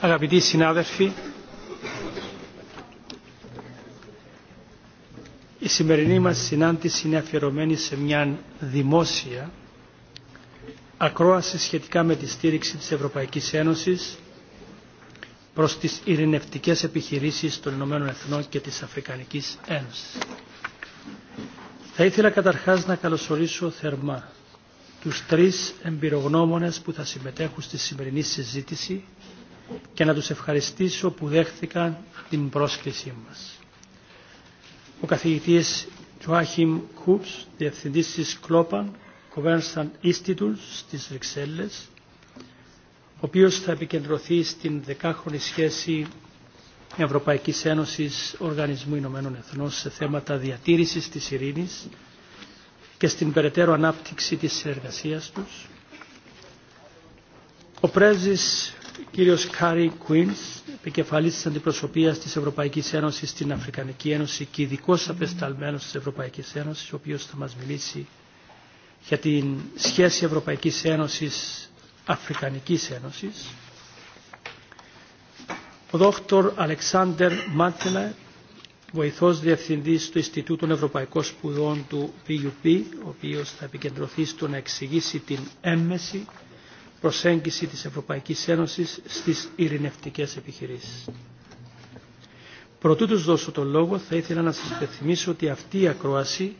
Αγαπητοί συνάδελφοι, η σημερινή μας συνάντηση είναι αφιερωμένη σε μια δημόσια ακρόαση σχετικά με τη στήριξη της Ευρωπαϊκής Ένωσης προς τις ειρηνευτικές επιχειρήσεις των Ηνωμένων Εθνών και της Αφρικανικής Ένωσης. Θα ήθελα καταρχάς να καλωσορίσω θερμά τους τρεις εμπειρογνώμονες που θα συμμετέχουν στη σημερινή συζήτηση και να τους ευχαριστήσω που δέχθηκαν την πρόσκλησή μας. Ο καθηγητής Τζουάχιμ Κούπς, Διευθυντής της Κλόπαν Governance Institute στις Βρυξέλλες, ο οποίος θα επικεντρωθεί στην δεκάχρονη σχέση Ευρωπαϊκής Ένωσης Οργανισμού Ηνωμένων Εθνών σε θέματα διατήρησης της ειρήνης και στην περαιτέρω ανάπτυξη της συνεργασίας τους. Ο πρέσβης κ. Κάρι Κουίνς, επικεφαλής της αντιπροσωπείας της Ευρωπαϊκής Ένωσης στην Αφρικανική Ένωση και ειδικό απεσταλμένος της Ευρωπαϊκής Ένωσης, ο οποίος θα μας μιλήσει για την σχέση Ευρωπαϊκής Ένωσης Αφρικανικής Ένωσης, ο δόκτωρ Αλεξάνδερ Μάντελα, βοηθός διευθυντής του Ινστιτούτου Ευρωπαϊκών Σπουδών του PUP, ο οποίος θα επικεντρωθεί στο να εξηγήσει την έμμεση προσέγγιση της Ευρωπαϊκής Ένωσης στις ειρηνευτικές επιχειρήσεις. Προτού τους δώσω τον λόγο, θα ήθελα να σας υπενθυμίσω ότι αυτή η ακρόαση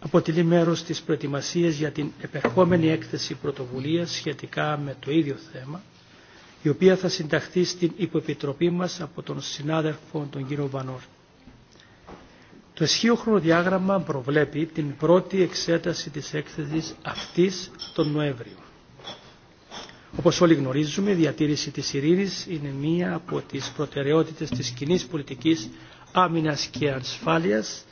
αποτελεί μέρος της προετοιμασίας για την επερχόμενη έκθεση πρωτοβουλίας σχετικά με το ίδιο θέμα, η οποία θα συνταχθεί στην υποεπιτροπή μας από τον συνάδελφο τον κύριο Βανόρ. Το ισχύο χρονοδιάγραμμα προβλέπει την πρώτη εξέταση της έκθεσης αυτής τον Νοέμβριο. Όπως όλοι γνωρίζουμε, η διατήρηση της ειρήνης είναι μία από τις προτεραιότητες της κοινή πολιτικής άμυνας και ασφάλειας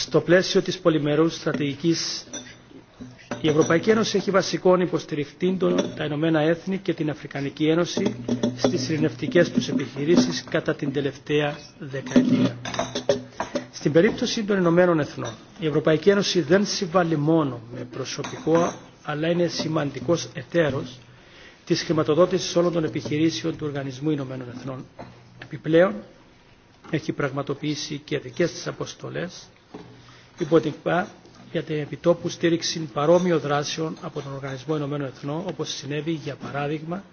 στο πλαίσιο της πολυμερούς στρατηγικής η Ευρωπαϊκή Ένωση έχει βασικόν υποστηριχτή τα Ηνωμένα Έθνη και την Αφρικανική Ένωση στις ειρηνευτικές τους επιχειρήσεις κατά την τελευταία δεκαετία. Στην περίπτωση των Ηνωμένων Εθνών, η Ευρωπαϊκή Ένωση δεν συμβάλλει μόνο με προσωπικό, αλλά είναι σημαντικός εταίρος της χρηματοδότησης όλων των επιχειρήσεων του Οργανισμού Ηνωμένων Εθνών. Επιπλέον, έχει πραγματοποιήσει και δικές της αποστολές υποτυπά για την επιτόπου στήριξη παρόμοιων δράσεων από τον Οργανισμό Ηνωμένων Εθνών, όπως συνέβη, για παράδειγμα,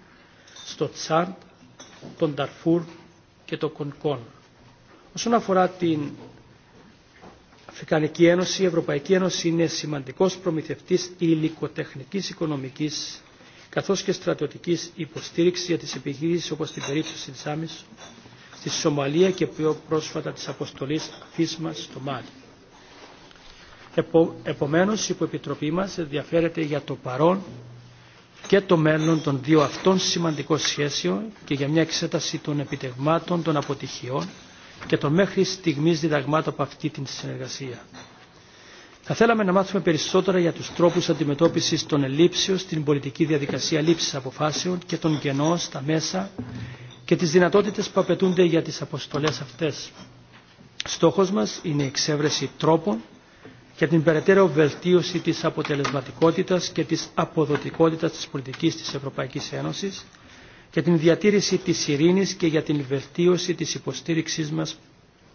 στο Τσάντ, τον Ταρφούρ και το Κονκόν. Όσον αφορά την Αφρικανική Ένωση, η Ευρωπαϊκή Ένωση είναι σημαντικός προμηθευτής υλικοτεχνικής οικονομικής καθώς και στρατιωτικής υποστήριξης για τις επιχειρήσεις όπως την περίπτωση της Άμυσο, στη Σομαλία και πιο πρόσφατα της αποστολής Φίσμα στο Μάλι. Επομένως, η υποεπιτροπή μας ενδιαφέρεται για το παρόν και το μέλλον των δύο αυτών σημαντικών σχέσεων και για μια εξέταση των επιτεγμάτων, των αποτυχιών και των μέχρι στιγμής διδαγμάτων από αυτή την συνεργασία. Θα θέλαμε να μάθουμε περισσότερα για τους τρόπους αντιμετώπισης των ελλείψεων στην πολιτική διαδικασία λήψης αποφάσεων και των κενών στα μέσα και τις δυνατότητες που απαιτούνται για τις αποστολές αυτές. Στόχος μας είναι η εξέβρεση τρόπων για την περαιτέρω βελτίωση της αποτελεσματικότητας και της αποδοτικότητας της πολιτικής της Ευρωπαϊκής Ένωσης, για την διατήρηση της ειρήνης και για την βελτίωση της υποστήριξής μας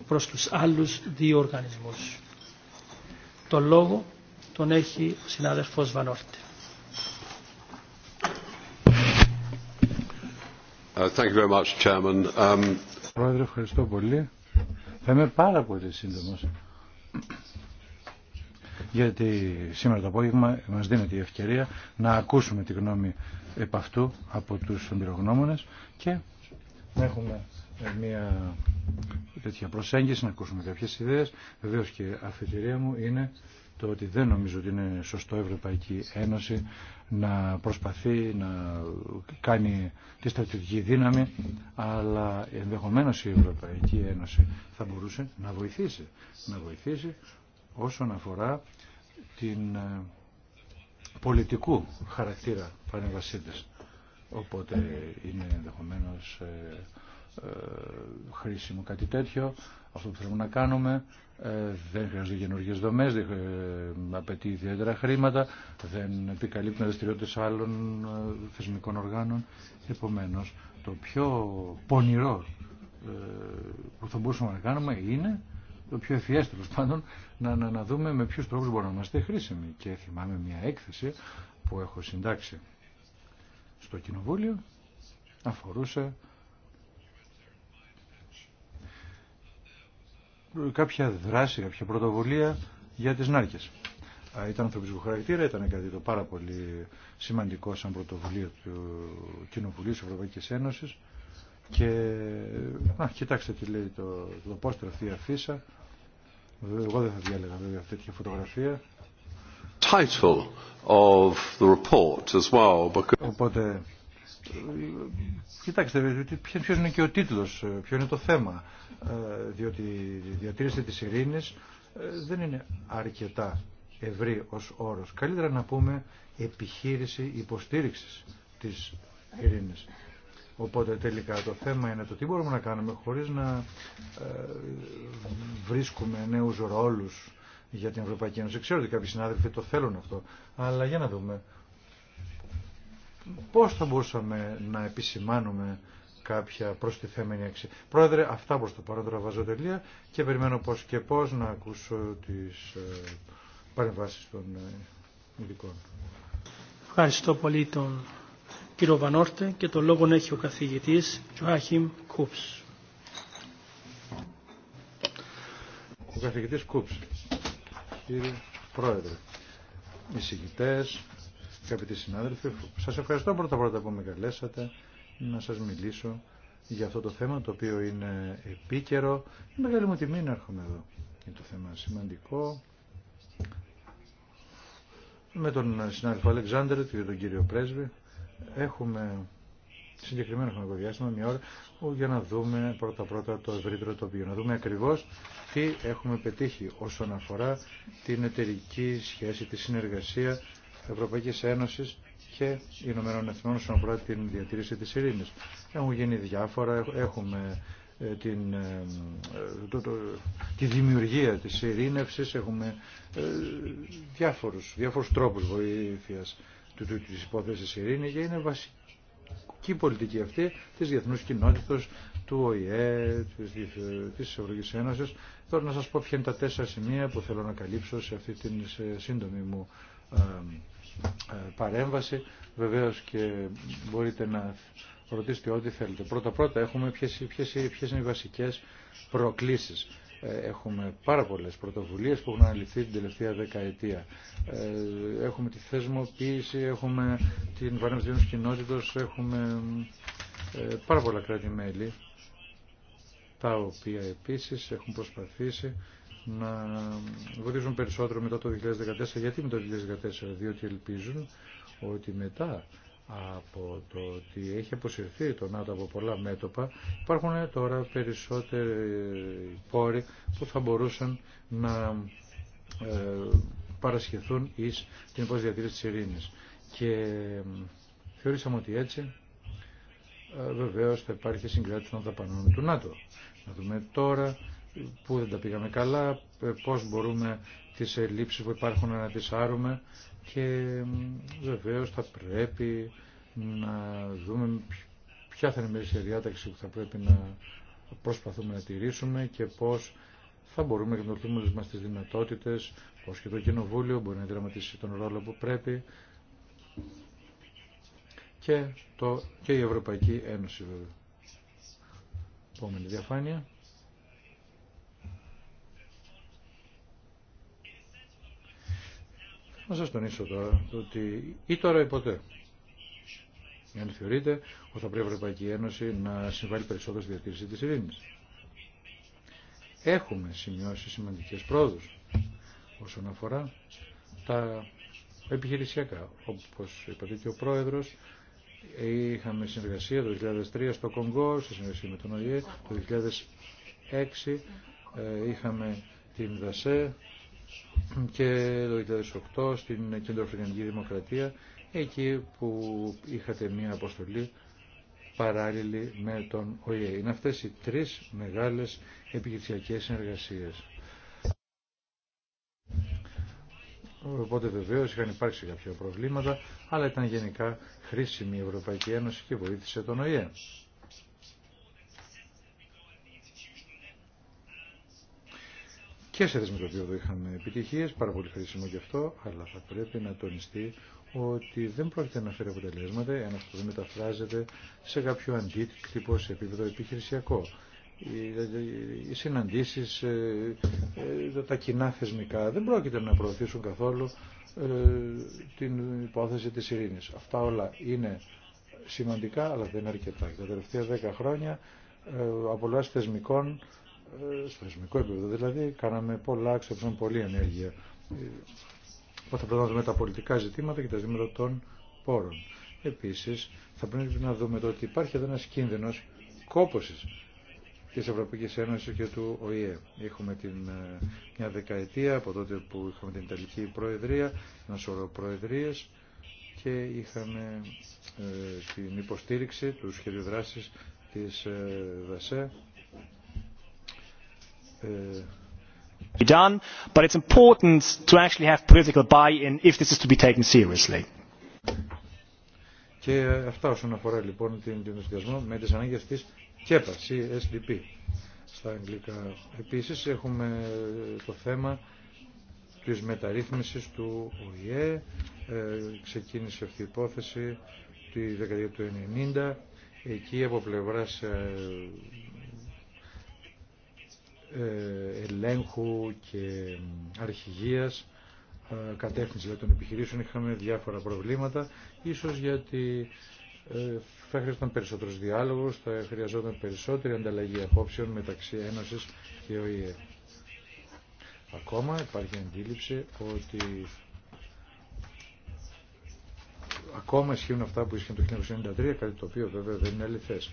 προς τους άλλους δύο οργανισμούς. Το λόγο τον έχει ο συνάδελφος Βανόρτε. Uh, um, Πρόεδρε, ευχαριστώ πολύ. Θα είμαι πάρα πολύ σύντομος γιατί σήμερα το απόγευμα μας δίνεται η ευκαιρία να ακούσουμε τη γνώμη επ' αυτού από τους εμπειρογνώμονες και να έχουμε μια τέτοια προσέγγιση, να ακούσουμε κάποιες ιδέες. Βεβαίως και αφετηρία μου είναι το ότι δεν νομίζω ότι είναι σωστό η Ευρωπαϊκή Ένωση να προσπαθεί να κάνει τη στρατιωτική δύναμη, αλλά ενδεχομένως η Ευρωπαϊκή Ένωση θα μπορούσε να βοηθήσει, να βοηθήσει όσον αφορά την ε, πολιτικού χαρακτήρα παρέμβασή Οπότε είναι ενδεχομένω ε, ε, χρήσιμο κάτι τέτοιο. Αυτό που θέλουμε να κάνουμε δεν χρειάζονται καινούργιε δομέ, δεν απαιτεί ιδιαίτερα χρήματα, δεν επικαλύπτουν δραστηριότητε άλλων θεσμικών οργάνων. Επομένω, το πιο πονηρό που θα μπορούσαμε να κάνουμε είναι το πιο ευφιέστερο πάντων να, να, να δούμε με ποιους τρόπους μπορούμε να είμαστε χρήσιμοι. Και θυμάμαι μια έκθεση που έχω συντάξει στο Κοινοβούλιο αφορούσε κάποια δράση, κάποια πρωτοβουλία για τις νάρκες. Ήταν ανθρωπιστικού χαρακτήρα, ήταν κάτι το πάρα πολύ σημαντικό σαν πρωτοβουλία του Κοινοβουλίου της Ευρωπαϊκής Ένωσης και κοιτάξτε τι λέει το, το πόστρο αυτή αφίσα εγώ δεν θα διάλεγα βέβαια αυτή τη φωτογραφία. Title of the report as well, because... Οπότε, κοιτάξτε, ποιος είναι και ο τίτλος, ε, ποιο είναι το θέμα, ε, διότι η διατήρηση της ειρήνης ε, δεν είναι αρκετά ευρύ ως όρος. Καλύτερα να πούμε επιχείρηση υποστήριξης της ειρήνης. Οπότε τελικά το θέμα είναι το τι μπορούμε να κάνουμε χωρίς να ε, βρίσκουμε νέους ρόλους για την Ευρωπαϊκή Ένωση. Ξέρω ότι κάποιοι συνάδελφοι το θέλουν αυτό, αλλά για να δούμε πώς θα μπορούσαμε να επισημάνουμε κάποια προστιθέμενη αξία. Πρόεδρε, αυτά προς το παρόν βάζω τελεία και περιμένω πώς και πώς να ακούσω τις ε, παρεμβάσεις των ε, ειδικών. Ευχαριστώ πολύ τον κύριο Βανόρτε και το λόγο έχει ο καθηγητής Τζουάχιμ Κούψ. Ο καθηγητής Κούψ, κύριε Πρόεδρε, εισηγητές, αγαπητοί συνάδελφοι, σας ευχαριστώ πρώτα πρώτα που με καλέσατε να σας μιλήσω για αυτό το θέμα το οποίο είναι επίκαιρο. Είναι μεγάλη μου τιμή να έρχομαι εδώ. Είναι το θέμα σημαντικό. Με τον συνάδελφο Αλεξάνδρου και τον κύριο Πρέσβη Έχουμε συγκεκριμένο χρονικό διάστημα, μια ώρα, για να δούμε πρώτα-πρώτα το ευρύτερο τοπίο, να δούμε ακριβώς τι έχουμε πετύχει όσον αφορά την εταιρική σχέση, τη συνεργασία Ευρωπαϊκής Ένωσης και Ηνωμένων Εθνών όσον αφορά την διατήρηση της ειρήνης. Έχουν γίνει διάφορα, έχουμε ε, την, ε, τη δημιουργία της ειρήνευσης, έχουμε ε, διάφορους, διάφορους τρόπους βοήθειας της υπόθεσης ειρήνη και είναι βασική πολιτική αυτή της διεθνούς κοινότητας του ΟΗΕ, της Ευρωπαϊκής Ένωσης. Τώρα να σας πω ποια είναι τα τέσσερα σημεία που θέλω να καλύψω σε αυτή την σύντομη μου ε, παρέμβαση. Βεβαίως και μπορείτε να ρωτήσετε ό,τι θέλετε. Πρώτα-πρώτα έχουμε ποιες, είναι οι βασικές προκλήσεις. Ε, έχουμε πάρα πολλές πρωτοβουλίες που έχουν αναλυθεί την τελευταία δεκαετία. Ε, έχουμε τη θεσμοποίηση, έχουμε την παρέμβαση της κοινότητα, εχουμε έχουμε ε, πάρα πολλά κράτη-μέλη, τα οποία επίσης έχουν προσπαθήσει να βοηθήσουν περισσότερο μετά το 2014. Γιατί μετά το 2014, διότι ελπίζουν ότι μετά από το ότι έχει αποσυρθεί το ΝΑΤΟ από πολλά μέτωπα, υπάρχουν τώρα περισσότεροι πόροι που θα μπορούσαν να ε, παρασχεθούν εις την υποδιατήρηση της ειρήνης. Και θεωρήσαμε ότι έτσι ε, βεβαίως θα υπάρχει συγκράτηση των δαπανών του ΝΑΤΟ. Να δούμε τώρα που δεν τα πήγαμε καλά, ε, πώς μπορούμε τις ελλείψεις που υπάρχουν να τις άρουμε και βεβαίως θα πρέπει να δούμε ποια θα είναι η μέση διάταξη που θα πρέπει να προσπαθούμε να τηρήσουμε και πώς θα μπορούμε να γνωρίζουμε όλες μας τις δυνατότητες, πώς και το Κοινοβούλιο μπορεί να δραματίσει τον ρόλο που πρέπει και, το, και η Ευρωπαϊκή Ένωση βέβαια. Επόμενη διαφάνεια. Να σας τονίσω τώρα ότι ή τώρα ή ποτέ. Αν θεωρείτε ότι θα πρέπει η Ευρωπαϊκή Ένωση να συμβάλλει περισσότερο στη διατήρηση της ειρήνης. Έχουμε σημειώσει σημαντικές πρόοδους όσον αφορά τα επιχειρησιακά. Όπως είπατε και ο Πρόεδρος, είχαμε συνεργασία το 2003 στο Κονγκό, σε συνεργασία με τον ΟΗΕ, το 2006 ε, είχαμε την ΔΑΣΕ, και το 2008 στην Κεντροαφρικανική Δημοκρατία εκεί που είχατε μία αποστολή παράλληλη με τον ΟΗΕ. Είναι αυτές οι τρεις μεγάλες επιχειρησιακές συνεργασίες. Οπότε βεβαίω είχαν υπάρξει κάποια προβλήματα, αλλά ήταν γενικά χρήσιμη η Ευρωπαϊκή Ένωση και βοήθησε τον ΟΗΕ. και σε θεσμικό επίπεδο είχαμε επιτυχίε, πάρα πολύ χρήσιμο γι' αυτό, αλλά θα πρέπει να τονιστεί ότι δεν πρόκειται να φέρει αποτελέσματα εάν αυτό δεν μεταφράζεται σε κάποιο αντίτυπο σε επίπεδο επιχειρησιακό. Οι συναντήσει, ε, ε, τα κοινά θεσμικά δεν πρόκειται να προωθήσουν καθόλου ε, την υπόθεση τη ειρήνης. Αυτά όλα είναι σημαντικά, αλλά δεν είναι αρκετά. Τα τελευταία δέκα χρόνια, από θεσμικών ε, στο θεσμικό επίπεδο δηλαδή, κάναμε πολλά, ξεπνούμε πολλή ενέργεια. Ε, θα πρέπει να δούμε τα πολιτικά ζητήματα και τα ζητήματα των πόρων. Επίση, θα πρέπει να δούμε το ότι υπάρχει εδώ ένα κίνδυνο κόπωσης τη Ευρωπαϊκή Ένωση και του ΟΗΕ. Έχουμε την, ε, μια δεκαετία από τότε που είχαμε την Ιταλική Προεδρία, ένα σωρό προεδρίες και είχαμε την υποστήριξη του σχεδίου τη της ε, ΔΑΣΕ και αυτά όσον αφορά λοιπόν την κοινωνισμό με τις ανάγκες της ΚΕΠΑ, Στα αγγλικά επίσης έχουμε το θέμα της μεταρρύθμισης του ΟΗΕ. Ε, ξεκίνησε αυτή η υπόθεση τη δεκαετία του 1990. Εκεί από πλευράς ε, ε, ελέγχου και αρχηγίας ε, κατεύθυνση των επιχειρήσεων είχαμε διάφορα προβλήματα ίσως γιατί ε, θα χρειαζόταν περισσότερος διάλογος θα χρειαζόταν περισσότερη ανταλλαγή απόψεων μεταξύ Ένωσης και ΟΗΕ Ακόμα υπάρχει αντίληψη ότι ακόμα ισχύουν αυτά που ισχύουν το 1993 κάτι το οποίο βέβαια δεν είναι αληθές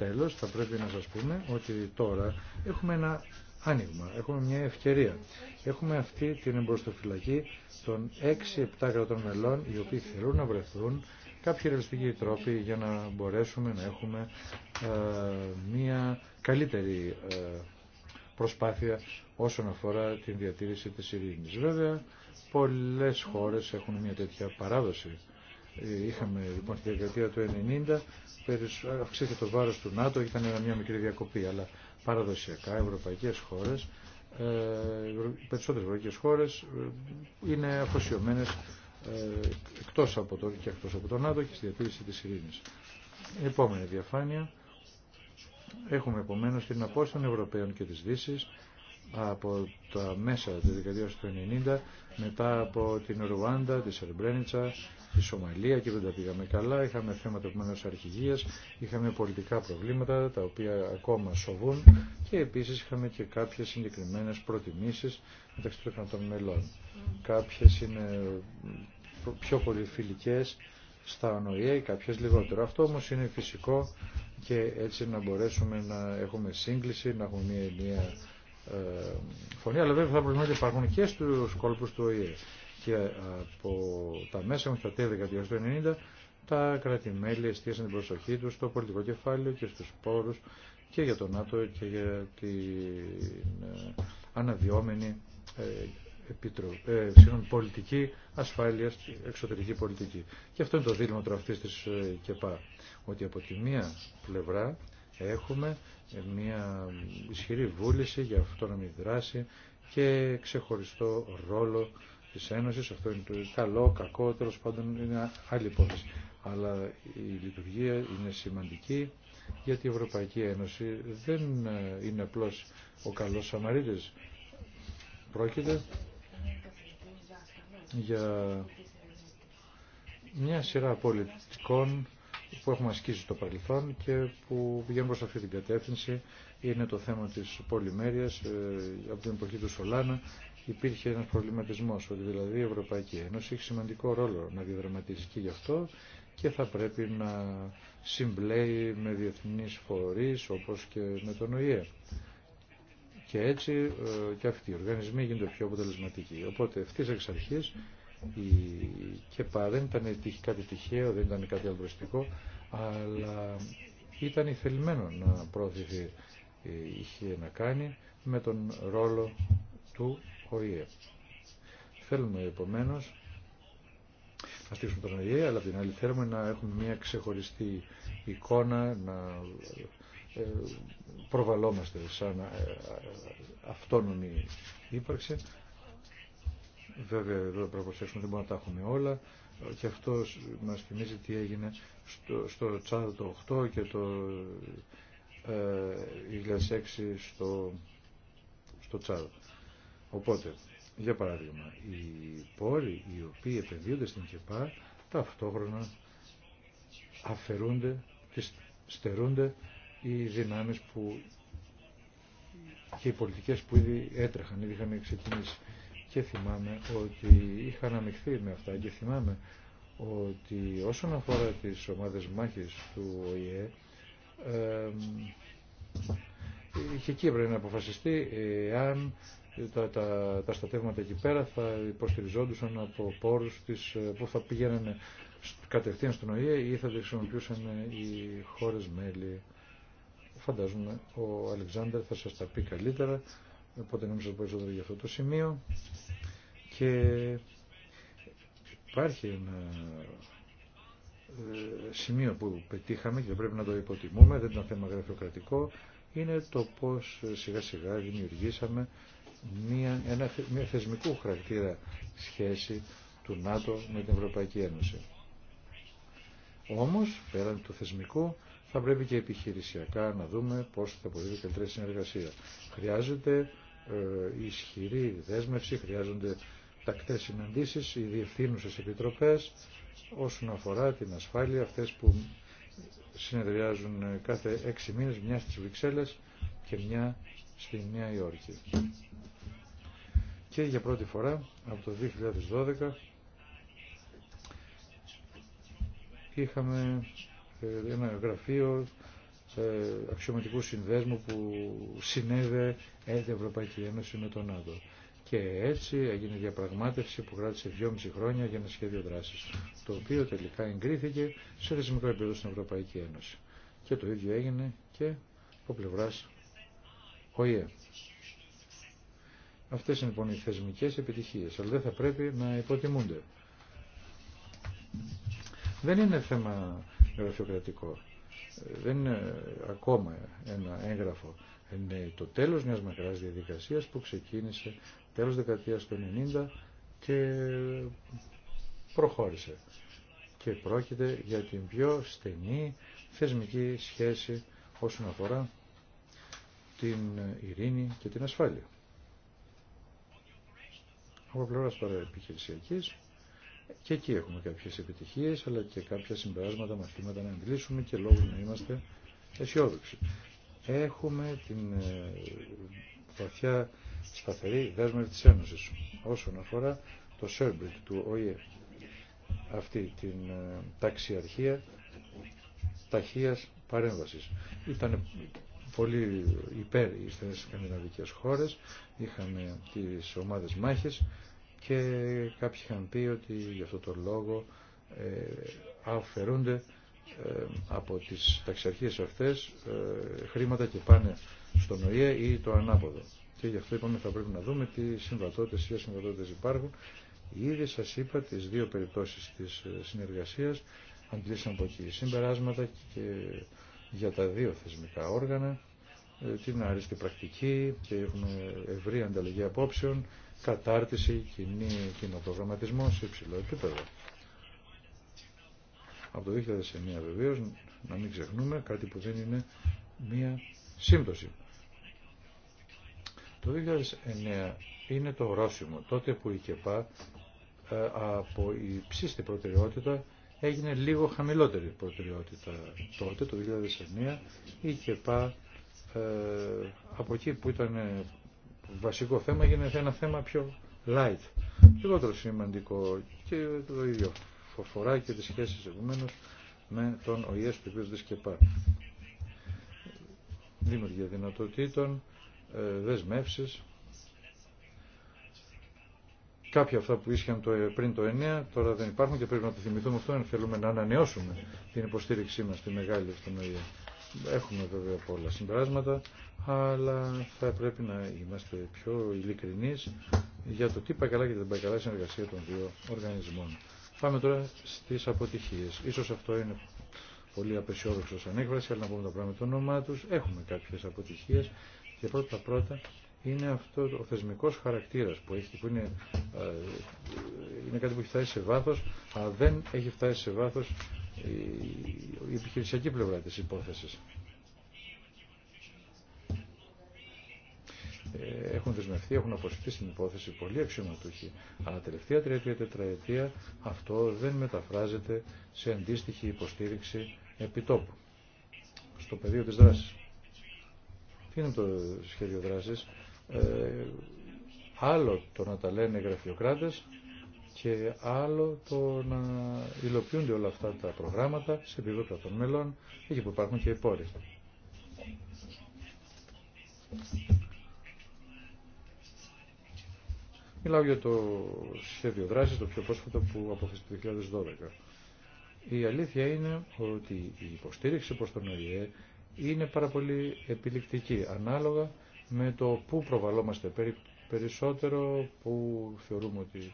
Τέλος, θα πρέπει να σας πούμε ότι τώρα έχουμε ένα άνοιγμα, έχουμε μια ευκαιρία. Έχουμε αυτή την εμπροστοφυλακή των 6-7 κρατών μελών, οι οποίοι θέλουν να βρεθούν κάποιοι ρευστικοί τρόποι για να μπορέσουμε να έχουμε ε, μια καλύτερη ε, προσπάθεια όσον αφορά την διατήρηση της ειρήνης. Βέβαια, πολλές χώρες έχουν μια τέτοια παράδοση ε, είχαμε λοιπόν τη δεκαετία του 1990, αυξήθηκε το βάρος του ΝΑΤΟ, ήταν μια μικρή διακοπή, αλλά παραδοσιακά ευρωπαϊκές χώρες, ε, περισσότερες ευρωπαϊκές χώρες ε, είναι αφοσιωμένες ε, εκτός από το, και εκτός από το ΝΑΤΟ και στη διατήρηση της ειρήνης. Επόμενη διαφάνεια. Έχουμε επομένω την απόσταση των Ευρωπαίων και της Δύσης από τα μέσα τη δεκαετίας του 1990 μετά από την Ρουάντα, τη Σερμπρένιτσα, τη Σομαλία και δεν τα πήγαμε καλά, είχαμε θέματα μένουν αρχηγίας, είχαμε πολιτικά προβλήματα τα οποία ακόμα σοβούν και επίσης είχαμε και κάποιες συγκεκριμένες προτιμήσεις μεταξύ των κρατών μελών. Κάποιες είναι πιο πολύ φιλικέ στα ΟΝΟΙΕ, κάποιες λιγότερο. Αυτό όμως είναι φυσικό και έτσι να μπορέσουμε να έχουμε σύγκληση, να έχουμε μια ενιαία φωνή, αλλά βέβαια θα πρέπει να υπάρχουν και στου κόλπους του ΟΗΕ. Και από τα μέσα μου στα τέλη του 1990, τα κράτη-μέλη εστίασαν την προσοχή τους στο πολιτικό κεφάλαιο και στους πόρους και για τον ΝΑΤΟ και για την ε, αναδυόμενη επιτροπή, ε, ε πολιτική ασφάλεια, εξωτερική πολιτική. Και αυτό είναι το δίλημα τώρα αυτής ε, ΚΕΠΑ, ότι από τη μία πλευρά έχουμε μια ισχυρή βούληση για αυτόνομη δράση και ξεχωριστό ρόλο της Ένωσης. Αυτό είναι το καλό, κακό, τέλος πάντων είναι άλλη υπόθεση. Αλλά η λειτουργία είναι σημαντική γιατί η Ευρωπαϊκή Ένωση δεν είναι απλώς ο καλός Σαμαρίτης. Πρόκειται για μια σειρά πολιτικών που έχουμε ασκήσει στο παρελθόν και που βγαίνουν προς αυτή την κατεύθυνση είναι το θέμα της πολυμέρειας ε, από την εποχή του Σολάνα υπήρχε ένας προβληματισμός ότι δηλαδή η Ευρωπαϊκή Ένωση έχει σημαντικό ρόλο να διαδραματίζει και γι' αυτό και θα πρέπει να συμπλέει με διεθνείς φορείς όπως και με τον ΟΗΕ. Και έτσι ε, και αυτοί οι οργανισμοί γίνονται πιο αποτελεσματικοί. Οπότε αυτής εξ αρχής και ΚΕΠΑ δεν ήταν κάτι τυχαίο, δεν ήταν κάτι αλβριστικό, αλλά ήταν ηθελημένο να προωθηθεί. Ε, είχε να κάνει με τον ρόλο του ΟΗΕ. Θέλουμε επομένως να στήσουμε τον ΟΗΕ, αλλά την άλλη θέλουμε να έχουμε μια ξεχωριστή εικόνα, να ε, προβαλόμαστε σαν ε, αυτόνομη ύπαρξη Βέβαια εδώ πρέπει να προσέξουμε, δεν μπορούμε να τα έχουμε όλα και αυτό μας θυμίζει τι έγινε στο, στο Τσάδο το 8 και το ε, 2006 στο, στο Τσάδο. Οπότε, για παράδειγμα, οι πόροι οι οποίοι επενδύονται στην ΚΕΠΑ ταυτόχρονα αφαιρούνται, και στερούνται οι δυνάμεις που και οι πολιτικές που ήδη έτρεχαν, ήδη είχαν ξεκινήσει και θυμάμαι ότι είχα αναμειχθεί με αυτά και θυμάμαι ότι όσον αφορά τις ομάδες μάχης του ΟΗΕ είχε εκεί έπρεπε να αποφασιστεί αν τα, τα, τα στατεύματα εκεί πέρα θα υποστηριζόντουσαν από πόρους της, ε, που θα πήγαιναν κατευθείαν στον ΟΗΕ ή θα τα χρησιμοποιούσαν οι χώρες μέλη. Φαντάζομαι ο Αλεξάνδρ θα σας τα πει καλύτερα. Οπότε νομίζω μην σας για αυτό το σημείο. Και υπάρχει ένα ε, σημείο που πετύχαμε και πρέπει να το υποτιμούμε, δεν ήταν θέμα γραφειοκρατικό, είναι το πώς σιγά σιγά δημιουργήσαμε μια, ένα, μια θεσμικού χαρακτήρα σχέση του ΝΑΤΟ με την Ευρωπαϊκή Ένωση. Όμως, πέραν του θεσμικού, θα πρέπει και επιχειρησιακά να δούμε πώς θα αποδίδει καλύτερη συνεργασία. Χρειάζεται ε, ισχυρή δέσμευση, χρειάζονται τακτές συναντήσεις, οι διευθύνουσες επιτροπές, όσον αφορά την ασφάλεια, αυτές που συνεδριάζουν ε, κάθε έξι μήνες, μια στις Βρυξέλλες και μια στη Νέα Υόρκη. Και για πρώτη φορά, από το 2012, είχαμε ε, ένα γραφείο ε, αξιωματικού συνδέσμου που συνέβε ε, την Ευρωπαϊκή Ένωση με τον ΝΑΤΟ. Και έτσι έγινε διαπραγμάτευση που κράτησε 2,5 χρόνια για ένα σχέδιο δράση, το οποίο τελικά εγκρίθηκε σε ρυθμικό επίπεδο στην Ευρωπαϊκή Ένωση. Και το ίδιο έγινε και από πλευρά ΟΗΕ. Αυτέ είναι λοιπόν οι θεσμικέ επιτυχίε, αλλά δεν θα πρέπει να υποτιμούνται. Δεν είναι θέμα γραφειοκρατικό. Δεν είναι ακόμα ένα έγγραφο. Είναι το τέλος μιας μακράς διαδικασίας που ξεκίνησε τέλος δεκαετίας του 90 και προχώρησε. Και πρόκειται για την πιο στενή θεσμική σχέση όσον αφορά την ειρήνη και την ασφάλεια. Από πλευράς παραεπιχειρησιακής, και εκεί έχουμε κάποιες επιτυχίες, αλλά και κάποια συμπεράσματα, μαθήματα να αντιλήσουμε και λόγω να είμαστε αισιόδοξοι. Έχουμε την ε, βαθιά σταθερή δέσμευση της Ένωσης όσον αφορά το Σέρμπριτ του ΟΗΕ. Αυτή την ε, ταξιαρχία ταχείας παρέμβασης. Ήταν πολύ υπέρ οι σκανδιναβικές χώρες, είχαμε τις ομάδες μάχες και κάποιοι είχαν πει ότι γι' αυτό το λόγο ε, αφαιρούνται ε, από τις ταξιαρχίες αυτές ε, χρήματα και πάνε στον ΟΗΕ ή το ανάποδο. Και γι' αυτό είπαμε θα πρέπει να δούμε τι συμβατότητες ή ασυμβατότητες υπάρχουν. Ήδη σας είπα τις δύο περιπτώσεις της συνεργασίας, αντλήσαμε από εκεί συμπεράσματα και για τα δύο θεσμικά όργανα, την άριστη πρακτική και έχουμε ευρύ ανταλλαγή απόψεων κατάρτιση, κοινή, κοινό προγραμματισμό σε υψηλό επίπεδο. Από το 2009 βεβαίως, να μην ξεχνούμε, κάτι που δεν είναι μία σύμπτωση. Το 2009 είναι το ορόσημο, τότε που η ΚΕΠΑ ε, από υψίστη προτεραιότητα έγινε λίγο χαμηλότερη προτεραιότητα. Τότε, το 2009, η ΚΕΠΑ ε, από εκεί που ήταν βασικό θέμα γίνεται ένα θέμα πιο light, λιγότερο σημαντικό και το ίδιο φορά και τις σχέσεις επομένω με τον που του οποίου ΔΙΣΚΕΠΑ. Δημιουργία δυνατοτήτων, ε, δεσμεύσεις, Κάποια αυτά που ίσχυαν το, ε, πριν το 9 τώρα δεν υπάρχουν και πρέπει να το θυμηθούμε αυτό αν θέλουμε να ανανεώσουμε την υποστήριξή μας στη μεγάλη αυτονομία. Έχουμε βέβαια πολλά συμπράσματα, αλλά θα πρέπει να είμαστε πιο ειλικρινεί για το τι πάει καλά και δεν πάει καλά η συνεργασία των δύο οργανισμών. Πάμε τώρα στι αποτυχίε. Ίσως αυτό είναι πολύ απεσιόδοξο σαν έκφραση, αλλά να πούμε τα πράγματα το όνομά του. Έχουμε κάποιε αποτυχίε και πρώτα-πρώτα είναι αυτό ο θεσμικός χαρακτήρας που, έχει, που είναι, ε, είναι κάτι που έχει φτάσει σε βάθος, αλλά δεν έχει φτάσει σε βάθος η, επιχειρησιακή πλευρά της υπόθεσης. Ε, έχουν δεσμευτεί, έχουν αποσυρθεί στην υπόθεση πολλοί αξιωματούχοι, αλλά τελευταία τριετία, τετραετία αυτό δεν μεταφράζεται σε αντίστοιχη υποστήριξη επιτόπου στο πεδίο της δράσης. Τι είναι το σχέδιο δράσης, ε, άλλο το να τα λένε οι γραφειοκράτες και άλλο το να υλοποιούνται όλα αυτά τα προγράμματα σε επίπεδο των μελών, εκεί που υπάρχουν και οι πόροι. Μιλάω για το σχέδιο δράσης, το πιο πρόσφατο που αποφασίστηκε το 2012. Η αλήθεια είναι ότι η υποστήριξη προς τον ΟΗΕ είναι πάρα πολύ επιλεκτική, ανάλογα με το πού προβαλόμαστε περισσότερο, πού θεωρούμε ότι...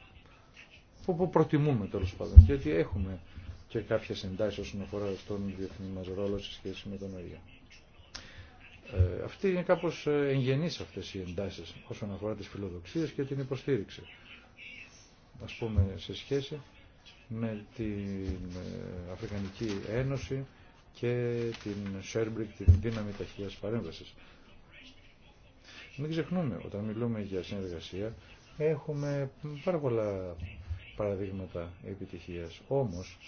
πού προτιμούμε τέλο πάντων. Γιατί έχουμε και κάποιες εντάσεις όσον αφορά στον διεθνή μας ρόλο σε σχέση με τον ΑΕΑ. Ε, αυτή είναι κάπως ε, εγγενείς αυτές οι εντάσεις όσον αφορά τις φιλοδοξίες και την υποστήριξη. Ας πούμε σε σχέση με την ε, Αφρικανική Ένωση και την Σέρμπρικ, την δύναμη ταχείας παρέμβασης. Μην ξεχνούμε, όταν μιλούμε για συνεργασία, έχουμε πάρα πολλά παραδείγματα επιτυχίας. Όμως,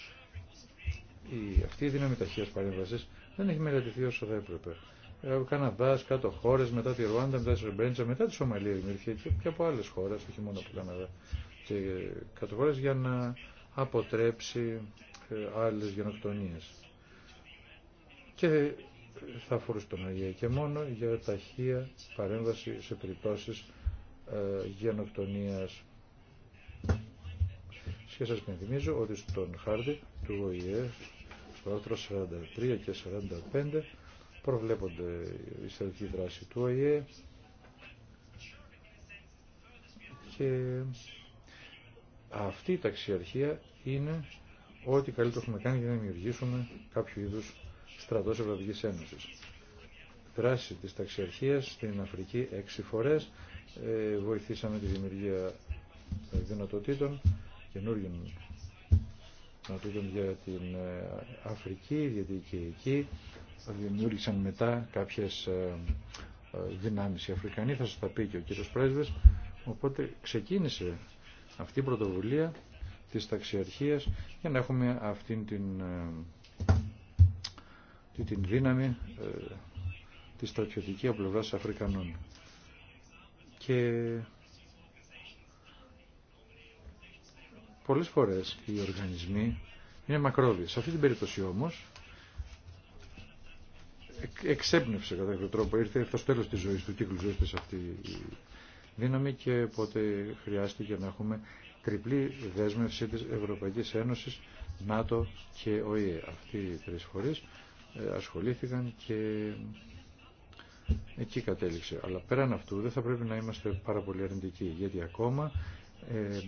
η, αυτή η δύναμη ταχείας παρέμβασης δεν έχει μελετηθεί όσο θα έπρεπε. Ε, ο Καναδά, κάτω χώρες, μετά τη Ρουάντα, μετά τη Ρεμπέντσα, μετά τη Σομαλία και, και από άλλες χώρες, όχι μόνο από Καναδά. Και κάτω χώρες για να αποτρέψει ε, άλλες γενοκτονίες θα αφορούσε τον Αγία και μόνο για ταχεία παρέμβαση σε περιπτώσεις ε, γενοκτονίας. Και σας πενθυμίζω ότι στον χάρτη του ΟΗΕ, στο άρθρο 43 και 45, προβλέπονται η στρατηγική δράση του ΟΗΕ και αυτή η ταξιαρχία είναι ό,τι καλύτερο έχουμε κάνει για να δημιουργήσουμε κάποιο είδους στρατός Ευρωπαϊκής Ένωσης. Δράση της ταξιαρχίας στην Αφρική έξι φορές. Ε, βοηθήσαμε τη δημιουργία δυνατοτήτων, καινούργιων δυνατοτήτων για την ε, Αφρική, γιατί και εκεί δημιούργησαν μετά κάποιες ε, ε, δυνάμεις οι Αφρικανοί, θα σας τα πει και ο κύριος Πρέσβες. Οπότε ξεκίνησε αυτή η πρωτοβουλία της ταξιαρχίας για να έχουμε αυτήν την την δύναμη ε, τη στρατιωτική από πλευρά Αφρικανών. Και πολλές φορές οι οργανισμοί είναι μακρόβιοι. Σε αυτή την περίπτωση όμως εξέπνευσε κατά κάποιο τρόπο, ήρθε στο τέλος της ζωής του κύκλου ζωής της αυτή η δύναμη και οπότε χρειάστηκε να έχουμε τριπλή δέσμευση της Ευρωπαϊκής Ένωσης, ΝΑΤΟ και ΟΗΕ. Αυτοί οι τρεις φορείς ασχολήθηκαν και εκεί κατέληξε. Αλλά πέραν αυτού δεν θα πρέπει να είμαστε πάρα πολύ αρνητικοί, γιατί ακόμα ε,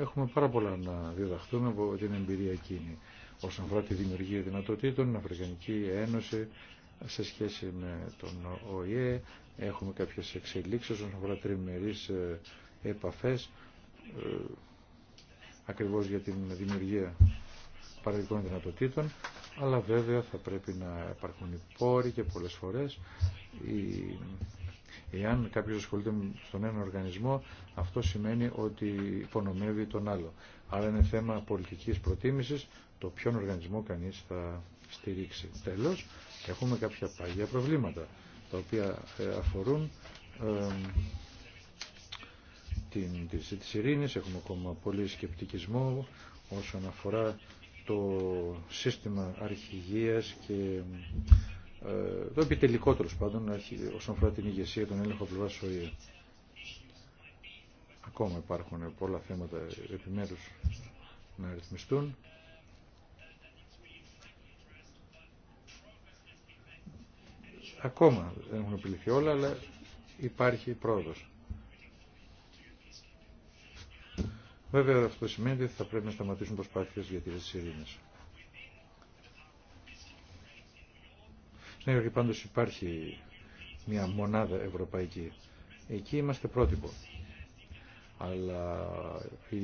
έχουμε πάρα πολλά να διδαχτούμε από την εμπειρία εκείνη όσον αφορά τη δημιουργία δυνατοτήτων, την Αφρικανική Ένωση σε σχέση με τον ΟΗΕ, έχουμε κάποιες εξελίξεις όσον αφορά τριμερείς ε, επαφές ε, ακριβώς για την δημιουργία παραδικών δυνατοτήτων αλλά βέβαια θα πρέπει να υπάρχουν οι πόροι και πολλές φορές η... εάν κάποιος ασχολείται στον ένα οργανισμό αυτό σημαίνει ότι υπονομεύει τον άλλο. Άρα είναι θέμα πολιτικής προτίμησης το ποιον οργανισμό κανείς θα στηρίξει. Τέλος, έχουμε κάποια παγιά προβλήματα τα οποία ε, αφορούν την, της, της ειρήνης, έχουμε ακόμα πολύ σκεπτικισμό όσον αφορά το σύστημα αρχηγίας και ε, το επιτελικό τέλο πάντων όσον αφορά την ηγεσία των έλεγχων πλευρά ΟΗΕ. Ακόμα υπάρχουν πολλά θέματα επιμέρους να ρυθμιστούν. Ακόμα δεν έχουν επιληθεί όλα, αλλά υπάρχει πρόοδος. Βέβαια αυτό σημαίνει ότι θα πρέπει να σταματήσουν προσπάθειες για τη ειρήνης. Στην ναι, όχι πάντως υπάρχει μια μονάδα ευρωπαϊκή. Εκεί είμαστε πρότυπο. Αλλά οι,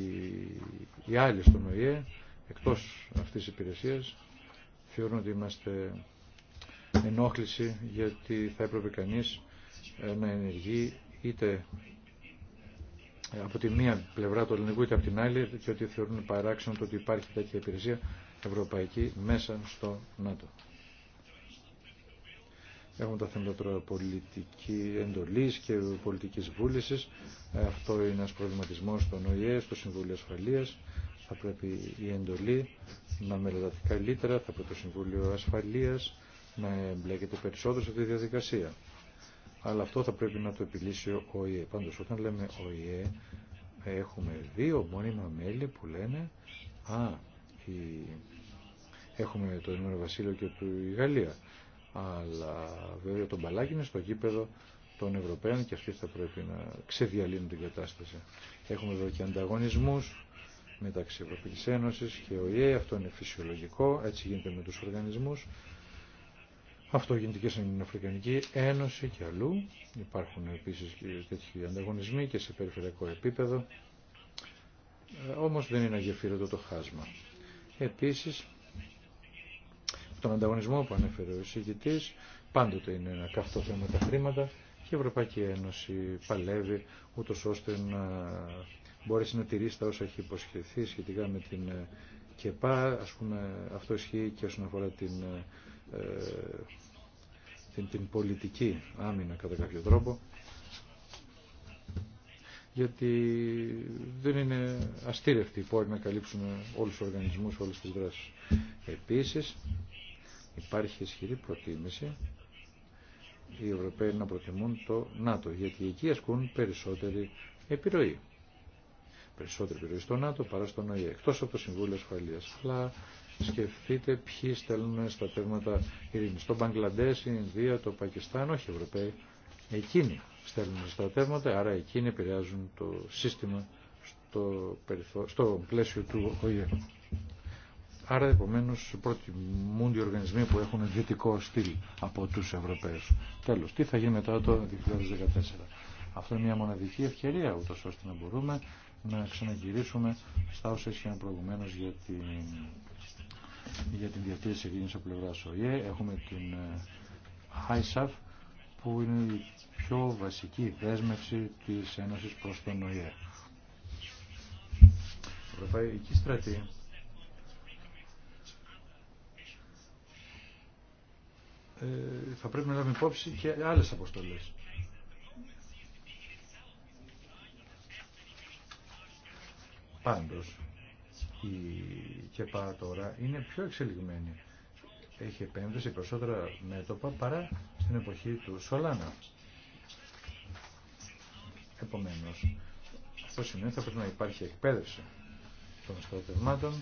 οι άλλοι στον ΟΗΕ, εκτός αυτής της υπηρεσίας, θεωρούν ότι είμαστε ενόχληση γιατί θα έπρεπε κανείς να ενεργεί είτε από τη μία πλευρά του ελληνικού και από την άλλη και ότι θεωρούν παράξενο το ότι υπάρχει τέτοια υπηρεσία ευρωπαϊκή μέσα στο ΝΑΤΟ. Έχουμε τα θέματα τώρα πολιτική εντολή και πολιτική βούληση. Ε, αυτό είναι ένα προβληματισμός στον ΟΗΕ, στο Συμβούλιο Ασφαλείας. Θα πρέπει η εντολή να μελεταθεί καλύτερα, θα πρέπει το Συμβούλιο ασφαλεία, να εμπλέκεται περισσότερο σε αυτή τη διαδικασία αλλά αυτό θα πρέπει να το επιλύσει ο ΟΗΕ. Πάντως όταν λέμε ΟΗΕ έχουμε δύο μόνιμα μέλη που λένε α, η... έχουμε το Ηνωμένο Βασίλειο και η Γαλλία αλλά βέβαια τον μπαλάκι είναι στο γήπεδο των Ευρωπαίων και αυτοί θα πρέπει να ξεδιαλύνουν την κατάσταση. Έχουμε εδώ και ανταγωνισμούς μεταξύ Ευρωπαϊκής Ένωσης και ΟΗΕ, αυτό είναι φυσιολογικό, έτσι γίνεται με τους οργανισμούς αυτό γίνεται και στην Αφρικανική Ένωση και αλλού. Υπάρχουν επίσης τέτοιοι ανταγωνισμοί και σε περιφερειακό επίπεδο. Ε, όμως δεν είναι αγεφύρωτο το χάσμα. Επίσης, τον ανταγωνισμό που ανέφερε ο εισηγητής, πάντοτε είναι ένα καυτό θέμα τα χρήματα και η Ευρωπαϊκή Ένωση παλεύει ούτως ώστε να μπορέσει να τηρήσει τα όσα έχει υποσχεθεί σχετικά με την ΚΕΠΑ. Ας πούμε, αυτό ισχύει και όσον αφορά την ε, την, την πολιτική άμυνα κατά κάποιο τρόπο γιατί δεν είναι αστήρευτη η να καλύψουμε όλους τους οργανισμούς, όλες τις δράσεις. Επίσης υπάρχει ισχυρή προτίμηση οι Ευρωπαίοι να προτιμούν το ΝΑΤΟ γιατί εκεί ασκούν περισσότερη επιρροή. Περισσότερη επιρροή στο ΝΑΤΟ παρά στον ΟΗΕ εκτός από το Συμβούλιο Ασφαλείας. Αλλά σκεφτείτε ποιοι στέλνουν στα ειρήνη. Στο Μπαγκλαντέ, στην η Ινδία, το Πακιστάν, όχι οι Ευρωπαίοι. Εκείνοι στέλνουν στα άρα εκείνοι επηρεάζουν το σύστημα στο, περιθώ... στο πλαίσιο του ΟΗΕ. Άρα, επομένω, προτιμούν οι οργανισμοί που έχουν δυτικό στυλ από του Ευρωπαίου. Τέλο, τι θα γίνει μετά το 2014. Αυτό είναι μια μοναδική ευκαιρία, ούτω ώστε να μπορούμε να ξαναγυρίσουμε στα όσα ισχύαν προηγουμένω για την για την διατήρηση ειρήνης από πλευρά ΟΗΕ. Έχουμε την Χάισαφ ε, που είναι η πιο βασική δέσμευση της Ένωσης προς τον ΟΗΕ. Η Ευρωπαϊκή Στρατή ε, θα πρέπει να λάβουμε υπόψη και άλλες αποστολές. Πάντως, η ΚΕΠΑ τώρα είναι πιο εξελιγμένη. Έχει επένδυση περισσότερα μέτωπα παρά στην εποχή του Σολάνα. Επομένως, αυτό σημαίνει θα πρέπει να υπάρχει εκπαίδευση των στρατευμάτων,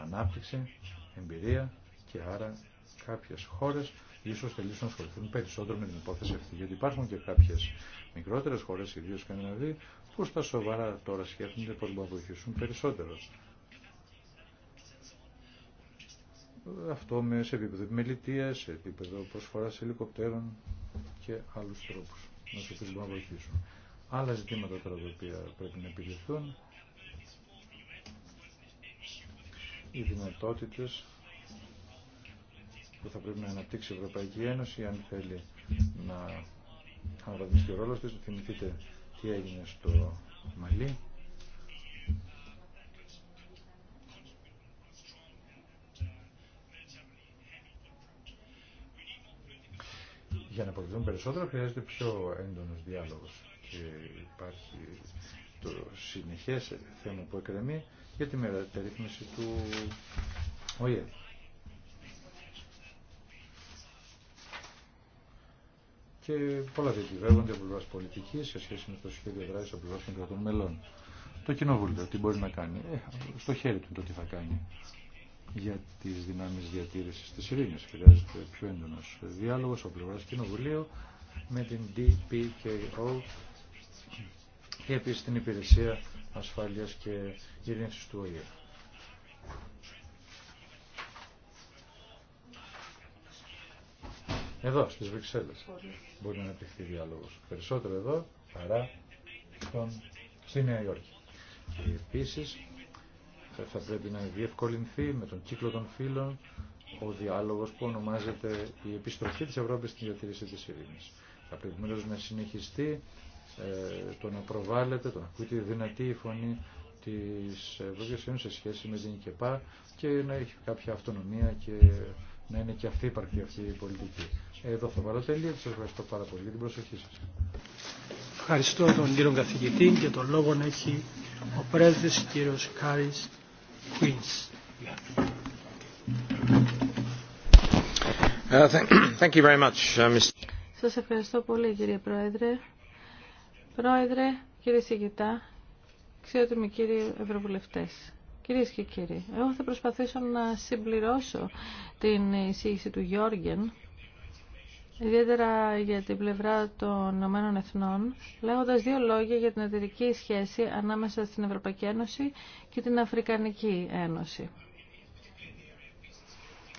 ανάπτυξη, εμπειρία και άρα κάποιες χώρες ίσως θελήσουν να ασχοληθούν περισσότερο με την υπόθεση αυτή. Γιατί υπάρχουν και κάποιες μικρότερες χώρες, ιδίως Σκανδιναβοί, που στα σοβαρά τώρα σκέφτονται πώς μπορούν να βοηθήσουν περισσότερο. Αυτό με σε επίπεδο επιμελητία, σε επίπεδο προσφορά ελικοπτέρων και άλλους τρόπους να σε να βοηθήσουν. Άλλα ζητήματα τώρα τα οποία πρέπει να επιληφθούν οι δυνατότητες που θα πρέπει να αναπτύξει η Ευρωπαϊκή Ένωση αν θέλει να αναβαθμιστεί ο ρόλο της. Θυμηθείτε τι έγινε στο μαλλι. Για να αποδειδούν περισσότερο χρειάζεται πιο έντονος διάλογος και υπάρχει το συνεχές θέμα που εκρεμεί για τη μεταρρύθμιση του ΟΗΕ. και πολλά διακυβεύονται από πλευρά πολιτική σε σχέση με το σχέδιο δράση από πλευρά των μελών. Το κοινοβούλιο τι μπορεί να κάνει. Ε, στο χέρι του το τι θα κάνει για τι δυνάμει διατήρηση τη ειρήνη. Χρειάζεται πιο έντονο διάλογο από πλευρά κοινοβουλίου με την DPKO και επίση την Υπηρεσία Ασφάλεια και Ειρήνη του ΟΗΕ. Εδώ, στι Βρυξέλλε. μπορεί να αναπτυχθεί διάλογο. Περισσότερο εδώ παρά στον, στη Νέα Υόρκη. Και επίσης θα πρέπει να διευκολυνθεί με τον κύκλο των φύλων ο διάλογο που ονομάζεται η επιστροφή τη Ευρώπη στην διατηρήση τη ειρήνη. Θα πρέπει να συνεχιστεί ε, το να προβάλλεται, το να ακούει τη δυνατή φωνή τη Ευρωπαϊκή Ένωση, σε σχέση με την ΚΕΠΑ και να έχει κάποια αυτονομία και να είναι και αυτή υπαρκή αυτή η πολιτική. Εδώ θα βάλω τέλεια και σας ευχαριστώ πάρα πολύ για την προσοχή σας. Ευχαριστώ τον κύριο καθηγητή και τον λόγο να έχει ο πρέσβης κύριος Κάρις Κουίνς. Uh, uh, σας ευχαριστώ πολύ κύριε Πρόεδρε. Πρόεδρε, κύριε Σιγητά, αξιότιμοι κύριοι Ευρωβουλευτές. Κυρίες και κύριοι, εγώ θα προσπαθήσω να συμπληρώσω την εισήγηση του Γιώργεν, ιδιαίτερα για την πλευρά των Ηνωμένων Εθνών, λέγοντας δύο λόγια για την εταιρική σχέση ανάμεσα στην Ευρωπαϊκή Ένωση και την Αφρικανική Ένωση.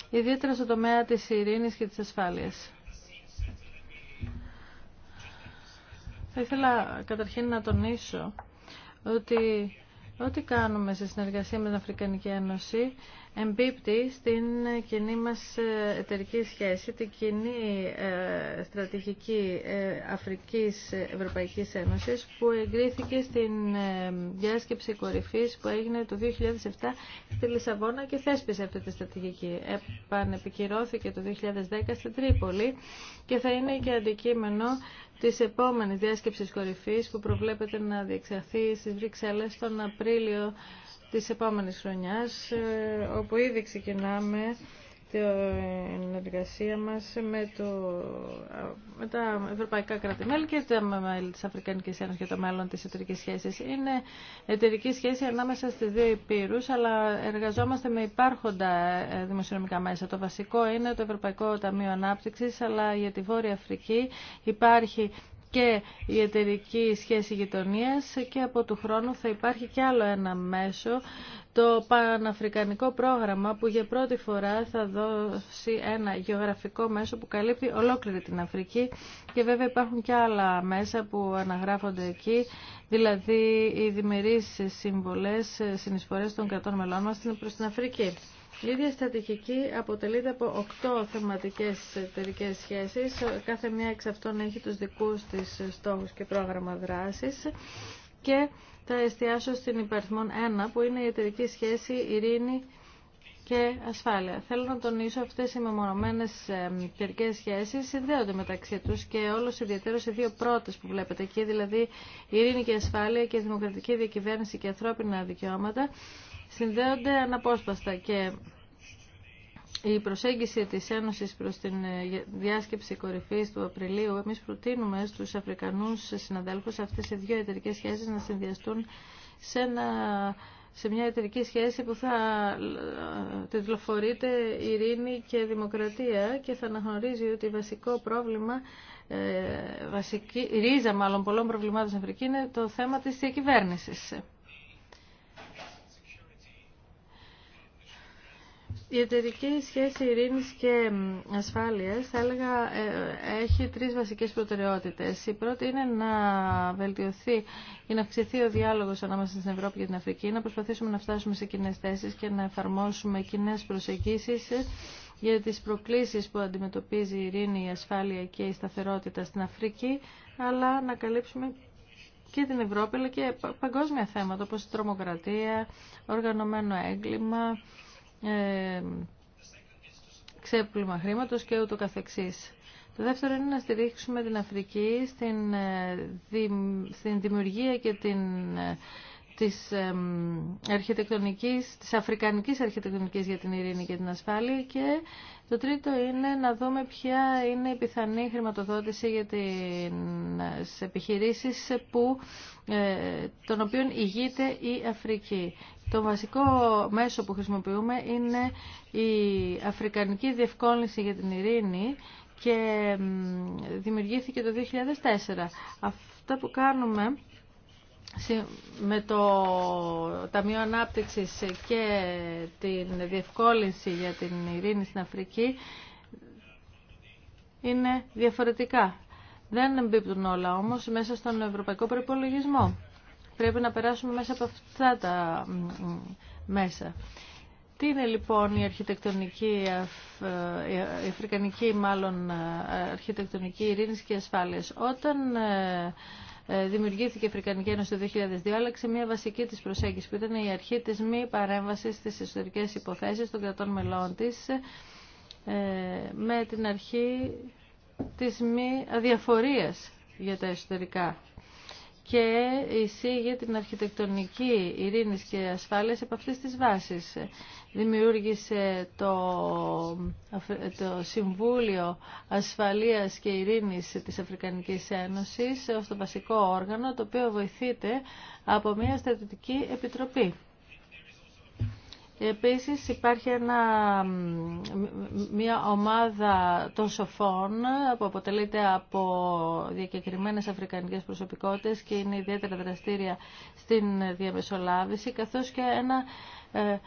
Ιδιαίτερα στο τομέα της ειρήνης και της ασφάλειας. Θα ήθελα καταρχήν να τονίσω ότι Ό,τι κάνουμε σε συνεργασία με την Αφρικανική Ένωση εμπίπτει στην κοινή μας ε, εταιρική σχέση, την κοινή ε, στρατηγική ε, Αφρικής Ευρωπαϊκής Ένωσης που εγκρίθηκε στην διάσκεψη κορυφής που έγινε το 2007 στη Λισαβόνα και θέσπισε αυτή τη στρατηγική. Επανεπικυρώθηκε το 2010 στην Τρίπολη και θα είναι και αντικείμενο τη επόμενη διάσκεψης κορυφής που προβλέπεται να διεξαχθεί στις Βρυξέλλες τον Απρίλιο της επόμενης χρονιάς, ε, όπου ήδη ξεκινάμε την εργασία μας με, το, με τα ευρωπαϊκά κράτη-μέλη και τα μέλη της Αφρικανικής Ένωσης για το μέλλον της εταιρικής σχέσης. Είναι εταιρική σχέση ανάμεσα στις δύο υπήρους, αλλά εργαζόμαστε με υπάρχοντα ε, δημοσιονομικά μέσα. Το βασικό είναι το Ευρωπαϊκό Ταμείο Ανάπτυξης, αλλά για τη Βόρεια Αφρική υπάρχει και η εταιρική σχέση γειτονίας και από του χρόνου θα υπάρχει και άλλο ένα μέσο, το Παναφρικανικό πρόγραμμα που για πρώτη φορά θα δώσει ένα γεωγραφικό μέσο που καλύπτει ολόκληρη την Αφρική και βέβαια υπάρχουν και άλλα μέσα που αναγράφονται εκεί, δηλαδή οι διμερείς συμβολές, συνεισφορές των κρατών μελών μας προς την Αφρική. Η ίδια στρατηγική αποτελείται από οκτώ θεματικές εταιρικέ σχέσεις. Κάθε μία εξ αυτών έχει τους δικούς της στόχους και πρόγραμμα δράσης. Και θα εστιάσω στην υπαριθμόν 1 που είναι η εταιρική σχέση ειρήνη και ασφάλεια. Θέλω να τονίσω αυτές οι μεμονωμένες εταιρικές σχέσεις συνδέονται μεταξύ τους και όλος ιδιαίτερος οι δύο πρώτες που βλέπετε εκεί, δηλαδή ειρήνη και ασφάλεια και δημοκρατική διακυβέρνηση και ανθρώπινα δικαιώματα συνδέονται αναπόσπαστα και η προσέγγιση της Ένωσης προς την ε, διάσκεψη κορυφής του Απριλίου, εμείς προτείνουμε στους Αφρικανούς συναδέλφους αυτές οι δύο εταιρικές σχέσεις να συνδυαστούν σε, ένα, σε μια εταιρική σχέση που θα ε, τετλοφορείται ειρήνη και δημοκρατία και θα αναγνωρίζει ότι βασικό πρόβλημα, ε, βασική, η ρίζα μάλλον πολλών προβλημάτων στην Αφρική είναι το θέμα της διακυβέρνησης. Η εταιρική σχέση ειρήνης και ασφάλειας, θα έλεγα, ε, έχει τρεις βασικές προτεραιότητες. Η πρώτη είναι να βελτιωθεί ή να αυξηθεί ο διάλογος ανάμεσα στην Ευρώπη και την Αφρική, να προσπαθήσουμε να φτάσουμε σε κοινέ θέσεις και να εφαρμόσουμε κοινέ προσεγγίσεις για τις προκλήσεις που αντιμετωπίζει η ειρήνη, η ασφάλεια και η σταθερότητα στην Αφρική, αλλά να καλύψουμε και την Ευρώπη, αλλά και παγκόσμια θέματα, όπως η τρομοκρατία, οργανωμένο έγκλημα, ε, ξέπλυμα χρήματος και ούτω καθεξής. Το δεύτερο είναι να στηρίξουμε την Αφρική στην, ε, στην δημιουργία και την, ε, της, αρχιτεκτονικής, της αφρικανικής αρχιτεκτονικής για την ειρήνη και την ασφάλεια και το τρίτο είναι να δούμε ποια είναι η πιθανή χρηματοδότηση για τις επιχειρήσεις που, ε, των οποίων ηγείται η Αφρική. Το βασικό μέσο που χρησιμοποιούμε είναι η Αφρικανική Διευκόλυνση για την Ειρήνη και δημιουργήθηκε το 2004. Αυτά που κάνουμε με το Ταμείο Ανάπτυξης και τη Διευκόλυνση για την Ειρήνη στην Αφρική είναι διαφορετικά. Δεν εμπίπτουν όλα όμως μέσα στον ευρωπαϊκό προπολογισμό. Πρέπει να περάσουμε μέσα από αυτά τα μέσα. Τι είναι λοιπόν η αρχιτεκτονική, ε, αφρικανική μάλλον ε, αρχιτεκτονική ειρήνης και ασφάλειας. Όταν ε, δημιουργήθηκε η Αφρικανική Ένωση το 2002, άλλαξε μια βασική της προσέγγιση που ήταν η αρχή της μη παρέμβασης στις εσωτερικές υποθέσεις των κρατών μελών της με την αρχή της μη αδιαφορίας για τα εσωτερικά και εισήγει την αρχιτεκτονική ειρήνης και ασφάλειας από αυτές τις βάσεις. Δημιούργησε το, Συμβούλιο Ασφαλείας και Ειρήνης της Αφρικανικής Ένωσης ως το βασικό όργανο, το οποίο βοηθείται από μια στρατιωτική επιτροπή. Επίσης υπάρχει μια ομάδα των σοφών που αποτελείται από διακεκριμένες αφρικανικές προσωπικότητες και είναι ιδιαίτερα δραστήρια στην διαμεσολάβηση καθώς και ένα ε, ε,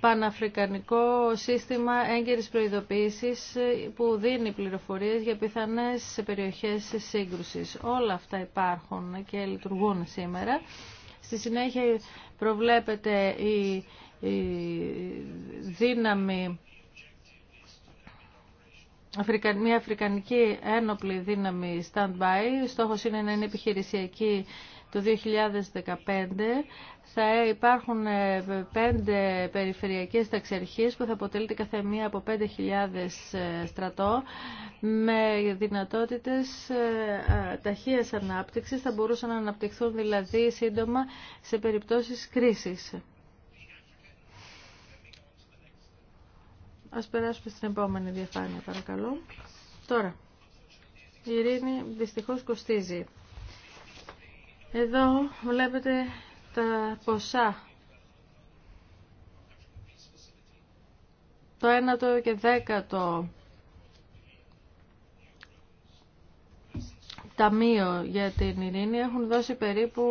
παναφρικανικό σύστημα έγκαιρης προειδοποίησης που δίνει πληροφορίες για πιθανές περιοχές σύγκρουσης. Όλα αυτά υπάρχουν και λειτουργούν σήμερα. Στη συνέχεια προβλέπεται η, η δύναμη μια αφρικανική ένοπλη δύναμη stand-by. Στόχος είναι να είναι επιχειρησιακή το 2015 θα υπάρχουν ε, πέντε περιφερειακές ταξιαρχίες που θα αποτελείται κάθε μία από 5.000 ε, στρατό με δυνατότητες ε, ταχείας ανάπτυξης. Θα μπορούσαν να αναπτυχθούν δηλαδή σύντομα σε περιπτώσεις κρίσης. Ας περάσουμε στην επόμενη διαφάνεια παρακαλώ. Τώρα, η ειρήνη δυστυχώς κοστίζει. Εδώ βλέπετε τα ποσά. Το ένατο και δέκατο ταμείο για την ειρήνη έχουν δώσει περίπου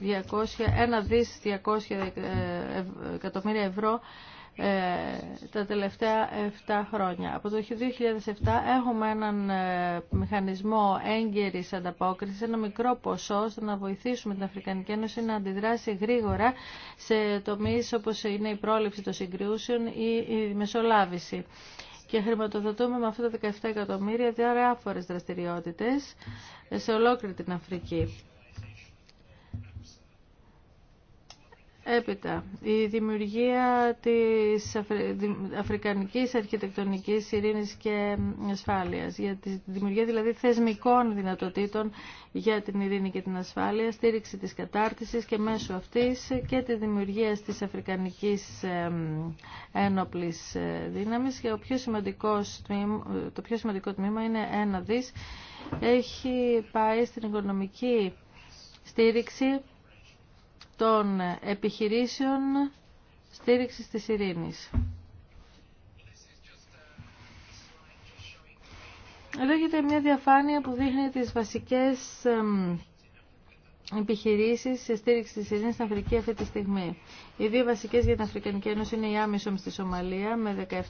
1.200, ε, εκατομμύρια ευρώ ε, τα τελευταία 7 χρόνια. Από το 2007 έχουμε έναν ε, μηχανισμό έγκαιρης ανταπόκρισης, ένα μικρό ποσό, ώστε να βοηθήσουμε την Αφρικανική Ένωση να αντιδράσει γρήγορα σε τομείς όπως είναι η πρόληψη των συγκριούσεων ή η μεσολάβηση. Και χρηματοδοτούμε με αυτά τα 17 εκατομμύρια διάφορες δραστηριότητες σε ολόκληρη την Αφρική. Έπειτα, η δημιουργία της αφρικανικής αρχιτεκτονικής ειρήνης και ασφάλειας, για τη δημιουργία δηλαδή θεσμικών δυνατοτήτων για την ειρήνη και την ασφάλεια, στήριξη της κατάρτισης και μέσω αυτής και τη δημιουργία της αφρικανικής ένοπλης ε, δύναμης. Και ο πιο σημαντικός, το πιο σημαντικό τμήμα είναι ένα δις, έχει πάει στην οικονομική στήριξη των επιχειρήσεων στήριξης της ειρήνης. Εδώ μια διαφάνεια που δείχνει τις βασικές επιχειρήσεις σε στήριξη της ειρήνης στην Αφρική αυτή τη στιγμή. Οι δύο βασικές για την Αφρικανική Ένωση είναι η Άμισομ στη Σομαλία με 17.700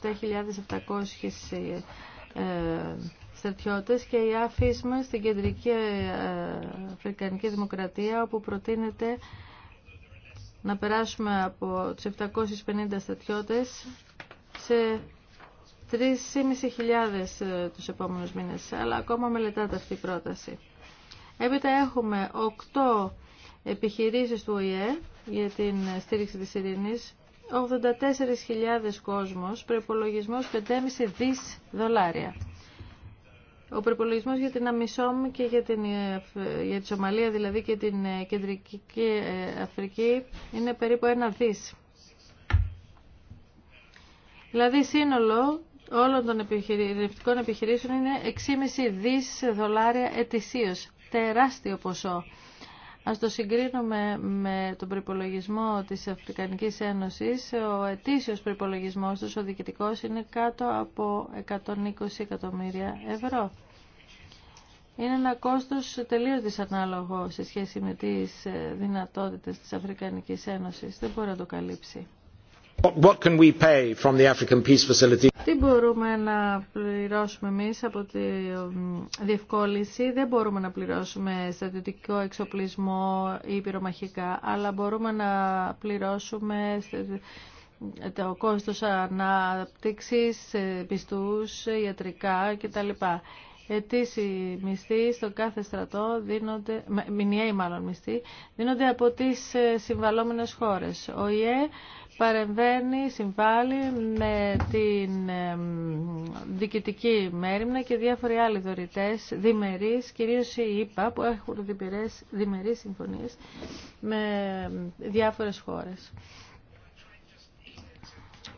στρατιώτες και η Αφίσμα στην Κεντρική ε, Αφρικανική Δημοκρατία όπου προτείνεται να περάσουμε από τους 750 στρατιώτες σε 3.500 ε, τους επόμενους μήνες, αλλά ακόμα μελετάται αυτή η πρόταση. Έπειτα έχουμε 8 επιχειρήσεις του ΟΗΕ για την στήριξη της ειρήνης, 84.000 κόσμος, προϋπολογισμός 5,5 δις δολάρια. Ο προπολογισμό για την Αμισόμ και για, την, ε, για τη Σομαλία δηλαδή και την ε, Κεντρική ε, Αφρική είναι περίπου ένα δις. Δηλαδή σύνολο όλων των επιχειρηματικών επιχειρήσεων είναι 6,5 δις δολάρια ετησίως. Τεράστιο ποσό. Ας το συγκρίνουμε με τον προπολογισμό της Αφρικανικής Ένωσης. Ο ετήσιος προπολογισμός τους, ο διοικητικός, είναι κάτω από 120 εκατομμύρια ευρώ. Είναι ένα κόστος τελείως δυσανάλογο σε σχέση με τις ε, δυνατότητες της Αφρικανικής Ένωσης. Δεν μπορεί να το καλύψει. What can we pay from the African Peace Facility? Τι μπορούμε να πληρώσουμε εμείς από τη διευκόλυνση. Δεν μπορούμε να πληρώσουμε στρατιωτικό εξοπλισμό ή πυρομαχικά, αλλά μπορούμε να πληρώσουμε το κόστος ανάπτυξης, ε, πιστούς, ε, ιατρικά κτλ. Ετήσιοι μισθοί στο κάθε στρατό δίνονται, μηνιαίοι μάλλον μισθοί, δίνονται από τις ε, συμβαλόμενες χώρες. Ο ΙΕ παρεμβαίνει, συμβάλλει με την διοικητική μέρημνα και διάφοροι άλλοι δωρητές διμερείς, κυρίως οι ΙΠΑ που έχουν διμερείς, διμερείς συμφωνίες με διάφορες χώρες.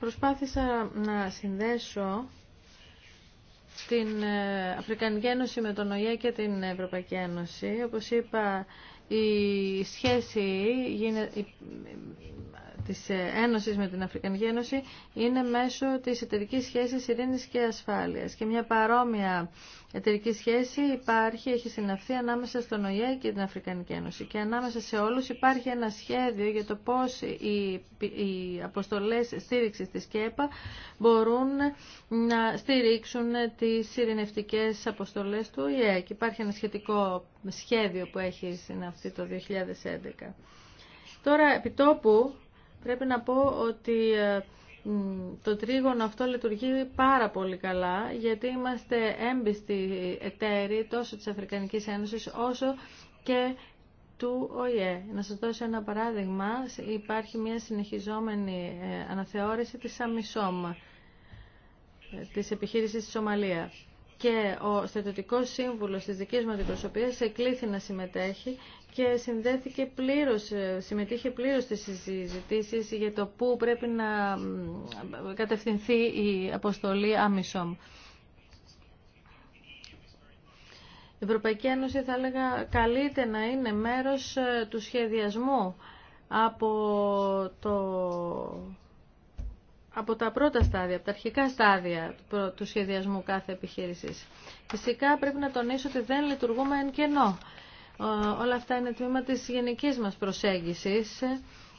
Προσπάθησα να συνδέσω την ε, Αφρικανική Ένωση με τον και την Ευρωπαϊκή Ένωση. Όπως είπα, η σχέση της ε, Ένωσης με την Αφρικανική Ένωση είναι μέσω της εταιρική σχέσης ειρήνης και ασφάλειας. Και μια παρόμοια εταιρική σχέση υπάρχει, έχει συναυθεί ανάμεσα στον ΟΗΕ και την Αφρικανική Ένωση. Και ανάμεσα σε όλους υπάρχει ένα σχέδιο για το πώς οι, οι αποστολές στήριξης της ΚΕΠΑ μπορούν να στηρίξουν τις ειρηνευτικές αποστολές του ΟΗΕ. Και υπάρχει ένα σχετικό σχέδιο που έχει συναυθεί το 2011. Τώρα, επιτόπου Πρέπει να πω ότι ε, το τρίγωνο αυτό λειτουργεί πάρα πολύ καλά γιατί είμαστε έμπιστοι εταίροι τόσο της Αφρικανικής Ένωσης όσο και του ΟΗΕ. Να σας δώσω ένα παράδειγμα. Υπάρχει μια συνεχιζόμενη ε, αναθεώρηση της ΑΜΙΣΟΜ, ε, της επιχείρησης της Σομαλία. Και ο στρατιωτικός σύμβουλος της δικής μου αντιπροσωπείας εκλήθη να συμμετέχει και συνδέθηκε πλήρως, ε, συμμετείχε πλήρως στις συζητήσεις για το πού πρέπει να κατευθυνθεί η αποστολή Άμισομ. Η Ευρωπαϊκή Ένωση θα έλεγα καλείται να είναι μέρος ε, του σχεδιασμού από, το, από τα πρώτα στάδια, από τα αρχικά στάδια του σχεδιασμού κάθε επιχείρησης. Φυσικά πρέπει να τονίσω ότι δεν λειτουργούμε εν κενό. Ε, όλα αυτά είναι τμήμα της γενικής μας προσέγγισης.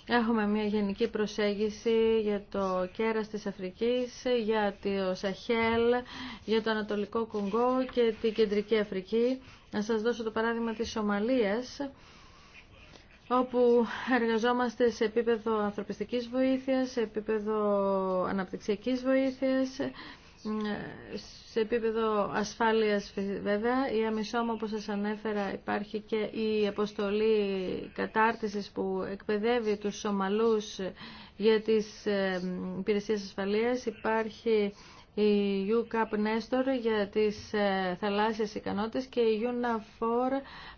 Έχουμε μια γενική προσέγγιση για το κέρας της Αφρικής, για το Σαχέλ, για το Ανατολικό Κονγκό και την Κεντρική Αφρική. Να σας δώσω το παράδειγμα της Σομαλίας, όπου εργαζόμαστε σε επίπεδο ανθρωπιστικής βοήθειας, σε επίπεδο αναπτυξιακής βοήθειας, σε επίπεδο ασφάλειας βέβαια, η Αμισόμα όπως σας ανέφερα υπάρχει και η αποστολή κατάρτισης που εκπαιδεύει τους Σομαλούς για τις ε, υπηρεσίες ασφαλείας. Υπάρχει η UCAP Nestor για τις ε, θαλάσσιες ικανότητες και η UNAFOR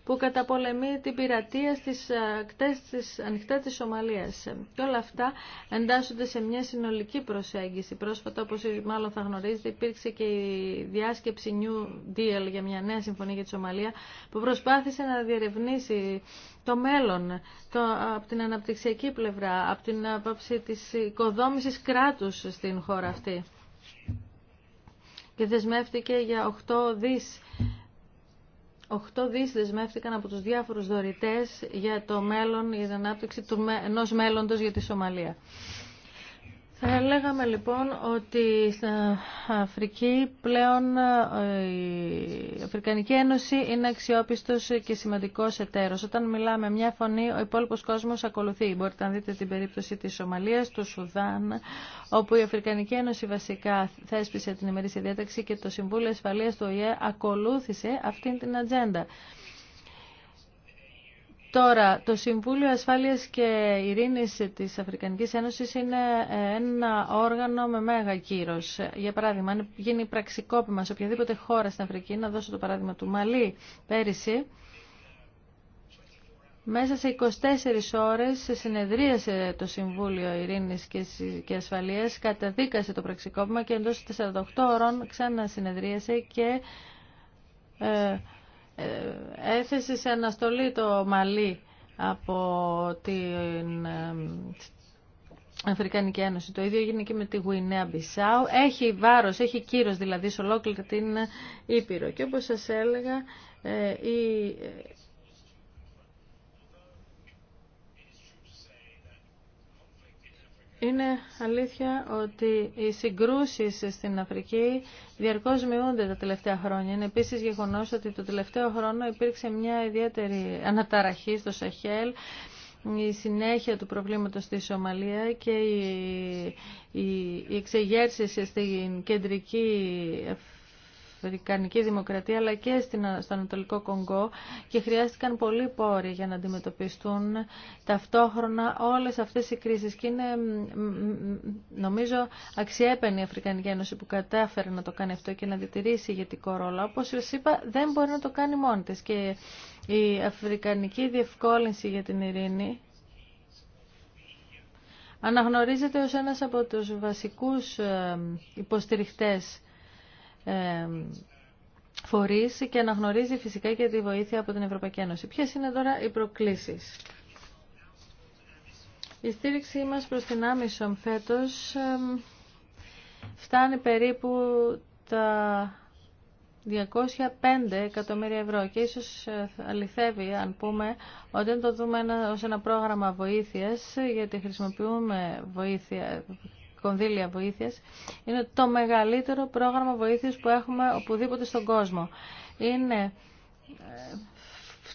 που καταπολεμεί την πειρατεία στις ακτές ε, της ανοιχτά της Σομαλίας. Και όλα αυτά εντάσσονται σε μια συνολική προσέγγιση. Πρόσφατα, όπως μάλλον θα γνωρίζετε, υπήρξε και η διάσκεψη New Deal για μια νέα συμφωνία για τη Σομαλία που προσπάθησε να διερευνήσει το μέλλον το, από την αναπτυξιακή πλευρά, από την άποψη της οικοδόμησης κράτους στην χώρα αυτή και δεσμεύτηκε για 8 δις 8 δις δεσμεύτηκαν από τους διάφορους δωρητές για το μέλλον, για την ανάπτυξη του, ενός μέλλοντος για τη Σομαλία. Θα έλεγαμε λοιπόν ότι στην Αφρική πλέον ε, η Αφρικανική Ένωση είναι αξιόπιστος και σημαντικός εταίρος. Όταν μιλάμε μια φωνή, ο υπόλοιπος κόσμος ακολουθεί. Μπορείτε να δείτε την περίπτωση της Σομαλίας, του Σουδάν, όπου η Αφρικανική Ένωση βασικά θέσπισε την ημερήσια διάταξη και το Συμβούλιο Ασφαλείας του ΟΗΕ ακολούθησε αυτήν την ατζέντα. Τώρα, το Συμβούλιο Ασφάλειας και Ειρηνή της Αφρικανικής Ένωσης είναι ε, ένα όργανο με μέγα κύρος. Για παράδειγμα, αν γίνει πραξικόπημα σε οποιαδήποτε χώρα στην Αφρική, να δώσω το παράδειγμα του Μαλή πέρυσι, μέσα σε 24 ώρες συνεδρίασε το Συμβούλιο Ειρήνης και Ασφαλείας, καταδίκασε το πραξικόπημα και εντός 48 ώρων ξανασυνεδρίασε και ε, ε, έθεσε σε αναστολή το Μαλί από την ε, Αφρικανική Ένωση. Το ίδιο έγινε και με τη Γουινέα Μπισάου. Έχει βάρος, έχει κύρος δηλαδή σε ολόκληρη την Ήπειρο. Και όπως σας έλεγα, ε, η Είναι αλήθεια ότι οι συγκρούσεις στην Αφρική διαρκώς μειούνται τα τελευταία χρόνια. Είναι επίσης γεγονός ότι το τελευταίο χρόνο υπήρξε μια ιδιαίτερη αναταραχή στο Σαχέλ, η συνέχεια του προβλήματος στη Σομαλία και οι, οι, εξεγέρσεις στην κεντρική Αφρικανική Δημοκρατία αλλά και στο Ανατολικό Κονγκό και χρειάστηκαν πολλοί πόροι για να αντιμετωπιστούν ταυτόχρονα όλες αυτές οι κρίσεις και είναι νομίζω αξιέπαινη η Αφρικανική Ένωση που κατάφερε να το κάνει αυτό και να διατηρήσει ηγετικό ρόλο. Όπως σας είπα δεν μπορεί να το κάνει μόνη της και η Αφρικανική Διευκόλυνση για την Ειρήνη αναγνωρίζεται ως ένας από τους βασικούς ε, υποστηριχτές φορείς και αναγνωρίζει φυσικά και τη βοήθεια από την Ευρωπαϊκή Ένωση. Ποιες είναι τώρα οι προκλήσεις. Η στήριξή μας προς την Άμισον φέτος φτάνει περίπου τα 205 εκατομμύρια ευρώ και ίσως ε, αληθεύει αν πούμε όταν το δούμε ως ένα πρόγραμμα βοήθειας γιατί χρησιμοποιούμε βοήθεια, κονδύλια βοήθειας, είναι το μεγαλύτερο πρόγραμμα βοήθειας που έχουμε οπουδήποτε στον κόσμο. Είναι ε,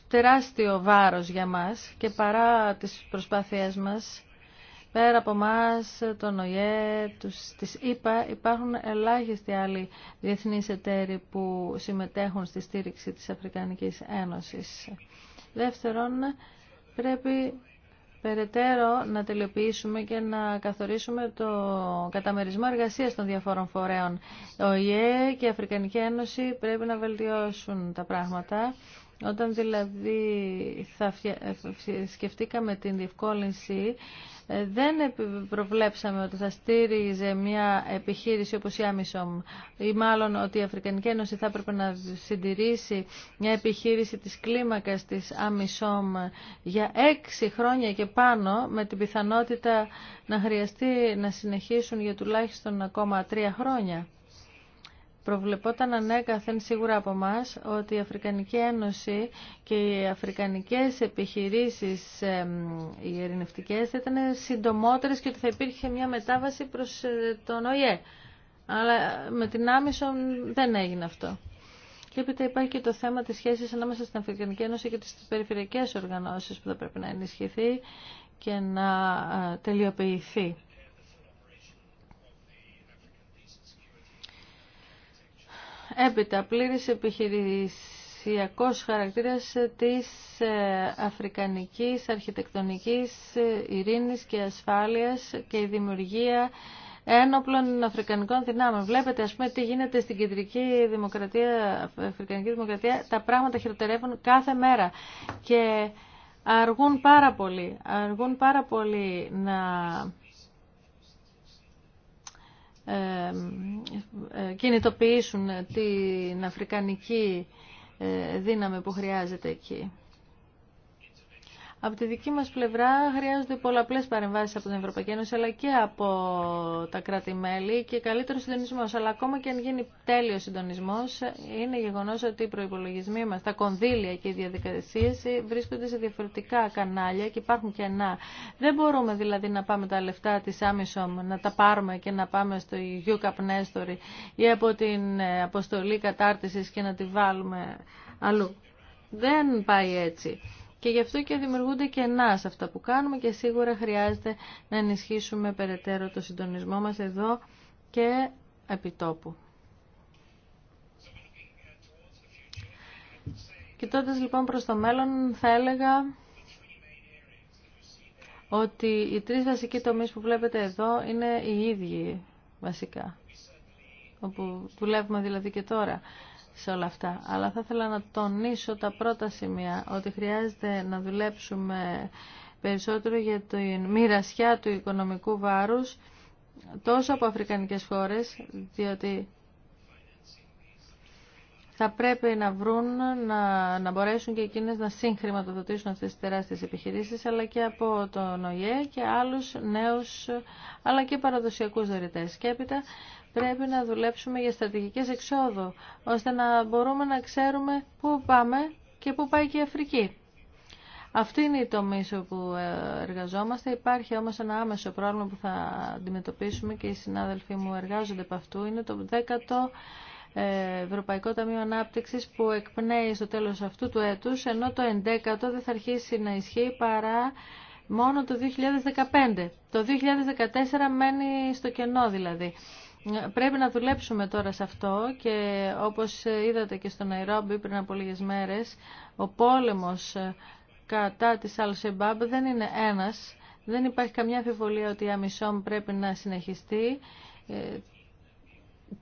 τεράστιο βάρος για μας και παρά τις προσπάθειές μας, πέρα από μας, τον ΟΙΕ, τους, τις υπάρχουν ελάχιστοι άλλοι διεθνείς εταίροι που συμμετέχουν στη στήριξη της Αφρικανικής Ένωσης. Δεύτερον, πρέπει περαιτέρω να τελειοποιήσουμε και να καθορίσουμε το καταμερισμό εργασίας των διαφόρων φορέων. Ο ΙΕ και η Αφρικανική Ένωση πρέπει να βελτιώσουν τα πράγματα όταν δηλαδή θα ε, σκεφτήκαμε την διευκόλυνση, ε, δεν προβλέψαμε ότι θα στήριζε μια επιχείρηση όπως η Άμισομ ή μάλλον ότι η Αφρικανική Ένωση θα έπρεπε να συντηρήσει μια επιχείρηση της κλίμακας της Άμισομ για έξι χρόνια και πάνω με την πιθανότητα να χρειαστεί να συνεχίσουν για τουλάχιστον ακόμα τρία χρόνια. Προβλεπόταν ανέκαθεν σίγουρα από εμά ότι η Αφρικανική Ένωση και οι αφρικανικές επιχειρήσεις οι ειρηνευτικές θα ήταν συντομότερες και ότι θα υπήρχε μια μετάβαση προς ε, τον ΟΗΕ. Αλλά με την άμεσο δεν έγινε αυτό. Και έπειτα υπάρχει και το θέμα της σχέσης ανάμεσα στην Αφρικανική Ένωση και τις περιφερειακές οργανώσεις που θα πρέπει να ενισχυθεί και να ε, τελειοποιηθεί. Έπειτα, πλήρης επιχειρησιακός χαρακτήρας της ε, αφρικανικής αρχιτεκτονικής ε, ειρήνης και ασφάλειας και η δημιουργία ένοπλων αφρικανικών δυνάμεων. Βλέπετε, ας πούμε, τι γίνεται στην κεντρική δημοκρατία, αφρικανική δημοκρατία. Τα πράγματα χειροτερεύουν κάθε μέρα και αργούν πάρα πολύ, αργούν πάρα πολύ να ε, κινητοποιήσουν την αφρικανική ε, δύναμη που χρειάζεται εκεί. Από τη δική μας πλευρά χρειάζονται πολλαπλές παρεμβάσεις από την Ευρωπαϊκή Ένωση αλλά και από τα κράτη-μέλη και καλύτερο συντονισμό, Αλλά ακόμα και αν γίνει τέλειο συντονισμό, είναι γεγονό ότι οι προπολογισμοί μα, τα κονδύλια και οι διαδικασίε βρίσκονται σε διαφορετικά κανάλια και υπάρχουν κενά. Δεν μπορούμε δηλαδή να πάμε τα λεφτά τη Άμισομ να τα πάρουμε και να πάμε στο UCAP Nestory ή από την αποστολή κατάρτιση και να τη βάλουμε αλλού. Δεν πάει έτσι και γι' αυτό και δημιουργούνται κενά σε αυτά που κάνουμε και σίγουρα χρειάζεται να ενισχύσουμε περαιτέρω το συντονισμό μας εδώ και επιτόπου. Κοιτώντα λοιπόν προς το μέλλον θα έλεγα ότι οι τρεις βασικοί τομείς που βλέπετε εδώ είναι οι ίδιοι βασικά όπου δουλεύουμε δηλαδή και τώρα σε όλα αυτά. Αλλά θα ήθελα να τονίσω τα πρώτα σημεία, ότι χρειάζεται να δουλέψουμε περισσότερο για την μοιρασιά του οικονομικού βάρους τόσο από αφρικανικές χώρες, διότι θα πρέπει να βρουν, να, να μπορέσουν και εκείνες να συγχρηματοδοτήσουν αυτές τις τεράστιες επιχειρήσεις, αλλά και από τον ΟΙΕ και άλλους νέους, αλλά και παραδοσιακούς δωρητές. Και έπειτα Πρέπει να δουλέψουμε για στρατηγικές εξόδου, ώστε να μπορούμε να ξέρουμε πού πάμε και πού πάει και η Αφρική. Αυτή είναι η τομή που ε, εργαζόμαστε. Υπάρχει όμως ένα άμεσο πρόβλημα που θα αντιμετωπίσουμε και οι συνάδελφοί μου εργάζονται από αυτού. Είναι το 10ο ε, Ευρωπαϊκό Ταμείο Ανάπτυξης που εκπνέει στο τέλος αυτού του έτους, ενώ το 11ο δεν θα αρχίσει να ισχύει παρά μόνο το 2015. Το 2014 μένει στο κενό δηλαδή. Πρέπει να δουλέψουμε τώρα σε αυτό και όπως είδατε και στο Ναϊρόμπι πριν από λίγες μέρες, ο πόλεμος κατά της Αλσεμπάμπ δεν είναι ένας. Δεν υπάρχει καμιά αμφιβολία ότι η Αμισόμ πρέπει να συνεχιστεί ε,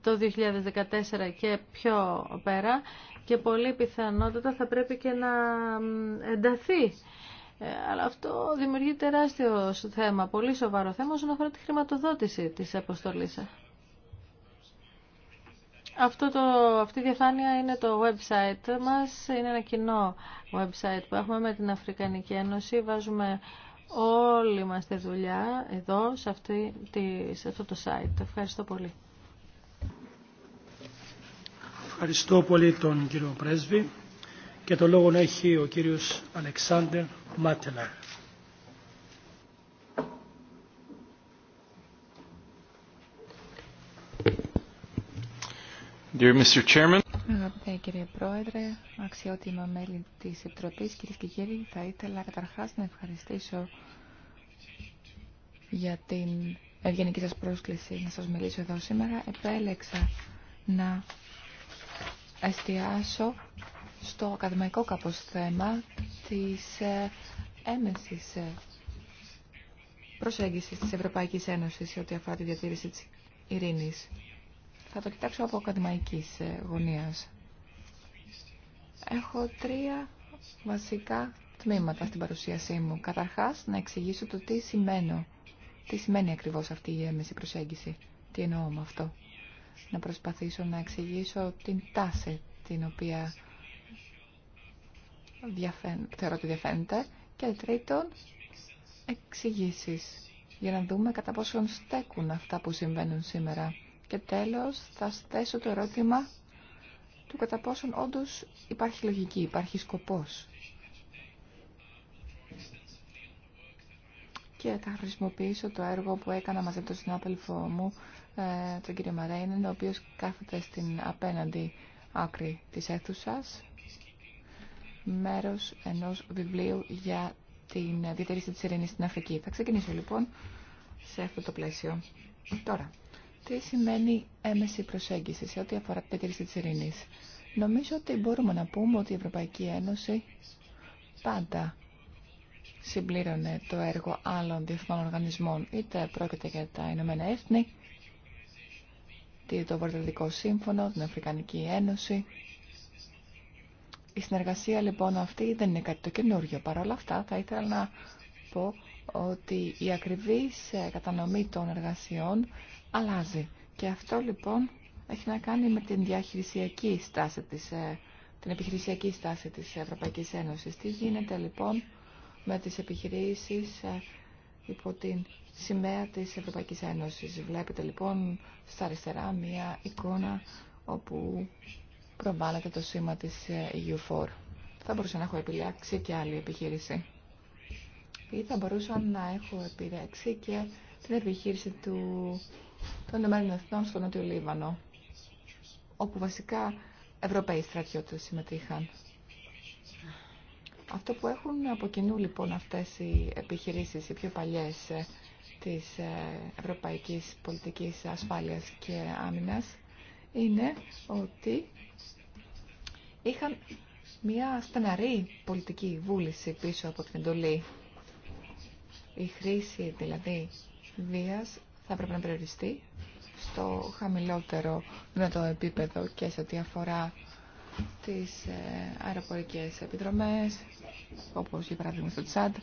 το 2014 και πιο πέρα και πολύ πιθανότατα θα πρέπει και να ενταθεί. Ε, αλλά αυτό δημιουργεί τεράστιο θέμα, πολύ σοβαρό θέμα όσον αφορά τη χρηματοδότηση της αποστολής. Αυτό το, αυτή η διαφάνεια είναι το website μας, είναι ένα κοινό website που έχουμε με την Αφρικανική Ένωση. Βάζουμε όλη μας τη δουλειά εδώ, σε, αυτή, τη, σε αυτό το site. Ευχαριστώ πολύ. Ευχαριστώ πολύ τον κύριο Πρέσβη και το λόγο να έχει ο κύριος Αλεξάνδρ Μάτελα. Dear Mr. Chairman. κύριε Πρόεδρε, αξιότιμα μέλη της Επιτροπής, κυρίε και κύριοι, θα ήθελα καταρχάς να ευχαριστήσω για την ευγενική σας πρόσκληση να σας μιλήσω εδώ σήμερα. Επέλεξα να εστιάσω στο ακαδημαϊκό κάπως θέμα της ε, έμεσης ε, προσέγγισης της Ευρωπαϊκής Ένωσης σε ό,τι αφορά τη διατήρηση της ειρήνης. Θα το κοιτάξω από ακαδημαϊκής ε, γωνίας. Έχω τρία βασικά τμήματα στην παρουσίασή μου. Καταρχάς, να εξηγήσω το τι σημαίνω. Τι σημαίνει ακριβώς αυτή η έμεση προσέγγιση. Τι εννοώ με αυτό. Να προσπαθήσω να εξηγήσω την τάση την οποία θεωρώ ότι διαφαίνεται. Και τρίτον, εξηγήσεις για να δούμε κατά πόσον στέκουν αυτά που συμβαίνουν σήμερα και τέλος θα θέσω το ερώτημα του κατά πόσον όντως υπάρχει λογική, υπάρχει σκοπός. Και θα χρησιμοποιήσω το έργο που έκανα μαζί με τον συνάδελφό μου, ε, τον κύριο Μαρέινεν, ο οποίος κάθεται στην απέναντι άκρη της αίθουσας, μέρος ενός βιβλίου για την διατηρήση της ειρήνης στην Αφρική. Θα ξεκινήσω λοιπόν σε αυτό το πλαίσιο. Τώρα, τι σημαίνει έμεση προσέγγιση σε ό,τι αφορά την κρίση της ειρήνης. Νομίζω ότι μπορούμε να πούμε ότι η Ευρωπαϊκή Ένωση πάντα συμπλήρωνε το έργο άλλων διεθνών οργανισμών, είτε πρόκειται για τα Ηνωμένα Έθνη, το Βορειοδυτικό Σύμφωνο, την Αφρικανική Ένωση. Η συνεργασία λοιπόν αυτή δεν είναι κάτι το καινούριο. Παρ' όλα αυτά θα ήθελα να πω ότι η ακριβής κατανομή των εργασιών αλλάζει. Και αυτό λοιπόν έχει να κάνει με την διαχειρισιακή στάση της, ε, την επιχειρησιακή στάση της Ευρωπαϊκής Ένωσης. Τι γίνεται λοιπόν με τις επιχειρήσεις ε, υπό την σημαία της Ευρωπαϊκής Ένωσης. Βλέπετε λοιπόν στα αριστερά μία εικόνα όπου προβάλλεται το σήμα της ε, EU4. Θα μπορούσα να έχω επιλέξει και άλλη επιχείρηση. Ή θα μπορούσα να έχω επιλέξει και την επιχείρηση του, των Ηνωμένων Εθνών στο Νότιο Λίβανο, όπου βασικά Ευρωπαίοι στρατιώτες συμμετείχαν. Αυτό που έχουν από κοινού λοιπόν αυτές οι επιχειρήσεις, οι πιο παλιές ε, της ε, ευρωπαϊκής πολιτικής ασφάλειας και άμυνας, είναι ότι είχαν μια στεναρή πολιτική βούληση πίσω από την εντολή. Η χρήση δηλαδή βίας θα πρέπει να περιοριστεί στο χαμηλότερο δυνατό επίπεδο και σε ό,τι αφορά τις ε, αεροπορικές επιδρομές, όπως για παράδειγμα στο Τσάντ,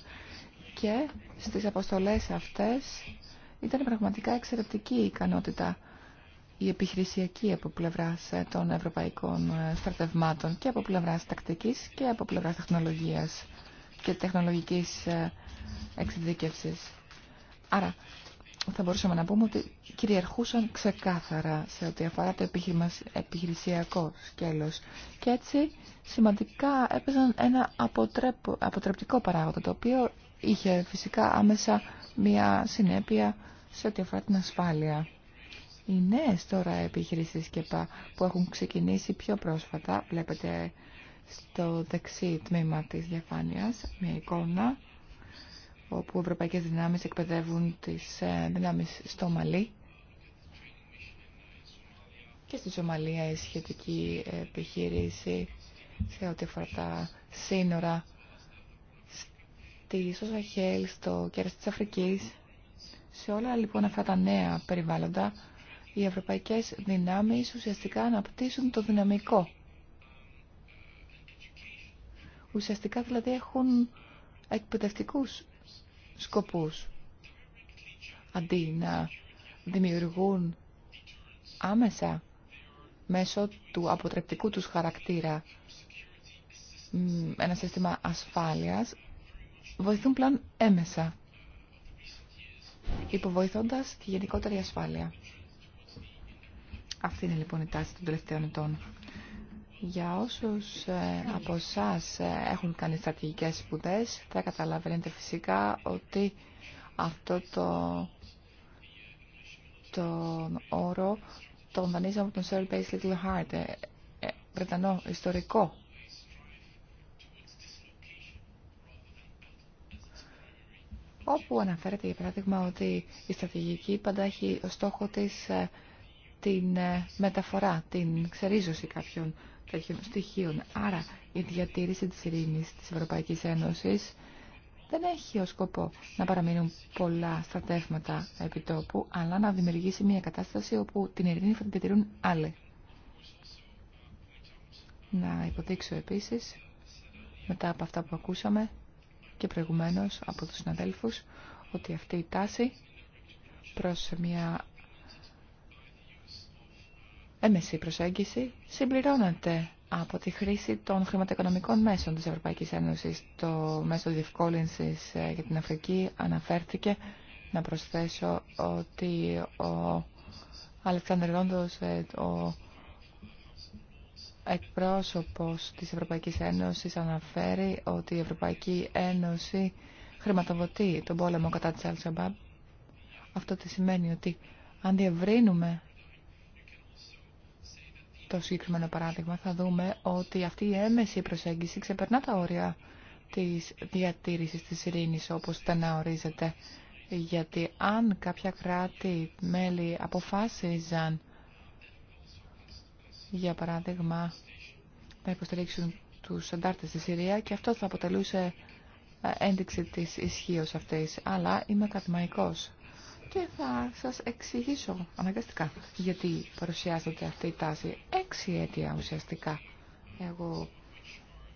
και στις αποστολές αυτές ήταν πραγματικά εξαιρετική η ικανότητα η επιχειρησιακή από πλευρά ε, των ευρωπαϊκών ε, στρατευμάτων και από πλευρά τακτική και από πλευρά τεχνολογία και τεχνολογική εξειδίκευση. Άρα, θα μπορούσαμε να πούμε ότι κυριαρχούσαν ξεκάθαρα σε ό,τι αφορά το επιχειρησιακό σκέλος και έτσι σημαντικά έπαιζαν ένα αποτρεπτικό παράγοντα το οποίο είχε φυσικά άμεσα μια συνέπεια σε ό,τι αφορά την ασφάλεια. Οι νέες τώρα επιχειρήσεις και πα, που έχουν ξεκινήσει πιο πρόσφατα, βλέπετε στο δεξί τμήμα της διαφάνειας μια εικόνα όπου ευρωπαϊκές δυνάμεις εκπαιδεύουν τις ε, δυνάμεις στο Μαλί και στη Σομαλία η σχετική επιχείρηση σε ό,τι αφορά τα σύνορα στη Σοσαχέλ, στο κέρας της Αφρικής. Σε όλα λοιπόν αυτά τα νέα περιβάλλοντα, οι ευρωπαϊκές δυνάμεις ουσιαστικά αναπτύσσουν το δυναμικό. Ουσιαστικά δηλαδή έχουν εκπαιδευτικούς σκοπούς αντί να δημιουργούν άμεσα μέσω του αποτρεπτικού τους χαρακτήρα ένα σύστημα ασφάλειας βοηθούν πλέον έμεσα υποβοηθώντας τη γενικότερη ασφάλεια. Αυτή είναι λοιπόν η τάση των τελευταίων ετών. Για όσους ε, από εσά ε, έχουν κάνει στρατηγικές σπουδές, θα καταλαβαίνετε φυσικά ότι αυτό το, το όρο τον δανείζαμε από τον Sir Base Little Heart, ε, Βρετανό ιστορικό. Όπου αναφέρεται, για παράδειγμα, ότι η στρατηγική πάντα έχει ως στόχο της την μεταφορά, την ξερίζωση κάποιων τέτοιων στοιχείων. Άρα η διατήρηση της ειρήνης της Ευρωπαϊκής Ένωσης δεν έχει ως σκοπό να παραμείνουν πολλά στρατεύματα επιτόπου, αλλά να δημιουργήσει μια κατάσταση όπου την ειρήνη θα την διατηρούν άλλοι. Να υποδείξω επίσης, μετά από αυτά που ακούσαμε και προηγουμένως από τους συναδέλφους, ότι αυτή η τάση προς μια έμεση προσέγγιση συμπληρώνεται από τη χρήση των χρηματοοικονομικών μέσων της Ευρωπαϊκής Ένωσης. Το μέσο διευκόλυνσης ε, για την Αφρική αναφέρθηκε να προσθέσω ότι ο Αλεξάνδρ Ρόντος, ε, ο εκπρόσωπος της Ευρωπαϊκής Ένωσης, αναφέρει ότι η Ευρωπαϊκή Ένωση χρηματοδοτεί τον πόλεμο κατά της Αλσαμπάμ. Αυτό τι σημαίνει ότι αν διευρύνουμε το συγκεκριμένο παράδειγμα θα δούμε ότι αυτή η έμεση προσέγγιση ξεπερνά τα όρια της διατήρησης της ειρήνης όπως να ορίζεται. Γιατί αν κάποια κράτη μέλη αποφάσιζαν για παράδειγμα να υποστηρίξουν τους αντάρτες στη Συρία και αυτό θα αποτελούσε ε, ένδειξη της ισχύω αυτής. Αλλά είμαι ακαδημαϊκός και θα σας εξηγήσω αναγκαστικά γιατί παρουσιάζεται αυτή η τάση. Έξι αίτια ουσιαστικά εγώ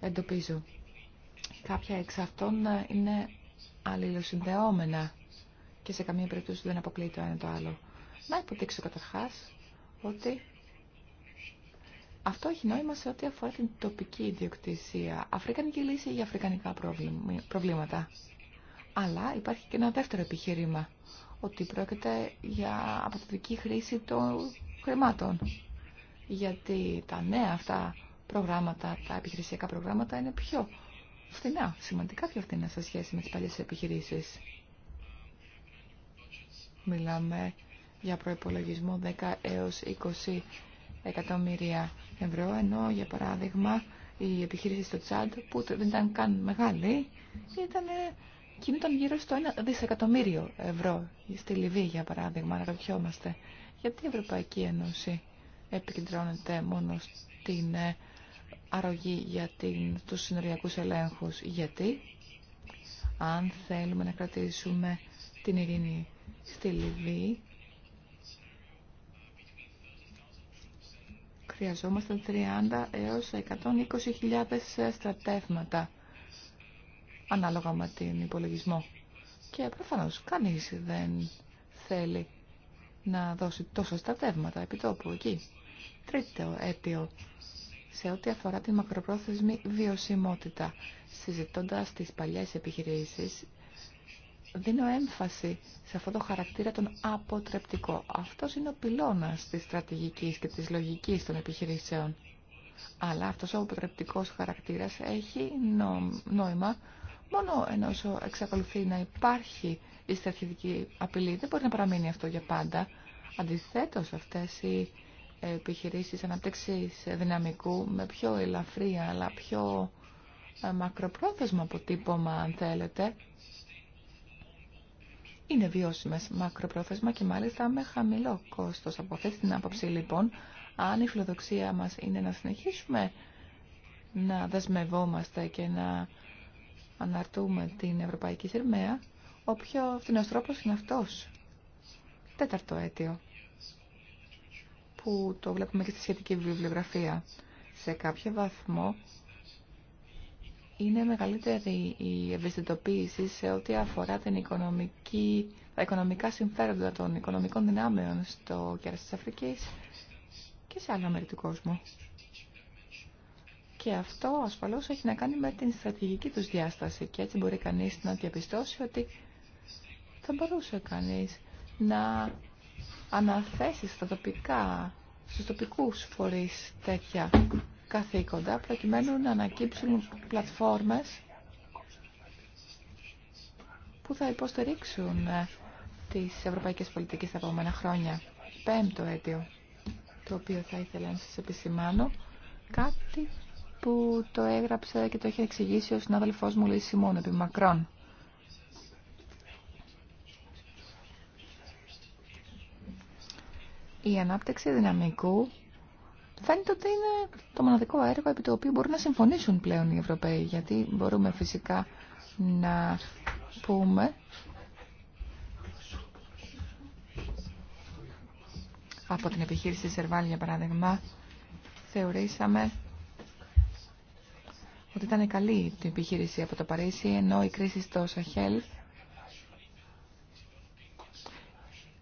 εντοπίζω. Κάποια εξ αυτών είναι αλληλοσυνδεόμενα και σε καμία περίπτωση δεν αποκλείει το ένα το άλλο. Να υποδείξω καταρχάς ότι αυτό έχει νόημα σε ό,τι αφορά την τοπική ιδιοκτησία. Αφρικανική λύση για αφρικανικά προβλήματα. Αλλά υπάρχει και ένα δεύτερο επιχείρημα ότι πρόκειται για αποδοτική χρήση των χρημάτων. Γιατί τα νέα αυτά προγράμματα, τα επιχειρησιακά προγράμματα είναι πιο φθηνά, σημαντικά πιο φθηνά σε σχέση με τις παλιές επιχειρήσεις. Μιλάμε για προϋπολογισμό 10 έως 20 εκατομμύρια ευρώ, ενώ για παράδειγμα η επιχείρηση στο Τσάντ που δεν ήταν καν μεγάλη ήταν κινούνταν γύρω στο 1 δισεκατομμύριο ευρώ στη Λιβύη, για παράδειγμα, ρωτιόμαστε. Γιατί η Ευρωπαϊκή Ένωση επικεντρώνεται μόνο στην ε, αρρωγή για την, τους συνοριακούς ελέγχους. Γιατί, αν θέλουμε να κρατήσουμε την ειρήνη στη Λιβύη, χρειαζόμαστε 30 έως 120.000 ε, στρατεύματα ανάλογα με την υπολογισμό. Και προφανώς κανείς δεν θέλει να δώσει τόσο στρατεύματα επιτόπου εκεί. Τρίτο αίτιο σε ό,τι αφορά τη μακροπρόθεσμη βιωσιμότητα. Συζητώντας τις παλιές επιχειρήσεις, δίνω έμφαση σε αυτό το χαρακτήρα τον αποτρεπτικό. Αυτός είναι ο πυλώνας της στρατηγικής και της λογικής των επιχειρήσεων. Αλλά αυτός ο αποτρεπτικός χαρακτήρας έχει νόημα μόνο ενώ εξακολουθεί να υπάρχει η στρατιωτική απειλή. Δεν μπορεί να παραμείνει αυτό για πάντα. Αντιθέτω αυτέ οι επιχειρήσει αναπτύξή δυναμικού με πιο ελαφρύ αλλά πιο ε, μακροπρόθεσμο αποτύπωμα, αν θέλετε, είναι βιώσιμες μακροπρόθεσμα και μάλιστα με χαμηλό κόστος. Από αυτή την άποψη, λοιπόν, αν η φιλοδοξία μας είναι να συνεχίσουμε να δεσμευόμαστε και να αναρτούμε την Ευρωπαϊκή Θερμαία, ο πιο φθηνός τρόπος είναι αυτός. Τέταρτο αίτιο, που το βλέπουμε και στη σχετική βιβλιογραφία. Σε κάποιο βαθμό είναι μεγαλύτερη η ευαισθητοποίηση σε ό,τι αφορά την οικονομική, τα οικονομικά συμφέροντα των οικονομικών δυνάμεων στο κέρας της Αφρικής και σε άλλα μέρη του κόσμου. Και αυτό ασφαλώς έχει να κάνει με την στρατηγική τους διάσταση και έτσι μπορεί κανείς να διαπιστώσει ότι θα μπορούσε κανείς να αναθέσει στα τοπικά, στους τοπικούς φορείς τέτοια καθήκοντα προκειμένου να ανακύψουν πλατφόρμες που θα υποστηρίξουν ε, τις ευρωπαϊκές πολιτικές τα επόμενα χρόνια. Πέμπτο αίτιο, το οποίο θα ήθελα να σας επισημάνω, κάτι που το έγραψε και το έχει εξηγήσει ο συνάδελφός μου Λύση Σιμών, επί Μακρόν. Η ανάπτυξη δυναμικού φαίνεται ότι είναι το μοναδικό έργο επί το οποίο μπορούν να συμφωνήσουν πλέον οι Ευρωπαίοι, γιατί μπορούμε φυσικά να πούμε από την επιχείρηση Σερβάλ, για παράδειγμα, θεωρήσαμε ότι ήταν καλή την επιχείρηση από το Παρίσι, ενώ η κρίση στο Σαχέλ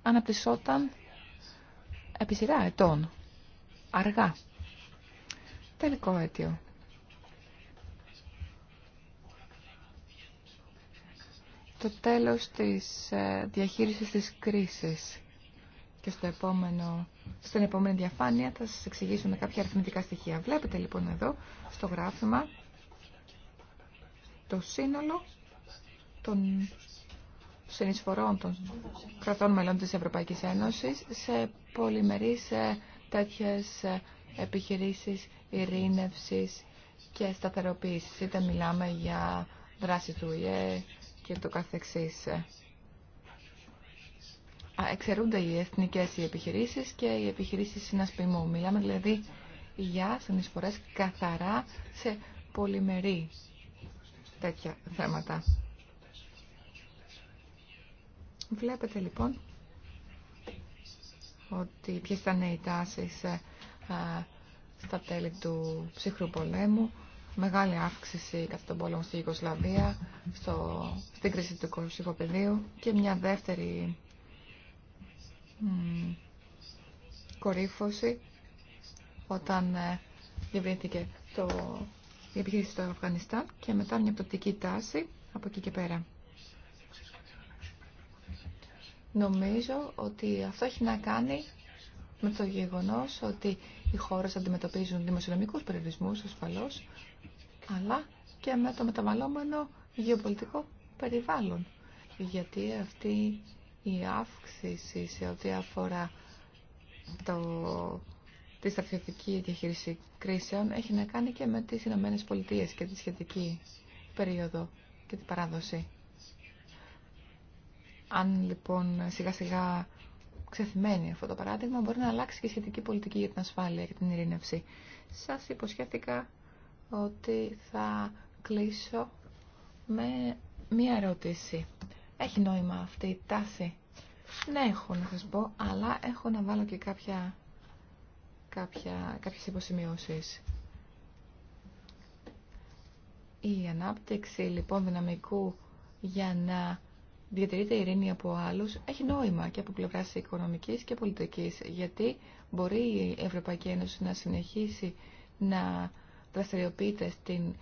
αναπτυσσόταν επί σειρά ετών, αργά. Τελικό αίτιο. Το τέλος της ε, διαχείρισης της κρίσης. Και στο επόμενο, στην επόμενη διαφάνεια θα σας εξηγήσουμε κάποια αριθμητικά στοιχεία. Βλέπετε λοιπόν εδώ στο γράφημα το σύνολο των συνεισφορών των κρατών μελών της Ευρωπαϊκής Ένωσης σε πολυμερείς τέτοιες επιχειρήσεις ειρήνευσης και σταθεροποίησης. Είτε μιλάμε για δράση του ΙΕ και το καθεξής. Εξαιρούνται οι εθνικές οι επιχειρήσεις και οι επιχειρήσεις συνασπιμού. Μιλάμε δηλαδή για συνεισφορές καθαρά σε πολυμερή τέτοια θέματα. Βλέπετε λοιπόν ότι ποιες ήταν οι τάσεις ε, στα τέλη του ψυχρού πολέμου. Μεγάλη αύξηση κατά τον πόλεμο στη Ιγκοσλαβία, στο, στην κρίση του κοσυχοπεδίου και μια δεύτερη μ, κορύφωση όταν ε, το η επιχείρηση στο Αφγανιστάν και μετά μια πτωτική τάση από εκεί και πέρα. Νομίζω ότι αυτό έχει να κάνει με το γεγονός ότι οι χώρες αντιμετωπίζουν δημοσιονομικούς περιορισμούς ασφαλώς, αλλά και με το μεταβαλλόμενο γεωπολιτικό περιβάλλον. Γιατί αυτή η αύξηση σε ό,τι αφορά το τη στρατιωτική διαχείριση κρίσεων έχει να κάνει και με τις Ηνωμένες Πολιτείες και τη σχετική περίοδο και την παράδοση. Αν λοιπόν σιγά σιγά ξεθυμένει αυτό το παράδειγμα, μπορεί να αλλάξει και η σχετική πολιτική για την ασφάλεια και την ειρήνευση. Σας υποσχέθηκα ότι θα κλείσω με μία ερώτηση. Έχει νόημα αυτή η τάση. Ναι, έχω να σας πω, αλλά έχω να βάλω και κάποια κάποια, κάποιες υποσημειώσεις. Η ανάπτυξη λοιπόν δυναμικού για να διατηρείται η ειρήνη από άλλους έχει νόημα και από πλευράς οικονομικής και πολιτικής γιατί μπορεί η Ευρωπαϊκή Ένωση να συνεχίσει να δραστηριοποιείται στην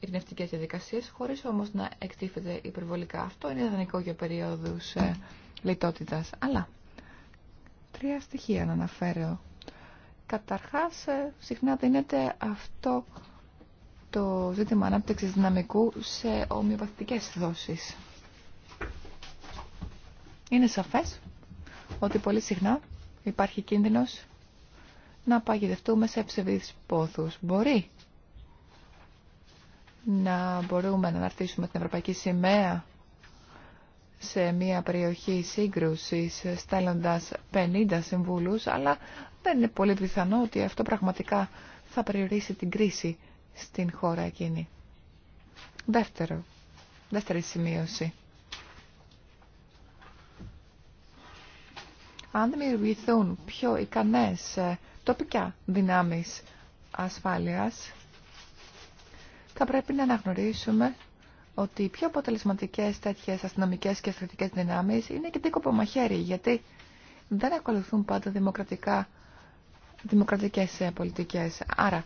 ειρηνευτικές διαδικασίες χωρίς όμως να εκτίθεται υπερβολικά. Αυτό είναι ιδανικό για περίοδους ε, λιτότητας. Αλλά τρία στοιχεία να αναφέρω Καταρχάς, ε, συχνά δίνεται αυτό το ζήτημα ανάπτυξης δυναμικού σε ομοιοπαθητικές δόσεις. Είναι σαφές ότι πολύ συχνά υπάρχει κίνδυνος να παγιδευτούμε σε ψευδείς πόθους. Μπορεί να μπορούμε να αναρτήσουμε την Ευρωπαϊκή Σημαία σε μια περιοχή σύγκρουσης στέλνοντας 50 συμβούλους, αλλά δεν είναι πολύ πιθανό ότι αυτό πραγματικά θα περιορίσει την κρίση στην χώρα εκείνη. Δεύτερο, δεύτερη σημείωση. Αν δημιουργηθούν πιο ικανές ε, τοπικά δυνάμεις ασφάλειας, θα πρέπει να αναγνωρίσουμε ότι οι πιο αποτελεσματικέ τέτοιε αστυνομικέ και στρατιωτικές δυνάμει είναι και δίκοπο μαχαίρι, γιατί δεν ακολουθούν πάντα δημοκρατικά, δημοκρατικές ε, πολιτικές. Άρα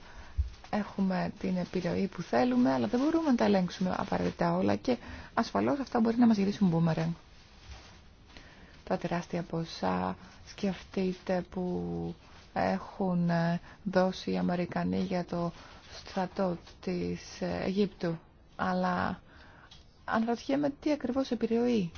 έχουμε την επιρροή που θέλουμε, αλλά δεν μπορούμε να τα ελέγξουμε απαραίτητα όλα και ασφαλώ αυτά μπορεί να μα γυρίσουν μπούμεραν. Τα τεράστια ποσά σκεφτείτε που έχουν ε, δώσει οι Αμερικανοί για το στρατό της ε, Αιγύπτου. Αλλά αναρωτιέμαι τι ακριβώς επιρροή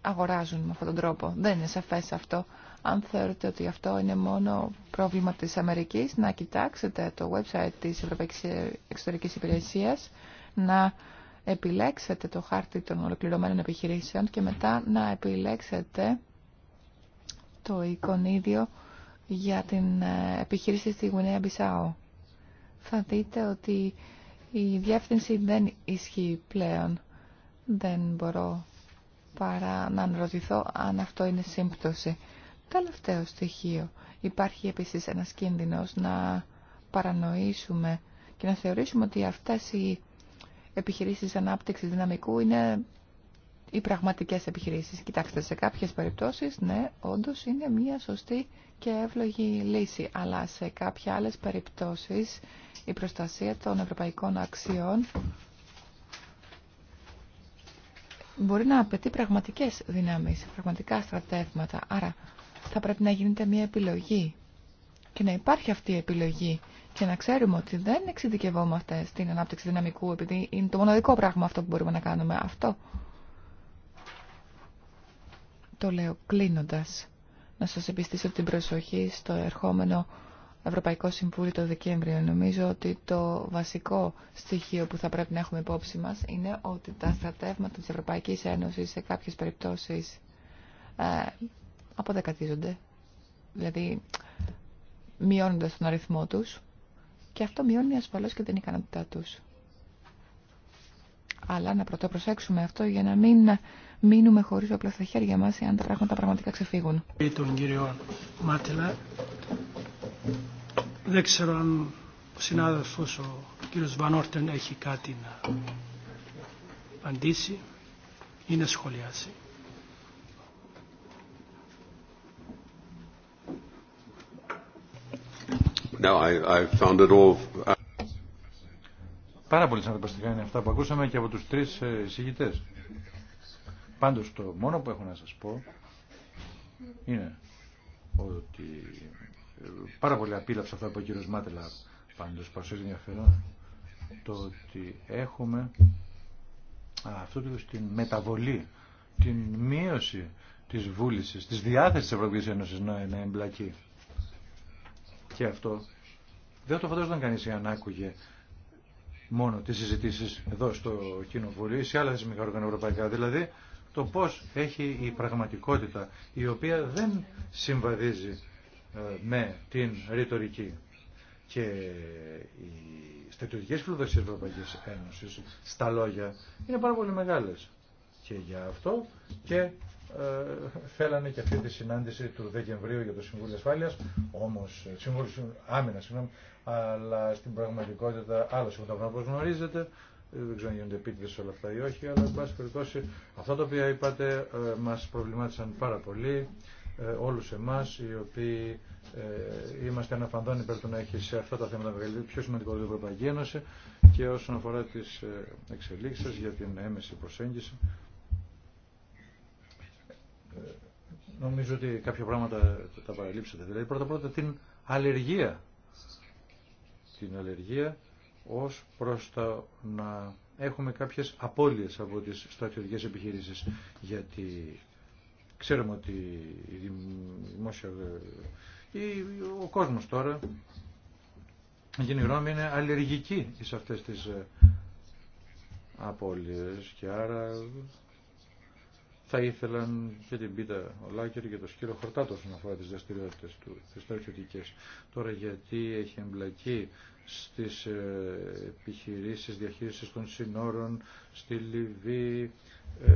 αγοράζουν με αυτόν τον τρόπο. Δεν είναι σαφές αυτό. Αν θεωρείτε ότι αυτό είναι μόνο πρόβλημα της Αμερικής, να κοιτάξετε το website της Ευρωπαϊκής Εξωτερικής Υπηρεσίας, να επιλέξετε το χάρτη των ολοκληρωμένων επιχειρήσεων και μετά να επιλέξετε το εικονίδιο για την ε, επιχείρηση στη Γουινέα Μπισάου. Θα δείτε ότι η διεύθυνση δεν ισχύει πλέον δεν μπορώ παρά να αναρωτηθώ αν αυτό είναι σύμπτωση. Τελευταίο στοιχείο. Υπάρχει επίσης ένας κίνδυνος να παρανοήσουμε και να θεωρήσουμε ότι αυτές οι επιχειρήσεις ανάπτυξης δυναμικού είναι οι πραγματικές επιχειρήσεις. Κοιτάξτε, σε κάποιες περιπτώσεις, ναι, όντως είναι μια σωστή και εύλογη λύση. Αλλά σε κάποια άλλες περιπτώσεις η προστασία των ευρωπαϊκών αξιών μπορεί να απαιτεί πραγματικές δυνάμεις, πραγματικά στρατεύματα. Άρα θα πρέπει να γίνεται μια επιλογή και να υπάρχει αυτή η επιλογή και να ξέρουμε ότι δεν εξειδικευόμαστε στην ανάπτυξη δυναμικού επειδή είναι το μοναδικό πράγμα αυτό που μπορούμε να κάνουμε. Αυτό το λέω κλείνοντας να σας επιστήσω την προσοχή στο ερχόμενο Ευρωπαϊκό Συμβούλιο το Δεκέμβριο. Νομίζω ότι το βασικό στοιχείο που θα πρέπει να έχουμε υπόψη μας είναι ότι τα στρατεύματα της Ευρωπαϊκής Ένωσης σε κάποιες περιπτώσεις ε, αποδεκατίζονται. Δηλαδή μειώνοντας τον αριθμό τους και αυτό μειώνει ασφαλώς και την ικανότητά τους. Αλλά να πρωτοπροσέξουμε αυτό για να μην μείνουμε χωρίς όπλα στα χέρια μας εάν τα πράγματα πραγματικά ξεφύγουν. Τον κύριο δεν ξέρω αν ο συνάδελφος ο κύριος Βανόρτεν έχει κάτι να απαντήσει ή να σχολιάσει. No, I, I found it all... Uh, Πάρα πολύ συναρπαστικά είναι αυτά που ακούσαμε και από τους τρεις ε, εισηγητές. Πάντως το μόνο που έχω να σας πω είναι ότι πάρα πολύ απίλαψα αυτά που ο κύριος Μάτελα πάντως παρουσιάζει ενδιαφέρον το ότι έχουμε αυτό το την μεταβολή, την μείωση της βούλησης, της διάθεσης της Ευρωπαϊκής Ένωσης να, να εμπλακεί. Και αυτό δεν το φαντάζονταν κανείς αν άκουγε μόνο τις συζητήσεις εδώ στο Κοινοβουλίο ή σε άλλα θεσμικά όργανα ευρωπαϊκά. Δηλαδή το πώς έχει η σε αλλα θεσμικα ευρωπαικα δηλαδη το πως εχει η οποία δεν συμβαδίζει ε, με την ρητορική και οι στρατιωτικές φιλοδοξίες της Ευρωπαϊκής Ένωσης στα λόγια είναι πάρα πολύ μεγάλες. Και για αυτό και ε, θέλανε και αυτή τη συνάντηση του Δεκεμβρίου για το Συμβούλιο Ασφάλειας, όμως, ε, Συμβούλιο Άμυνα, συγγνώμη, αλλά στην πραγματικότητα άλλο συμβούλιο όπως γνωρίζετε, ε, δεν ξέρω αν γίνονται επίτηδες όλα αυτά ή όχι, αλλά εν πάση περιπτώσει αυτά τα οποία είπατε ε, μας προβλημάτισαν πάρα πολύ. Ε, όλους εμάς οι οποίοι ε, είμαστε αναφαντών υπέρ του να έχει σε αυτά τα θέματα μεγαλύτερη πιο σημαντικό την Ευρωπαϊκή Ένωση και όσον αφορά τις ε, εξελίξεις για την έμεση προσέγγιση νομίζω ότι κάποια πράγματα τα παραλείψατε δηλαδή πρώτα πρώτα την αλλεργία την αλλεργία ως προς τα να έχουμε κάποιες απώλειες από τις στρατιωτικές επιχειρήσεις γιατί Ξέρουμε ότι ε, η ο κόσμος τώρα, γίνει είναι αλλεργική σε αυτές τις ε, απώλειες και άρα θα ήθελαν και την πίτα ο Λάκερ και το σκύρο χορτάτο να αφορά τις δραστηριότητες του, τις στρατιωτικές. Τώρα γιατί έχει εμπλακεί στις ε, επιχειρήσεις διαχείρισης των συνόρων, στη Λιβύη, ε,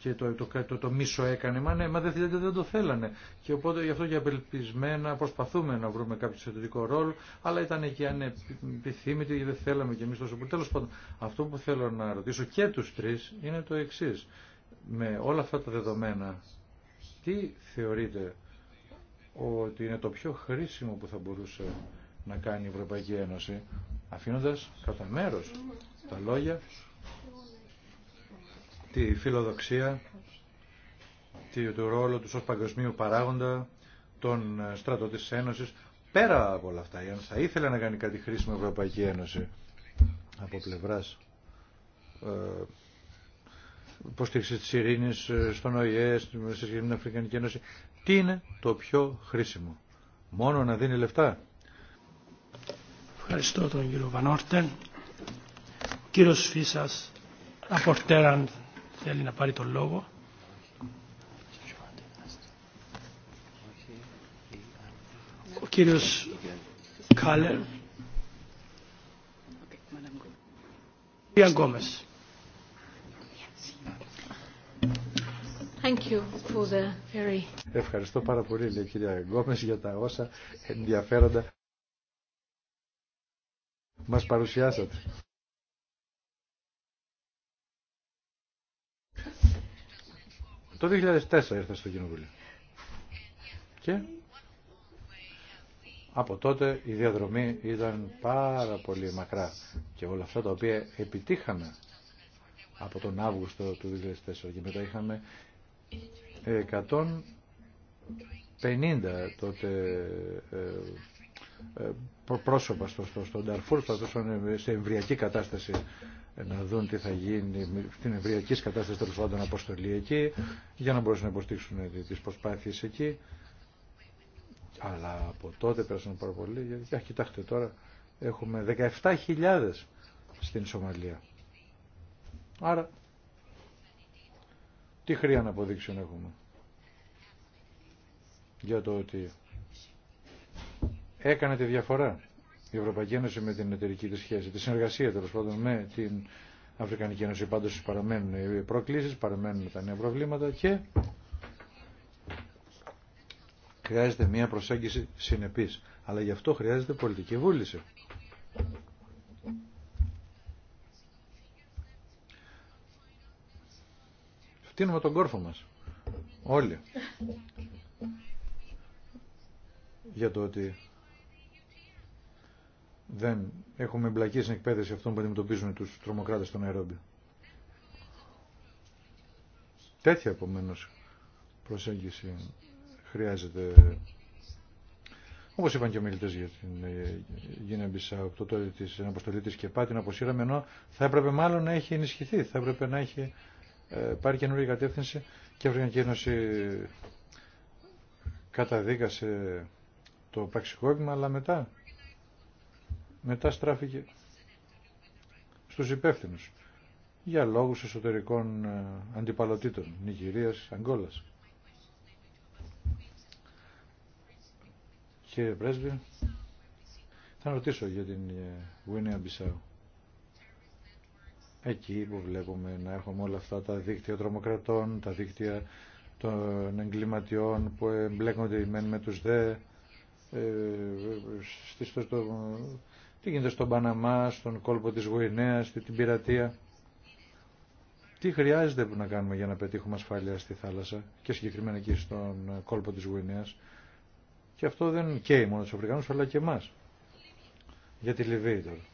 και το, το, το, το μίσο έκανε. Μα ναι, μα δεν, δεν, δεν, το θέλανε. Και οπότε γι' αυτό και απελπισμένα προσπαθούμε να βρούμε κάποιο δικό ρόλο, αλλά ήταν και ανεπιθύμητοι και δεν θέλαμε κι εμεί τόσο πολύ. Τέλο πάντων, αυτό που θέλω να ρωτήσω και του τρει είναι το εξή. Με όλα αυτά τα δεδομένα, τι θεωρείτε ότι είναι το πιο χρήσιμο που θα μπορούσε να κάνει η Ευρωπαϊκή Ένωση, αφήνοντας κατά μέρος τα λόγια τη φιλοδοξία του ρόλου του ως παγκοσμίου παράγοντα των ε, στρατών της Ένωσης πέρα από όλα αυτά, αν θα ήθελε να κάνει κάτι χρήσιμο η Ευρωπαϊκή Ένωση από πλευράς ε, υποστήριξη της ειρήνης ε, στον ΟΗΕ, στην Αφρικανική Ένωση, τι είναι το πιο χρήσιμο. Μόνο να δίνει λεφτά. Ευχαριστώ τον κύριο Βανόρτεν. Κύριος Φίσας, απορτέραν Θέλει να πάρει τον λόγο. Ο κύριος Κάλερ. Thank you for the very... Ευχαριστώ πάρα πολύ, λέει κυρία Γκόμες, για τα όσα ενδιαφέροντα μας παρουσιάσατε. Το 2004 ήρθα στο Κοινοβούλιο. Και από τότε η διαδρομή ήταν πάρα πολύ μακρά και όλα αυτά τα οποία επιτύχαμε από τον Αύγουστο του 2004 και μετά είχαμε 150 τότε ε, ε, πρόσωπα στο, στο, στον σε εμβριακή κατάσταση να δουν τι θα γίνει στην ευριακή κατάσταση τέλο πάντων αποστολή εκεί, για να μπορέσουν να υποστήξουν ε, τι προσπάθειε εκεί. Αλλά από τότε πέρασαν πάρα πολύ, γιατί κοιτάξτε τώρα έχουμε 17.000 στην Σομαλία. Άρα, τι να αποδείξουν έχουμε για το ότι έκανε τη διαφορά η Ευρωπαϊκή Ένωση με την εταιρική τη σχέση, τη συνεργασία τέλο πάντων με την Αφρικανική Ένωση. Πάντω παραμένουν οι προκλήσει, παραμένουν τα νέα προβλήματα και χρειάζεται μια προσέγγιση συνεπή. Αλλά γι' αυτό χρειάζεται πολιτική βούληση. Φτύνουμε τον κόρφο μας. Όλοι. Για το ότι δεν έχουμε εμπλακεί στην εκπαίδευση αυτών που αντιμετωπίζουν τους τρομοκράτες στον Αερόμπι. Τέτοια επομένω προσέγγιση χρειάζεται. Όπω είπαν και οι μιλητέ για την ε, Γίνα της το τη αποστολή τη ΚΕΠΑ, την αποσύραμε ενώ θα έπρεπε μάλλον να έχει ενισχυθεί, θα έπρεπε να έχει ε, πάρει καινούργια κατεύθυνση και η Ευρωπαϊκή Ένωση καταδίκασε το πραξικόπημα, αλλά μετά μετά στράφηκε στους υπεύθυνους για λόγους εσωτερικών ε, αντιπαλωτήτων Νιγηρίας, Αγγόλας. Κύριε Πρέσβη, θα ρωτήσω για την ε, Γουίνια Μπισάου. Εκεί που βλέπουμε να έχουμε όλα αυτά τα δίκτυα τρομοκρατών, τα δίκτυα των εγκληματιών που εμπλέκονται με τους δε, ε, ε τι γίνεται στον Παναμά, στον κόλπο της Γουινέας, την πειρατεία. Τι χρειάζεται που να κάνουμε για να πετύχουμε ασφάλεια στη θάλασσα και συγκεκριμένα εκεί στον κόλπο της Γουινέας. Και αυτό δεν καίει μόνο τους Αφρικανούς αλλά και εμάς. Για τη Λιβύη τώρα.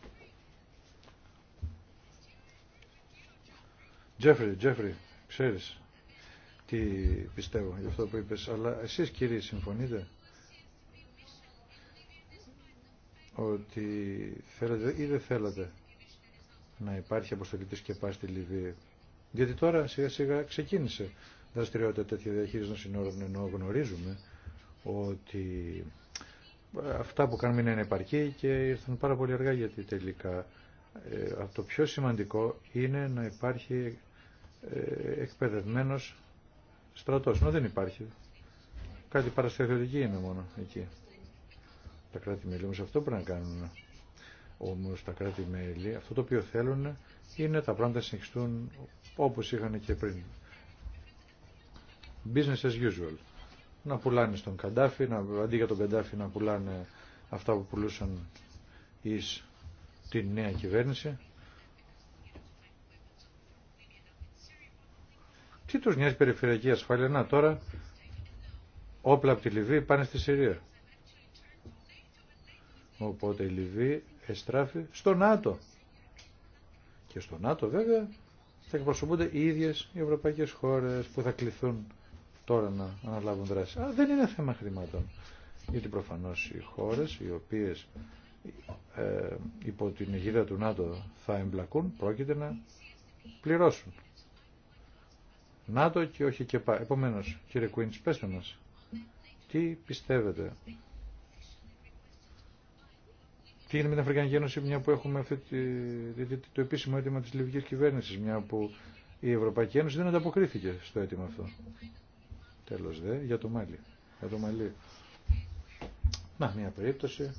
Τζέφρι, Τζέφρι, ξέρεις τι πιστεύω για αυτό που είπες, αλλά εσείς κύριοι συμφωνείτε. ότι θέλετε ή δεν θέλετε να υπάρχει αποστολή της ΚΕΠΑ στη Λιβύη. Γιατί τώρα σιγά σιγά ξεκίνησε δραστηριότητα τέτοια διαχείριση των συνόρων, ενώ γνωρίζουμε ότι ε, αυτά που κάνουμε είναι ανεπαρκή και ήρθαν πάρα πολύ αργά γιατί τελικά ε, το πιο σημαντικό είναι να υπάρχει ε, εκπαιδευμένος στρατός. Ενώ δεν υπάρχει. Κάτι παραστηριοτική είναι μόνο εκεί. Τα κράτη-μέλη όμως αυτό πρέπει να κάνουν. Όμως τα κράτη-μέλη αυτό το οποίο θέλουν είναι τα πράγματα να συνεχιστούν όπως είχαν και πριν. Business as usual. Να πουλάνε στον Καντάφη, να, αντί για τον Καντάφη να πουλάνε αυτά που πουλούσαν εις την νέα κυβέρνηση. Τι τους νοιάζει περιφερειακή ασφάλεια. Να τώρα όπλα από τη Λιβύη πάνε στη Συρία. Οπότε η Λιβύη εστράφει στο ΝΑΤΟ. Και στο ΝΑΤΟ βέβαια θα εκπροσωπούνται οι ίδιες οι ευρωπαϊκές χώρες που θα κληθούν τώρα να αναλάβουν δράση. Αλλά δεν είναι θέμα χρημάτων. Γιατί προφανώς οι χώρες οι οποίες ε, υπό την αιγύδα του ΝΑΤΟ θα εμπλακούν, πρόκειται να πληρώσουν. ΝΑΤΟ και όχι και πάει. Επομένως, κύριε Κουίντς, πέστε τι πιστεύετε τι γίνεται με την Αφρικανική Ένωση, μια που έχουμε αυτή τη, το επίσημο αίτημα της Λιβικής κυβέρνηση, μια που η Ευρωπαϊκή Ένωση δεν ανταποκρίθηκε στο αίτημα αυτό. Τέλος δε, για το Μάλι. Για το Μάλι. Να, μια περίπτωση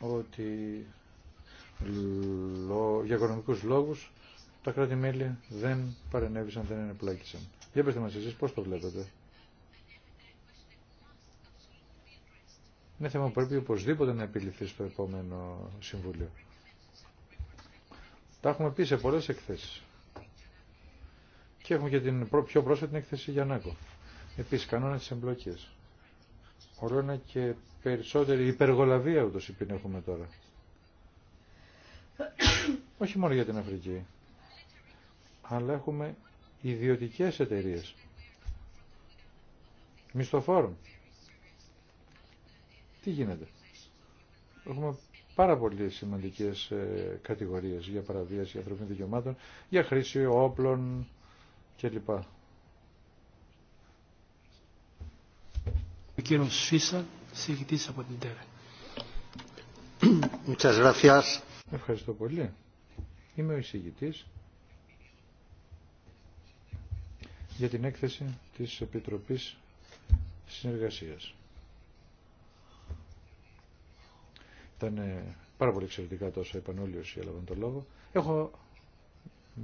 ότι για οικονομικού λόγους τα κράτη-μέλη δεν παρενέβησαν, δεν ενεπλάκησαν. Για πετε μας εσεί πώ το βλέπετε. Είναι θέμα που πρέπει οπωσδήποτε να επιληθεί στο επόμενο Συμβούλιο. Τα έχουμε πει σε πολλές εκθέσεις. Και έχουμε και την πιο πρόσφατη έκθεση για ΝΑΚΟ. Επίσης, κανόνα της εμπλοκής. Όλο και περισσότερη υπεργολαβία ούτως υπήν έχουμε τώρα. Όχι μόνο για την Αφρική. Αλλά έχουμε ιδιωτικές εταιρείες. Μισθοφόρων. Τι γίνεται. Έχουμε πάρα πολύ σημαντικές ε, κατηγορίες για παραβίαση ανθρωπίνων δικαιωμάτων, για χρήση όπλων κλπ. Ο Σφίσα, από την ΤΕΡΕ. Ευχαριστώ πολύ. Είμαι ο εισηγητής για την έκθεση της Επιτροπής Συνεργασίας. Ήταν πάρα πολύ εξαιρετικά τόσο επανόλυωση έλαβαν τον λόγο. Έχω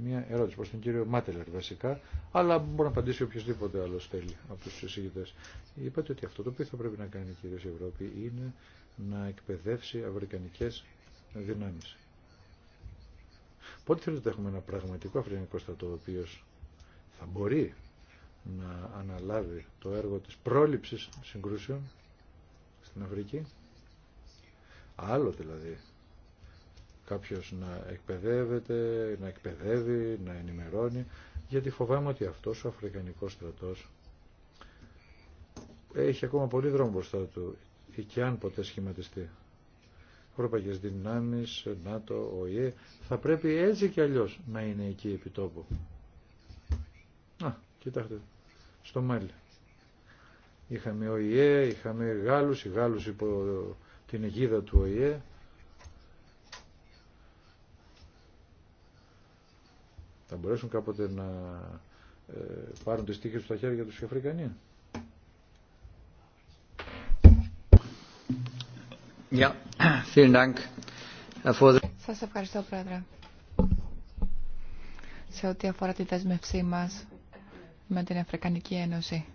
μια ερώτηση προς τον κύριο Μάτελερ βασικά, αλλά μπορεί να απαντήσει οποιοδήποτε άλλο θέλει από τους εισηγητές. Είπατε ότι αυτό το οποίο θα πρέπει να κάνει κυρίως η Ευρώπη είναι να εκπαιδεύσει αφρικανικές δυνάμεις. Πότε θέλετε έχουμε ένα πραγματικό αφρικανικό στρατό ο οποίο θα μπορεί να αναλάβει το έργο της πρόληψης συγκρούσεων στην Αφρική Άλλο δηλαδή κάποιος να εκπαιδεύεται, να εκπαιδεύει, να ενημερώνει, γιατί φοβάμαι ότι αυτός ο Αφρικανικός στρατός έχει ακόμα πολύ δρόμο μπροστά του ή και αν ποτέ σχηματιστεί. Ευρωπαϊκέ δυνάμει, ΝΑΤΟ, ΟΗΕ, θα πρέπει έτσι και αλλιώ να είναι εκεί επί τόπου. Α, κοιτάξτε, στο Μάλι. Είχαμε ΟΗΕ, είχαμε Γάλλους, οι Γάλλους υπό την αιγίδα του ΟΗΕ θα μπορέσουν κάποτε να ε, πάρουν τις τύχες στα χέρια τους οι Αφρικανοί. Yeah. Σας ευχαριστώ, Πρόεδρε. Σε ό,τι αφορά τη δέσμευσή μας με την Αφρικανική Ένωση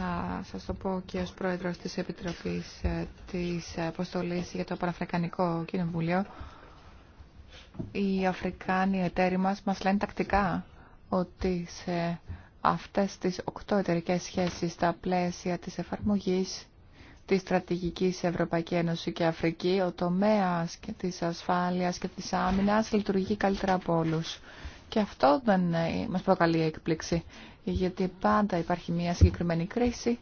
θα σας το πω και ως πρόεδρος της Επιτροπής ε, της Αποστολής για το Παραφρικανικό Κοινοβούλιο. Οι Αφρικάνοι εταίροι μας μας λένε τακτικά ότι σε αυτές τις οκτώ εταιρικέ σχέσεις στα πλαίσια της εφαρμογής της στρατηγικής Ευρωπαϊκή Ένωση και Αφρική, ο τομέας και της ασφάλειας και της άμυνας λειτουργεί καλύτερα από όλους. Και αυτό δεν ε, μας προκαλεί έκπληξη γιατί πάντα υπάρχει μια συγκεκριμένη κρίση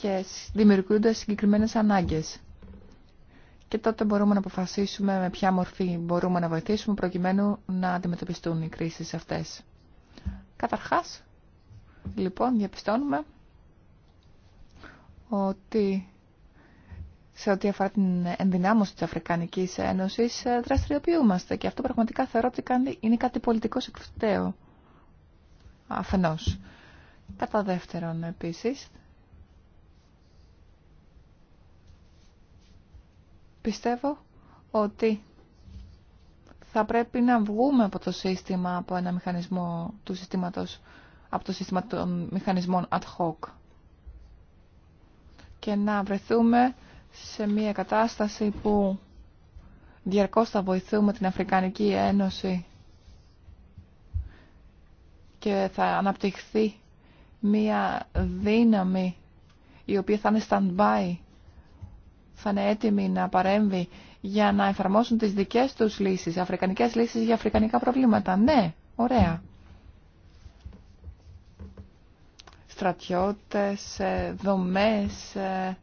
και δημιουργούνται συγκεκριμένες ανάγκες. Και τότε μπορούμε να αποφασίσουμε με ποια μορφή μπορούμε να βοηθήσουμε προκειμένου να αντιμετωπιστούν οι κρίσεις αυτές. Καταρχάς, λοιπόν, διαπιστώνουμε ότι σε ό,τι αφορά την ενδυνάμωση της Αφρικανικής Ένωσης ε, δραστηριοποιούμαστε και αυτό πραγματικά θεωρώ ότι είναι κάτι πολιτικό εκφυταίο αφενός. Κατά δεύτερον, επίσης, πιστεύω ότι θα πρέπει να βγούμε από το σύστημα, από ένα μηχανισμό του συστήματος, από το σύστημα των μηχανισμών ad hoc και να βρεθούμε σε μια κατάσταση που διαρκώς θα βοηθούμε την Αφρικανική Ένωση και θα αναπτυχθεί μία δύναμη η οποία θα είναι stand-by, θα είναι έτοιμη να παρέμβει για να εφαρμόσουν τις δικές τους λύσεις, αφρικανικές λύσεις για αφρικανικά προβλήματα. Ναι, ωραία. Στρατιώτες, ε, δομές, ε,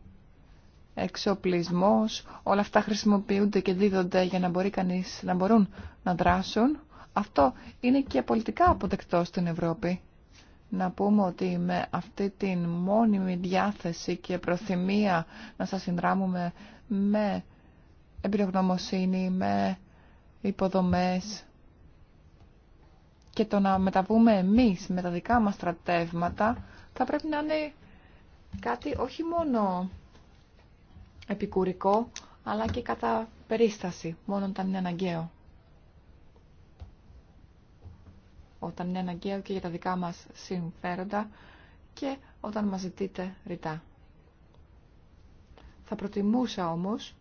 εξοπλισμός, όλα αυτά χρησιμοποιούνται και δίδονται για να, μπορεί να μπορούν να δράσουν αυτό είναι και πολιτικά αποδεκτό στην Ευρώπη. Να πούμε ότι με αυτή την μόνιμη διάθεση και προθυμία να σας συνδράμουμε με εμπειρογνωμοσύνη, με υποδομές και το να μεταβούμε εμείς με τα δικά μας στρατεύματα θα πρέπει να είναι κάτι όχι μόνο επικουρικό αλλά και κατά περίσταση, μόνο όταν είναι αναγκαίο. όταν είναι αναγκαίο και για τα δικά μας συμφέροντα και όταν μας ζητείτε ρητά. Θα προτιμούσα όμως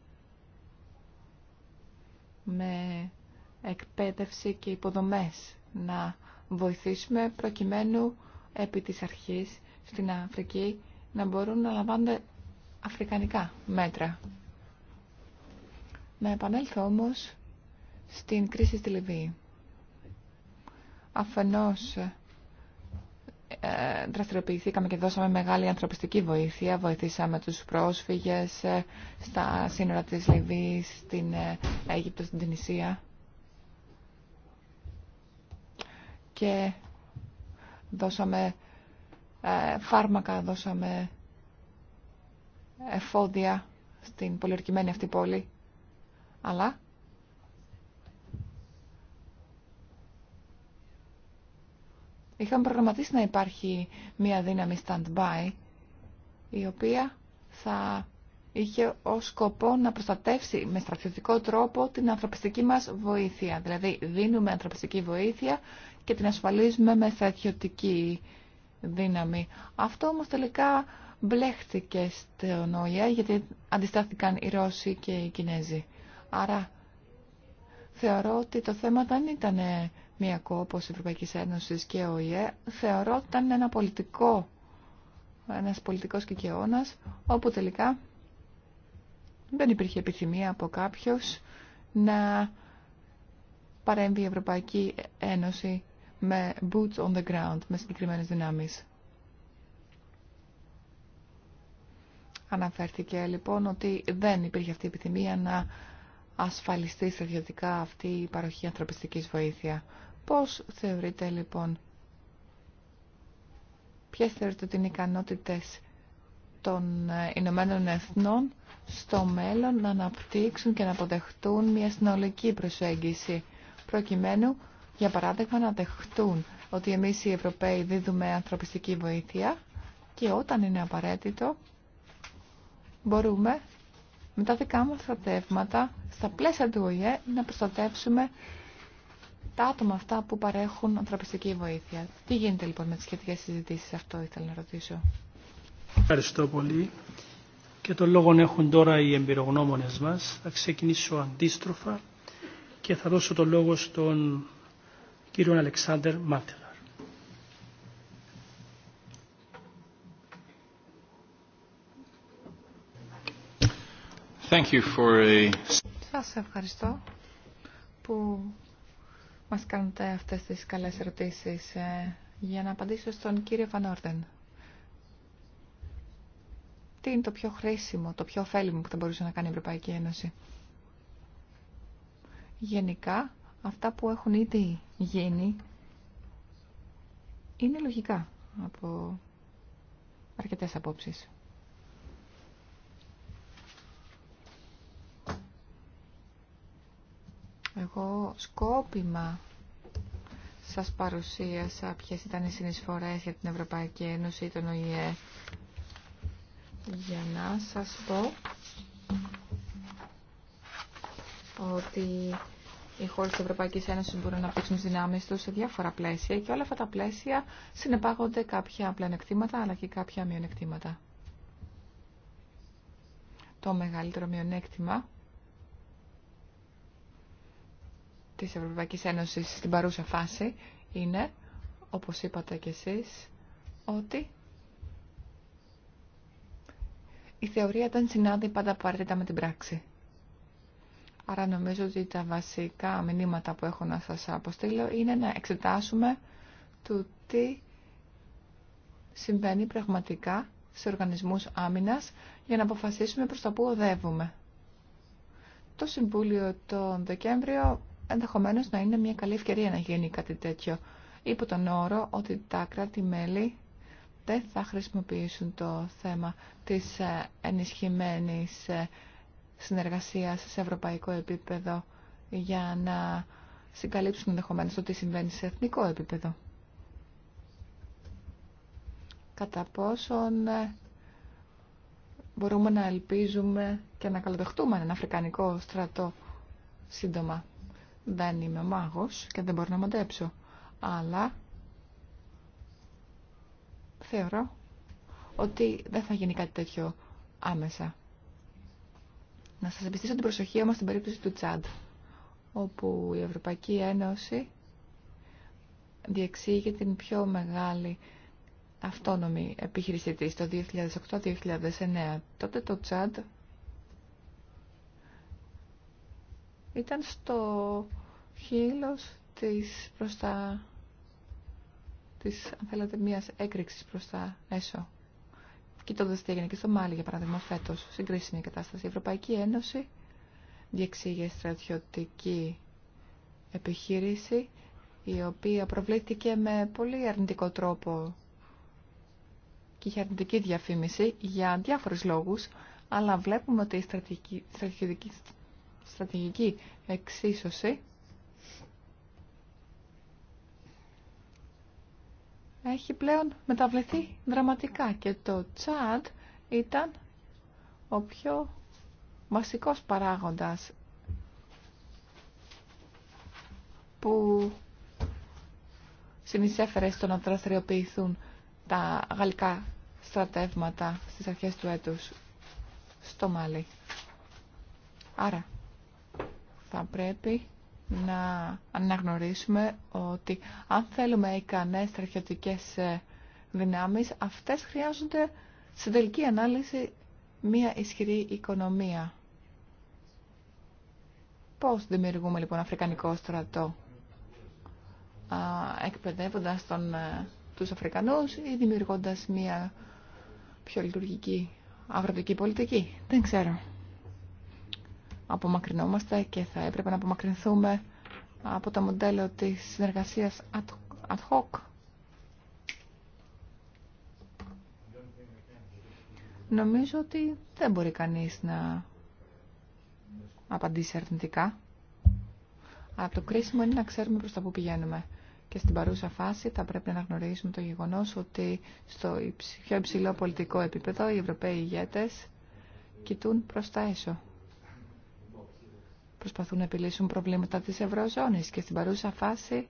με εκπαίδευση και υποδομές να βοηθήσουμε προκειμένου επί της αρχής στην Αφρική να μπορούν να λαμβάνονται αφρικανικά μέτρα. Να επανέλθω όμως στην κρίση στη Λιβύη. Αφενός ε, δραστηριοποιηθήκαμε και δώσαμε μεγάλη ανθρωπιστική βοήθεια. Βοηθήσαμε τους πρόσφυγες ε, στα σύνορα της Λιβύης, στην ε, Αίγυπτο, στην Τινησία. Και δώσαμε φάρμακα, δώσαμε εφόδια στην πολιορκημένη αυτή πόλη. Αλλά είχαμε προγραμματίσει να υπάρχει μια δύναμη stand-by, η οποία θα είχε ως σκοπό να προστατεύσει με στρατιωτικό τρόπο την ανθρωπιστική μας βοήθεια. Δηλαδή δίνουμε ανθρωπιστική βοήθεια και την ασφαλίζουμε με στρατιωτική δύναμη. Αυτό όμως τελικά μπλέχτηκε στο ΟΗΕ γιατί αντιστάθηκαν οι Ρώσοι και οι Κινέζοι. Άρα θεωρώ ότι το θέμα δεν ήταν μια κόπος Ευρωπαϊκής Ένωσης και ΙΕ θεωρώ ότι ένα πολιτικό, ένας πολιτικός κικαιώνας, όπου τελικά δεν υπήρχε επιθυμία από κάποιος να παρέμβει η Ευρωπαϊκή Ένωση με boots on the ground, με συγκεκριμένες δυνάμεις. Αναφέρθηκε λοιπόν ότι δεν υπήρχε αυτή η επιθυμία να ασφαλιστεί στρατιωτικά αυτή η παροχή ανθρωπιστικής βοήθεια. Πώς θεωρείτε λοιπόν, ποιες θεωρείτε ότι είναι οι ικανότητες των ε, Ηνωμένων Εθνών στο μέλλον να αναπτύξουν και να αποδεχτούν μια συνολική προσέγγιση προκειμένου για παράδειγμα να δεχτούν ότι εμείς οι Ευρωπαίοι δίδουμε ανθρωπιστική βοήθεια και όταν είναι απαραίτητο μπορούμε με τα δικά μας στρατεύματα στα πλαίσια του ΟΗΕ να προστατεύσουμε τα άτομα αυτά που παρέχουν ανθρωπιστική βοήθεια. Τι γίνεται λοιπόν με τις σχετικές συζητήσεις, αυτό ήθελα να ρωτήσω. Ευχαριστώ πολύ. Και το λόγο έχουν τώρα οι εμπειρογνώμονες μας. Θα ξεκινήσω αντίστροφα και θα δώσω το λόγο στον κύριο Αλεξάνδερ Μάτελαρ. Thank Σας ευχαριστώ που μας κάνετε αυτές τις καλές ερωτήσεις ε, για να απαντήσω στον κύριο Φανόρδεν. Τι είναι το πιο χρήσιμο, το πιο ωφέλιμο που θα μπορούσε να κάνει η Ευρωπαϊκή Ένωση. Γενικά, αυτά που έχουν ήδη γίνει είναι λογικά από αρκετές απόψεις. Εγώ σκόπιμα σας παρουσίασα ποιες ήταν οι συνεισφορές για την Ευρωπαϊκή Ένωση ή τον ΟΗΕ για να σας πω ότι οι χώρε τη Ευρωπαϊκή Ένωση μπορούν να πείξουν τι δυνάμει του σε διάφορα πλαίσια και όλα αυτά τα πλαίσια συνεπάγονται κάποια πλεονεκτήματα αλλά και κάποια μειονεκτήματα. Το μεγαλύτερο μειονέκτημα της Ευρωπαϊκής Ένωσης στην παρούσα φάση είναι, όπως είπατε κι εσείς, ότι η θεωρία δεν συνάδει πάντα απαραίτητα με την πράξη. Άρα νομίζω ότι τα βασικά μηνύματα που έχω να σας αποστείλω είναι να εξετάσουμε το τι συμβαίνει πραγματικά σε οργανισμούς άμυνας για να αποφασίσουμε προς τα που οδεύουμε. Το Συμβούλιο τον Δεκέμβριο ενδεχομένω να είναι μια καλή ευκαιρία να γίνει κάτι τέτοιο. Υπό τον όρο ότι τα κράτη-μέλη δεν θα χρησιμοποιήσουν το θέμα της ε, ενισχυμένης ε, συνεργασίας σε ευρωπαϊκό επίπεδο για να συγκαλύψουν ενδεχομένω το τι συμβαίνει σε εθνικό επίπεδο. Κατά πόσον ε, μπορούμε να ελπίζουμε και να καλοδεχτούμε έναν Αφρικανικό στρατό σύντομα. Δεν είμαι μάγος και δεν μπορώ να μοντέψω. Αλλά θεωρώ ότι δεν θα γίνει κάτι τέτοιο άμεσα. Να σας επιστήσω την προσοχή όμως στην περίπτωση του Τσάντ, όπου η Ευρωπαϊκή Ένωση διεξήγει την πιο μεγάλη αυτόνομη επιχειρησή της το 2008-2009. Τότε το Τσάντ ήταν στο χείλος της προς τα... της, αν θέλετε, μιας έκρηξης προς τα έσω. Κοιτώντας τι έγινε και στο Μάλι, για παράδειγμα, φέτος, συγκρίσιμη κατάσταση. Η Ευρωπαϊκή Ένωση διεξήγε στρατιωτική επιχείρηση, η οποία προβλήθηκε με πολύ αρνητικό τρόπο και είχε αρνητική διαφήμιση για διάφορους λόγους, αλλά βλέπουμε ότι η στρατιωτική στρατηγική στρατηγική εξίσωση έχει πλέον μεταβληθεί δραματικά και το τσάντ ήταν ο πιο βασικός παράγοντας που συνεισέφερε στο να δραστηριοποιηθούν τα γαλλικά στρατεύματα στις αρχές του έτους στο Μάλι. Άρα, θα πρέπει να αναγνωρίσουμε ότι αν θέλουμε ικανές στρατιωτικές ε, δυνάμεις, αυτές χρειάζονται σε τελική ανάλυση μία ισχυρή οικονομία. Πώς δημιουργούμε λοιπόν Αφρικανικό στρατό, Α, εκπαιδεύοντας τον, ε, τους Αφρικανούς ή δημιουργώντας μία πιο λειτουργική αγροτική πολιτική. Δεν ξέρω απομακρυνόμαστε και θα έπρεπε να απομακρυνθούμε από το μοντέλο της συνεργασίας ad hoc. Νομίζω ότι δεν μπορεί κανείς να απαντήσει αρνητικά. Αλλά το κρίσιμο είναι να ξέρουμε προς τα που πηγαίνουμε. Και στην παρούσα φάση θα πρέπει να γνωρίζουμε το γεγονός ότι στο πιο υψηλό πολιτικό επίπεδο οι Ευρωπαίοι ηγέτες κοιτούν προς τα έσω προσπαθούν να επιλύσουν προβλήματα της Ευρωζώνης και στην παρούσα φάση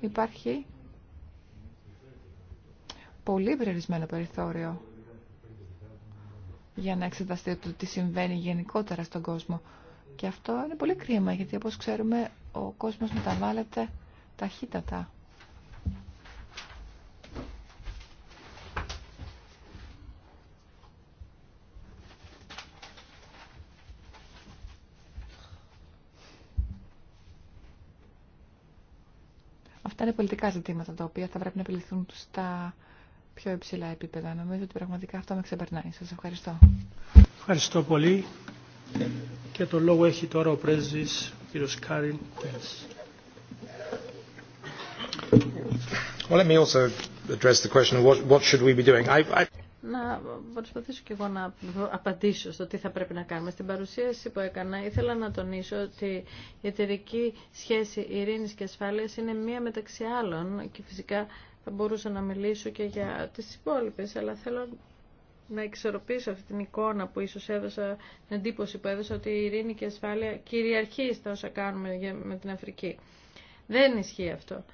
υπάρχει πολύ περιορισμένο περιθώριο για να εξεταστεί το τι συμβαίνει γενικότερα στον κόσμο. Και αυτό είναι πολύ κρίμα, γιατί όπως ξέρουμε ο κόσμος μεταβάλλεται ταχύτατα. είναι πολιτικά ζητήματα τα οποία θα πρέπει να επιληθούν στα πιο υψηλά επίπεδα. Νομίζω ότι πραγματικά αυτό με ξεπερνάει. Σας ευχαριστώ. Ευχαριστώ πολύ. Και το λόγο έχει τώρα ο πρέσβης κύριος Κάριν Πένς. Well, let me also address the question of what, what should we be doing. I να προσπαθήσω και εγώ να απαντήσω στο τι θα πρέπει να κάνουμε. Στην παρουσίαση που έκανα ήθελα να τονίσω ότι η εταιρική σχέση ειρήνης και ασφάλειας είναι μία μεταξύ άλλων και φυσικά θα μπορούσα να μιλήσω και για τις υπόλοιπες, αλλά θέλω να εξορροπήσω αυτή την εικόνα που ίσως έδωσα, την εντύπωση που έδωσα ότι η ειρήνη και η ασφάλεια κυριαρχεί στα όσα κάνουμε με την Αφρική. Δεν ισχύει αυτό.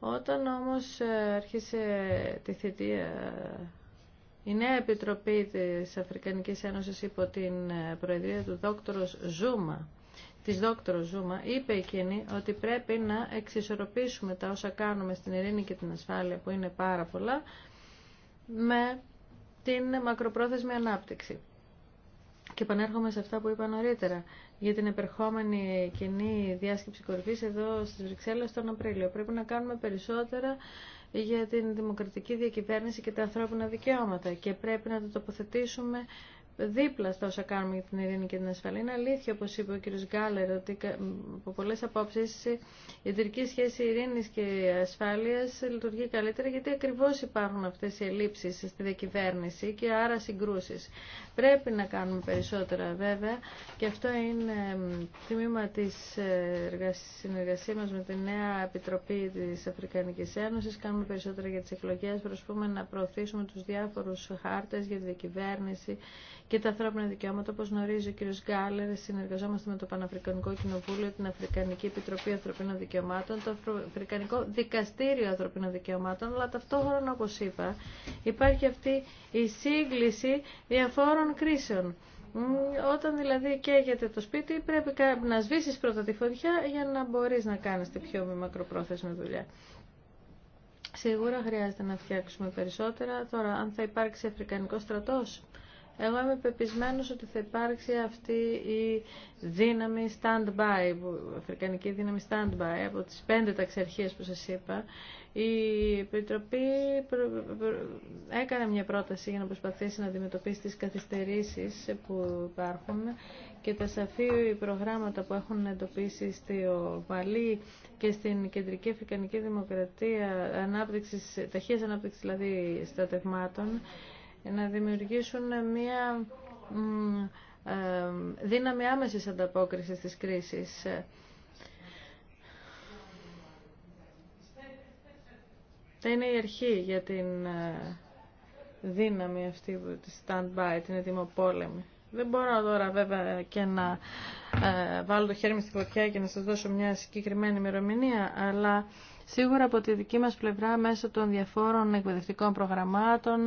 Όταν όμως ε, άρχισε τη θητεία η νέα Επιτροπή τη Αφρικανικής Ένωσης υπό την ε, προεδρία του δόκτωρος Ζούμα της δόκτωρο Ζούμα, είπε εκείνη ότι πρέπει να εξισορροπήσουμε τα όσα κάνουμε στην ειρήνη και την ασφάλεια που είναι πάρα πολλά με την μακροπρόθεσμη ανάπτυξη. Και επανέρχομαι σε αυτά που είπα νωρίτερα για την επερχόμενη κοινή διάσκεψη κορυφής εδώ στις Βρυξέλλες τον Απρίλιο. Πρέπει να κάνουμε περισσότερα για την δημοκρατική διακυβέρνηση και τα ανθρώπινα δικαιώματα και πρέπει να το τοποθετήσουμε δίπλα στα όσα κάνουμε για την ειρήνη και την ασφαλή. Είναι αλήθεια, όπως είπε ο κ. Γκάλερ, ότι από πολλές απόψεις η ειδική σχέση ειρήνης και ασφάλειας λειτουργεί καλύτερα γιατί ακριβώς υπάρχουν αυτές οι ελλείψεις στη διακυβέρνηση και άρα συγκρούσεις. Πρέπει να κάνουμε περισσότερα βέβαια και αυτό είναι τμήμα της ε, συνεργασίας μας με τη νέα Επιτροπή της Αφρικανικής Ένωσης. Κάνουμε περισσότερα για τις εκλογές, προσπαθούμε να προωθήσουμε του διάφορου χάρτε για τη διακυβέρνηση και τα ανθρώπινα δικαιώματα. Όπω γνωρίζει ο κ. Γκάλερ, συνεργαζόμαστε με το Παναφρικανικό Κοινοβούλιο, την Αφρικανική Επιτροπή Ανθρωπίνων Δικαιωμάτων, το Αφρικανικό Δικαστήριο Ανθρωπίνων Δικαιωμάτων, αλλά ταυτόχρονα, όπω είπα, υπάρχει αυτή η σύγκληση διαφόρων κρίσεων. Όταν δηλαδή καίγεται το σπίτι πρέπει να σβήσει πρώτα τη φωτιά για να μπορεί να κάνει τη πιο μακροπρόθεσμη δουλειά. Σίγουρα χρειάζεται να φτιάξουμε περισσότερα. Τώρα, αν θα υπάρξει Αφρικανικό στρατό. Εγώ είμαι πεπισμένο ότι θα υπάρξει αυτή η δύναμη stand-by, αφρικανική δύναμη stand-by, από τις πέντε ταξιαρχίες που σας είπα. Η Επιτροπή έκανε μια πρόταση για να προσπαθήσει να αντιμετωπίσει τις καθυστερήσεις που υπάρχουν και τα σαφή προγράμματα που έχουν εντοπίσει στη Βαλή και στην Κεντρική Αφρικανική Δημοκρατία ανάπτυξης, ανάπτυξης δηλαδή στρατευμάτων να δημιουργήσουν μια ε, δύναμη άμεσης ανταπόκρισης της κρίσης. Θα είναι η αρχή για την ε, δύναμη αυτή τη stand-by, την ετοιμοπόλεμη. Δεν μπορώ τώρα βέβαια και να ε, βάλω το χέρι μου στη φωτιά και να σας δώσω μια συγκεκριμένη ημερομηνία, αλλά σίγουρα από τη δική μας πλευρά μέσω των διαφόρων εκπαιδευτικών προγραμμάτων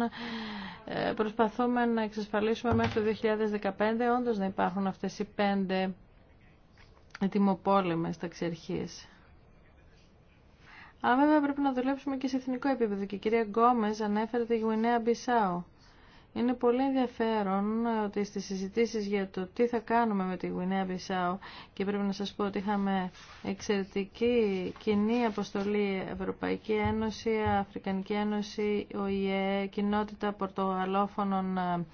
ε, προσπαθούμε να εξασφαλίσουμε μέχρι το 2015 όντως να υπάρχουν αυτές οι πέντε ετοιμοπόλεμες ταξιαρχίες. Αλλά βέβαια πρέπει να δουλέψουμε και σε εθνικό επίπεδο και η κυρία Γκόμες ανέφερε τη Γουινέα Μπισάου. Είναι πολύ ενδιαφέρον ε, ότι στις συζητήσεις για το τι θα κάνουμε με τη Γουινέα Μπισάου και πρέπει να σας πω ότι είχαμε εξαιρετική κοινή αποστολή Ευρωπαϊκή Ένωση, Αφρικανική Ένωση, ΟΗΕ, κοινότητα πορτογαλόφωνων ε,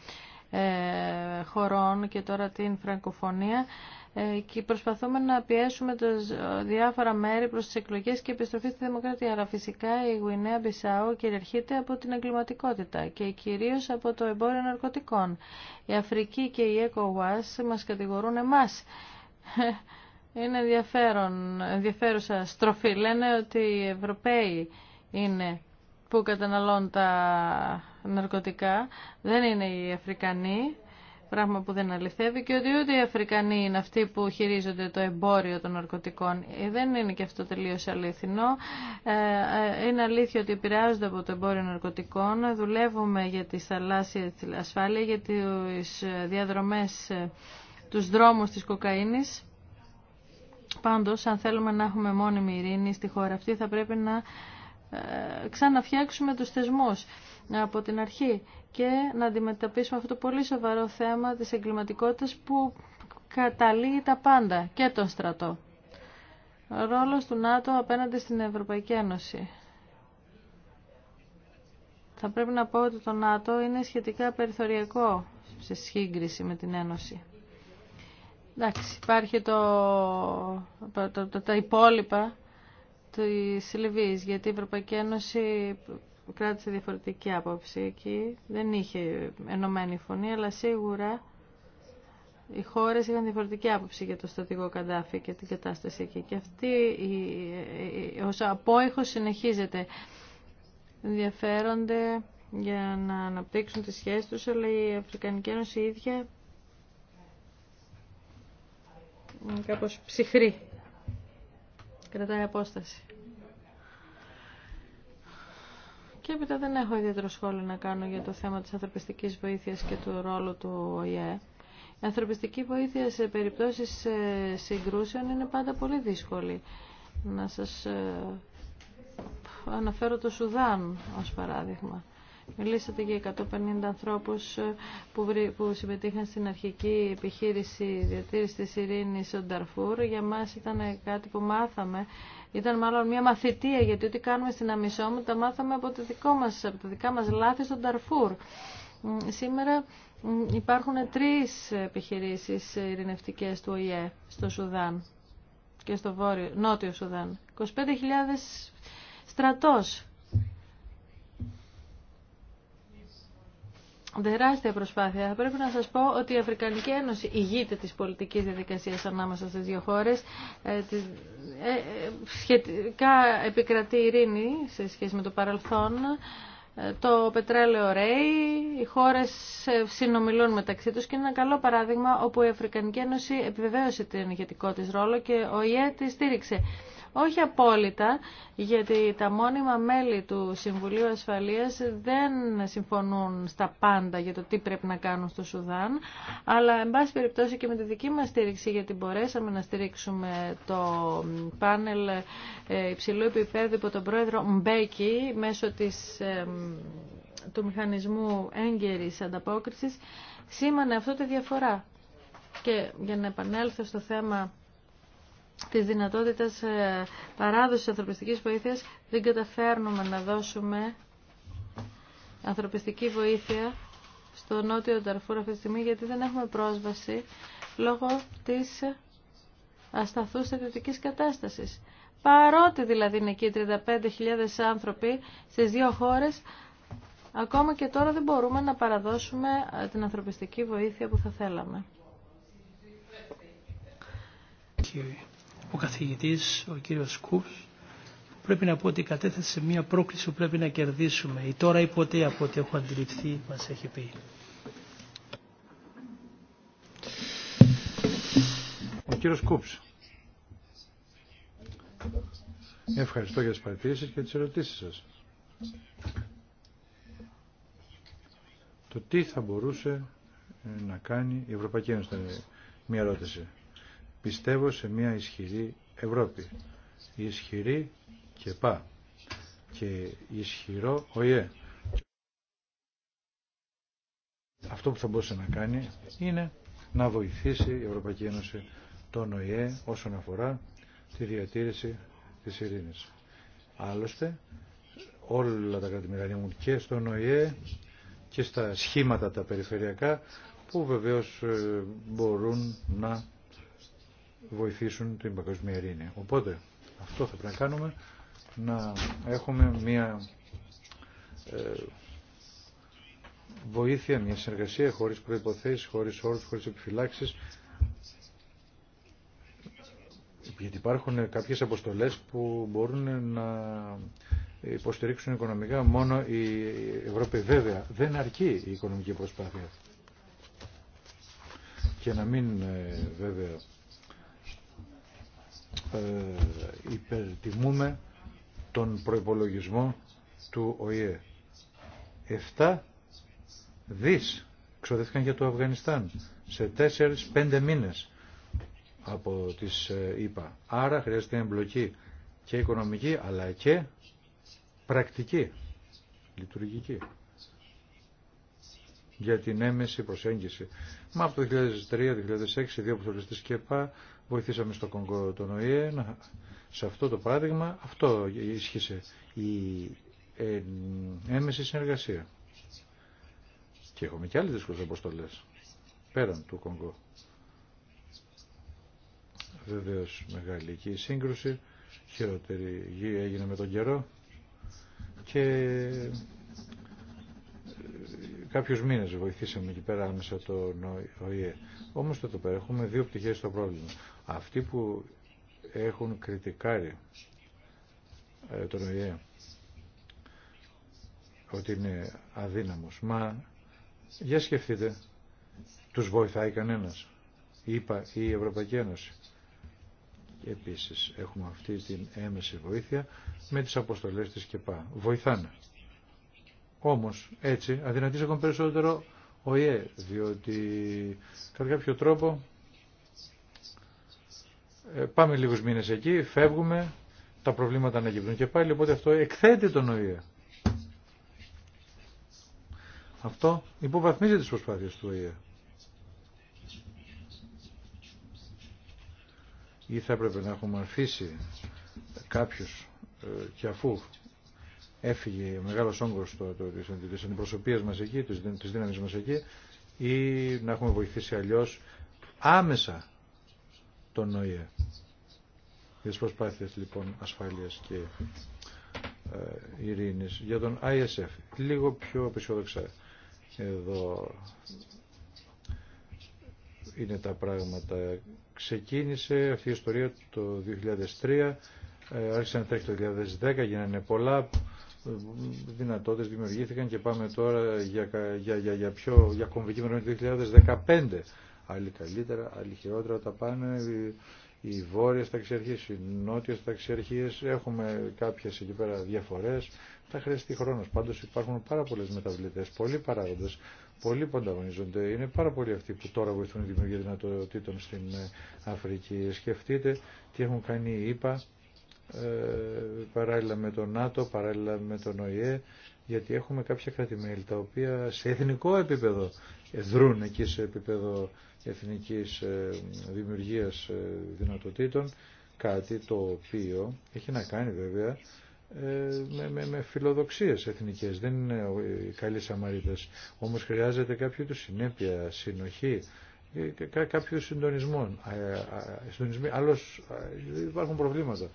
ε, χωρών και τώρα την Φραγκοφωνία και προσπαθούμε να πιέσουμε τα διάφορα μέρη προς τις εκλογές και επιστροφή στη δημοκρατία. Αλλά φυσικά η Γουινέα Μπισάου κυριαρχείται από την εγκληματικότητα και κυρίως από το εμπόριο ναρκωτικών. Η Αφρική και η ECOWAS μας κατηγορούν εμάς. Είναι ενδιαφέρον, ενδιαφέρουσα στροφή. Λένε ότι οι Ευρωπαίοι είναι που καταναλώνουν τα ναρκωτικά, δεν είναι οι Αφρικανοί πράγμα που δεν αληθεύει και ότι ούτε οι Αφρικανοί είναι αυτοί που χειρίζονται το εμπόριο των ναρκωτικών. Ε, δεν είναι και αυτό τελείως αληθινό. Ε, ε, είναι αλήθεια ότι επηρεάζονται από το εμπόριο ναρκωτικών. Δουλεύουμε για τη θαλάσσια ασφάλεια, για τις διαδρομές, τους δρόμους της κοκαίνης. Πάντως, αν θέλουμε να έχουμε μόνιμη ειρήνη στη χώρα αυτή, θα πρέπει να ε, ξαναφτιάξουμε τους θεσμούς από την αρχή και να αντιμετωπίσουμε αυτό το πολύ σοβαρό θέμα της εγκληματικότητας που καταλήγει τα πάντα και τον στρατό. ρόλος του ΝΑΤΟ απέναντι στην Ευρωπαϊκή Ένωση. Θα πρέπει να πω ότι το ΝΑΤΟ είναι σχετικά περιθωριακό σε σύγκριση με την Ένωση. Εντάξει, υπάρχει το, το, τα υπόλοιπα της Λιβύης, γιατί η Ευρωπαϊκή Ένωση κράτησε διαφορετική άποψη εκεί. Δεν είχε ενωμένη φωνή, αλλά σίγουρα οι χώρες είχαν διαφορετική άποψη για το στρατηγό Καντάφη και την κατάσταση εκεί. Και αυτή ως απόϊχος συνεχίζεται. Ενδιαφέρονται για να αναπτύξουν τις σχέσεις τους, αλλά η Αφρικανική Ένωση ίδια είναι κάπως ψυχρή. Κρατάει απόσταση. Και έπειτα δεν έχω ιδιαίτερο σχόλιο να κάνω για το θέμα της ανθρωπιστικής βοήθειας και του ρόλου του ΟΗΕ. Η ανθρωπιστική βοήθεια σε περιπτώσεις ε, συγκρούσεων είναι πάντα πολύ δύσκολη. Να σας ε, αναφέρω το Σουδάν ως παράδειγμα. Μιλήσατε για 150 ανθρώπους ε, που συμμετείχαν στην αρχική επιχείρηση διατήρησης της ειρήνης στον Νταρφούρ. Για μας ήταν κάτι που μάθαμε. Ήταν μάλλον μια μαθητεία, γιατί ό,τι κάνουμε στην Αμισόμου τα μάθαμε από, το δικό μας, από τα δικά μας λάθη στον Ταρφούρ. Σήμερα υπάρχουν τρεις επιχειρήσεις ειρηνευτικές του ΟΗΕ στο Σουδάν και στο βόρειο, νότιο Σουδάν. 25.000 στρατός Τεράστια προσπάθεια. πρέπει να σας πω ότι η Αφρικανική Ένωση ηγείται της πολιτικής διαδικασίας ανάμεσα στις δύο χώρες. Ε, ε, ε, σχετικά επικρατεί ειρήνη σε σχέση με το παρελθόν. Το πετρέλαιο ρέει, οι χώρες συνομιλούν μεταξύ τους και είναι ένα καλό παράδειγμα όπου η Αφρικανική Ένωση επιβεβαίωσε την ηγετικό της ρόλο και ο ΙΕ τη στήριξε όχι απόλυτα, γιατί τα μόνιμα μέλη του Συμβουλίου Ασφαλείας δεν συμφωνούν στα πάντα για το τι πρέπει να κάνουν στο Σουδάν, αλλά εν πάση περιπτώσει και με τη δική μας στήριξη, γιατί μπορέσαμε να στηρίξουμε το πάνελ ε, υψηλού επίπεδου υπό τον πρόεδρο Μπέκη μέσω της, του μηχανισμού έγκαιρης ανταπόκρισης, σήμανε αυτό τη διαφορά. Και για να επανέλθω στο θέμα Τη δυνατότητας ε, παράδοσης ανθρωπιστικής βοήθειας δεν καταφέρνουμε να δώσουμε ανθρωπιστική βοήθεια στο νότιο Νταρφούρ αυτή τη στιγμή γιατί δεν έχουμε πρόσβαση λόγω της ασταθούς στρατιωτική κατάστασης. Παρότι δηλαδή είναι εκεί 35.000 άνθρωποι στι δύο χώρες, ακόμα και τώρα δεν μπορούμε να παραδώσουμε ε, την ανθρωπιστική βοήθεια που θα θέλαμε ο καθηγητής, ο κύριος που πρέπει να πω ότι κατέθεσε μια πρόκληση που πρέπει να κερδίσουμε. Η τώρα ή ποτέ από ό,τι έχω αντιληφθεί μας έχει πει. Ο κύριος Κουβς; Ευχαριστώ για τις παρατηρήσεις και τις ερωτήσεις σας. Το τι θα μπορούσε να κάνει η Ευρωπαϊκή Ένωση μια ερώτηση. Πιστεύω σε μια ισχυρή Ευρώπη. Ισχυρή και πά. Και ισχυρό ΟΗΕ. Αυτό που θα μπορούσε να κάνει είναι να βοηθήσει η Ευρωπαϊκή Ένωση τον ΟΗΕ όσον αφορά τη διατήρηση της ειρήνης. Άλλωστε, όλα τα κρατημερανία μου και στον ΟΗΕ και στα σχήματα τα περιφερειακά που βεβαίως ε, μπορούν να βοηθήσουν την παγκοσμία ειρήνη. Οπότε αυτό θα πρέπει να κάνουμε, να έχουμε μια ε, βοήθεια, μια συνεργασία χωρίς προϋποθέσεις, χωρίς όρους, χωρίς επιφυλάξεις. Γιατί υπάρχουν κάποιες αποστολές που μπορούν να υποστηρίξουν οικονομικά μόνο η Ευρώπη. Βέβαια, δεν αρκεί η οικονομική προσπάθεια. Και να μην ε, βέβαια ε, υπερτιμούμε τον προϋπολογισμό του ΟΗΕ. 7 δις ξοδεύτηκαν για το Αφγανιστάν σε 4-5 μήνες από τις ΗΠΑ. Ε, Άρα χρειάζεται εμπλοκή και οικονομική αλλά και πρακτική, λειτουργική για την έμεση προσέγγιση. Μα από το 2003-2006 δύο αποστολιστές ΚΕΠΑ βοηθήσαμε στο Κονγκό τον ΟΗΕ, σε αυτό το παράδειγμα, αυτό ίσχυσε η ε, έμεση συνεργασία. Και έχουμε και άλλες δύσκολες αποστολές, πέραν του Κονγκό. Βεβαίως μεγάλη εκεί σύγκρουση, χειρότερη γη έγινε με τον καιρό και ε, κάποιους μήνες βοηθήσαμε εκεί πέρα άμεσα τον ΟΗΕ. Όμως εδώ πέρα έχουμε δύο πτυχές στο πρόβλημα. Αυτοί που έχουν κριτικάρει ε, τον ΟΗΕ ότι είναι αδύναμος. Μα για σκεφτείτε, τους βοηθάει κανένας. Είπα η Ευρωπαϊκή Ένωση. Επίσης έχουμε αυτή την έμεση βοήθεια με τις αποστολές της ΚΕΠΑ. Βοηθάνε. Όμως έτσι αδυνατίζει ακόμα περισσότερο ΟΗΕ, διότι κατά κάποιο τρόπο ε, πάμε λίγους μήνες εκεί, φεύγουμε, τα προβλήματα ανακύπτουν και πάλι, οπότε αυτό εκθέτει τον ΟΗΕ. Αυτό υποβαθμίζει τις προσπάθειες του ΟΗΕ. Ή θα έπρεπε να έχουμε αφήσει κάποιους ε, και αφού έφυγε μεγάλο όγκο τη αντιπροσωπεία μα εκεί, τη δύναμη μα εκεί, ή να έχουμε βοηθήσει αλλιώ άμεσα τον ΟΗΕ. Για τι προσπάθειε λοιπόν ασφάλεια και ε, ειρήνη. Για τον ISF, λίγο πιο απεσιόδοξα εδώ είναι τα πράγματα. Ξεκίνησε αυτή η ιστορία το 2003, ε, άρχισε να τρέχει το 2010, γίνανε πολλά, δυνατότητες δημιουργήθηκαν και πάμε τώρα για, για, για, για, πιο, για κομβική μερομηνία του 2015. Άλλοι καλύτερα, άλλοι χειρότερα τα πάνε. Οι βόρειες ταξιαρχίες, οι νότιες ταξιαρχίες, έχουμε κάποιες εκεί πέρα διαφορές. Θα χρειαστεί χρόνος. Πάντως υπάρχουν πάρα πολλές μεταβλητές, πολλοί παράγοντες, πολλοί που ανταγωνίζονται. Είναι πάρα πολλοί αυτοί που τώρα βοηθούν τη δημιουργία δυνατοτήτων στην ε, Αφρική. Σκεφτείτε τι έχουν κάνει οι ΙΠΑ ε, παράλληλα με τον ΝΑΤΟ, παράλληλα με τον ΟΗΕ, γιατί έχουμε κάποια κρατημέλη τα οποία σε εθνικό επίπεδο δρούν εκεί σε επίπεδο εθνικής ε, δημιουργίας ε, δυνατοτήτων, κάτι το οποίο έχει να κάνει βέβαια με, με, με φιλοδοξίες εθνικές, δεν είναι οι καλοί Σαμαρίτες. Όμως χρειάζεται κάποιο του συνέπεια, συνοχή, κάποιο συντονισμό. Άλλος υπάρχουν προβλήματα.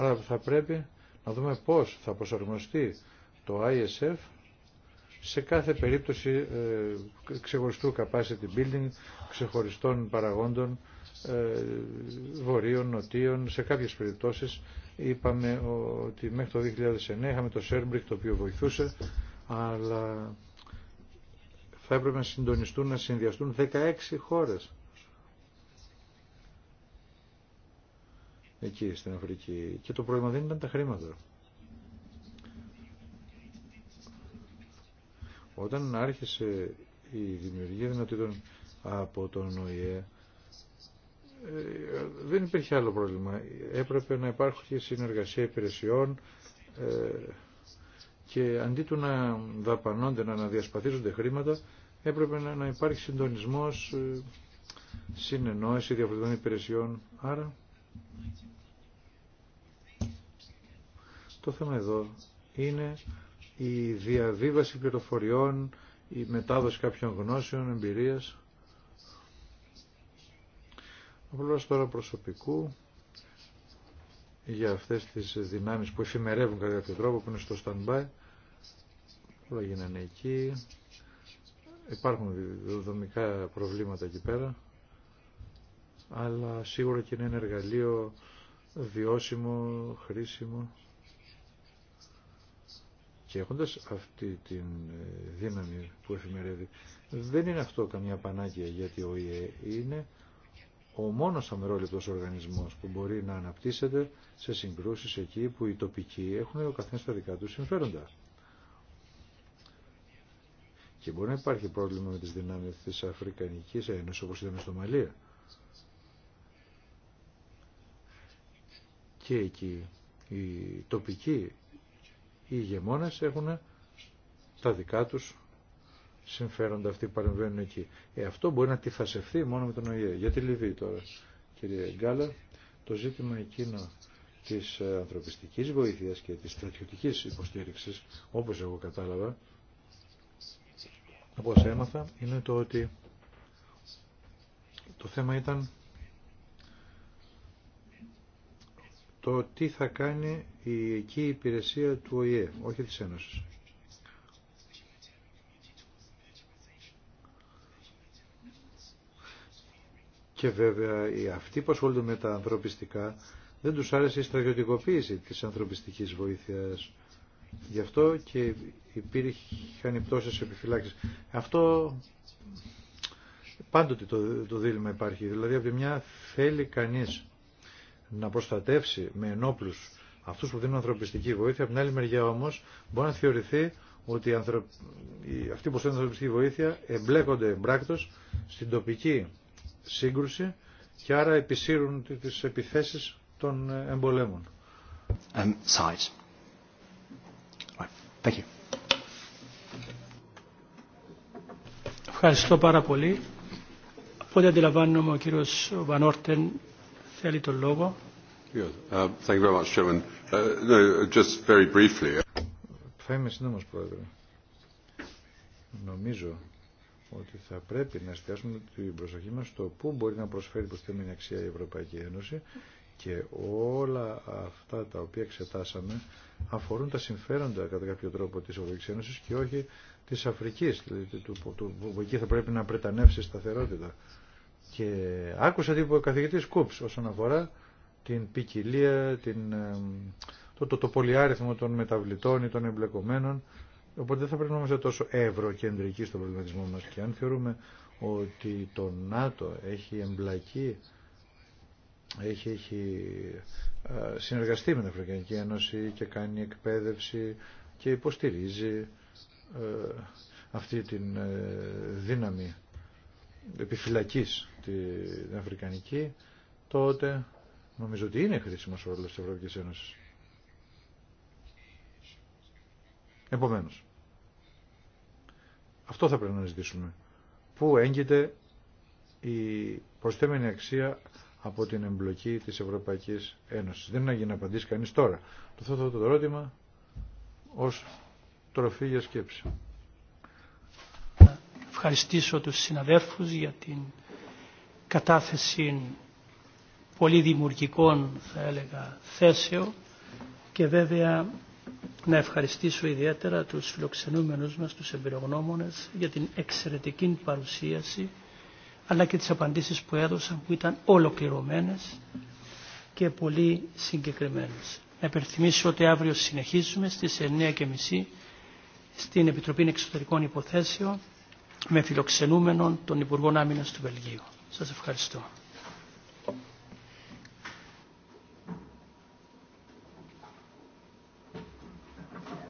Άρα θα πρέπει να δούμε πώς θα προσαρμοστεί το ISF σε κάθε περίπτωση ε, ξεχωριστού capacity building, ξεχωριστών παραγόντων, ε, βορείων, νοτίων. Σε κάποιες περιπτώσεις είπαμε ότι μέχρι το 2009 είχαμε το Σέρμπρικ το οποίο βοηθούσε, αλλά θα έπρεπε να συντονιστούν, να συνδυαστούν 16 χώρες. εκεί στην Αφρική και το πρόβλημα δεν ήταν τα χρήματα. Όταν άρχισε η δημιουργία δυνατήτων από τον ΟΗΕ ε, δεν υπήρχε άλλο πρόβλημα. Έπρεπε να υπάρχει συνεργασία υπηρεσιών ε, και αντί του να δαπανώνται, να αναδιασπαθίζονται χρήματα, έπρεπε να υπάρχει συντονισμός, ε, συνεννόηση διαφορετικών υπηρεσιών. Άρα το θέμα εδώ είναι η διαβίβαση πληροφοριών, η μετάδοση κάποιων γνώσεων, εμπειρίας. Απλώς τώρα προσωπικού για αυτές τις δυνάμεις που εφημερεύουν κατά κάποιο τρόπο, που είναι στο stand-by. Όλα γίνανε εκεί. Υπάρχουν δομικά προβλήματα εκεί πέρα. Αλλά σίγουρα και είναι ένα εργαλείο βιώσιμο, χρήσιμο. Και έχοντας αυτή τη ε, δύναμη που εφημερεύει, δεν είναι αυτό καμιά πανάκια γιατί ο ΙΕ είναι ο μόνος αμερόληπτος οργανισμός που μπορεί να αναπτύσσεται σε συγκρούσεις εκεί που οι τοπικοί έχουν ο καθένας τα δικά τους συμφέροντα. Και μπορεί να υπάρχει πρόβλημα με τις δυνάμεις της Αφρικανικής Ένωσης όπως ήταν στο Μαλία. Και εκεί οι τοπικοί οι ηγεμόνες έχουν τα δικά τους συμφέροντα αυτοί που παρεμβαίνουν εκεί. Ε, αυτό μπορεί να τυφασευθεί μόνο με τον ΟΗΕ. Για τη Λιβύη τώρα, κύριε Γκάλα, το ζήτημα εκείνο της ε, ανθρωπιστικής βοήθειας και της στρατιωτικής υποστήριξης, όπως εγώ κατάλαβα, όπως έμαθα, είναι το ότι το θέμα ήταν το τι θα κάνει η εκεί υπηρεσία του ΟΗΕ, όχι της Ένωσης. Και βέβαια οι αυτοί που ασχολούνται με τα ανθρωπιστικά δεν τους άρεσε η στρατιωτικοποίηση της ανθρωπιστικής βοήθειας. Γι' αυτό και υπήρχαν οι πτώσεις επιφυλάξεις. Αυτό πάντοτε το, το δίλημα υπάρχει. Δηλαδή από τη μια θέλει κανείς να προστατεύσει με ενόπλου αυτού που δίνουν ανθρωπιστική βοήθεια. Από την άλλη μεριά όμω, μπορεί να θεωρηθεί ότι αυτοί που δίνουν ανθρωπιστική βοήθεια εμπλέκονται πράκτο στην τοπική σύγκρουση και άρα επισύρουν τι επιθέσει των εμπολέμων. Um, Ευχαριστώ πάρα πολύ. Από αντιλαμβάνομαι ο κύριος Βανόρτεν Θέλει τον λόγο. Θα είμαι σύντομος, Πρόεδρε. Νομίζω ότι θα πρέπει να εστιάσουμε την προσοχή μας στο πού μπορεί να προσφέρει την αξία η Ευρωπαϊκή Ένωση και όλα αυτά τα οποία εξετάσαμε αφορούν τα συμφέροντα κατά κάποιο τρόπο της Ευρωπαϊκής Ένωσης και όχι της Αφρικής, δηλαδή του, του, που εκεί θα πρέπει να πρετανεύσει σταθερότητα. Και άκουσα τι είπε ο καθηγητή Κούπ όσον αφορά την ποικιλία, την, ε, το, πολυάριθμο των μεταβλητών ή των εμπλεκομένων. Οπότε δεν θα πρέπει να είμαστε τόσο ευρωκεντρικοί στον προβληματισμό μα Και αν θεωρούμε ότι το ΝΑΤΟ έχει εμπλακεί, έχει, έχει ε, συνεργαστεί με την Αφρικανική Ένωση και κάνει εκπαίδευση και υποστηρίζει ε, αυτή την δύναμη επιφυλακής την Αφρικανική, τότε νομίζω ότι είναι χρήσιμο ο ρόλος της Ευρωπαϊκής αυτό θα πρέπει να ζητήσουμε. Πού έγκυται η προσθέμενη αξία από την εμπλοκή της Ευρωπαϊκής Ένωσης. Δεν είναι να γίνει απαντήσει κανείς τώρα. Το αυτό το ερώτημα ως τροφή για σκέψη ευχαριστήσω τους συναδέλφους για την κατάθεση πολύ δημιουργικών θα έλεγα θέσεων και βέβαια να ευχαριστήσω ιδιαίτερα τους φιλοξενούμενους μας, τους εμπειρογνώμονες για την εξαιρετική παρουσίαση αλλά και τις απαντήσεις που έδωσαν που ήταν ολοκληρωμένες και πολύ συγκεκριμένες. Να υπενθυμίσω ότι αύριο συνεχίζουμε στις 9.30 στην Επιτροπή Εξωτερικών Υποθέσεων με φιλοξενούμενον τον Υπουργό Άμυνας του Βελγίου. Σας ευχαριστώ.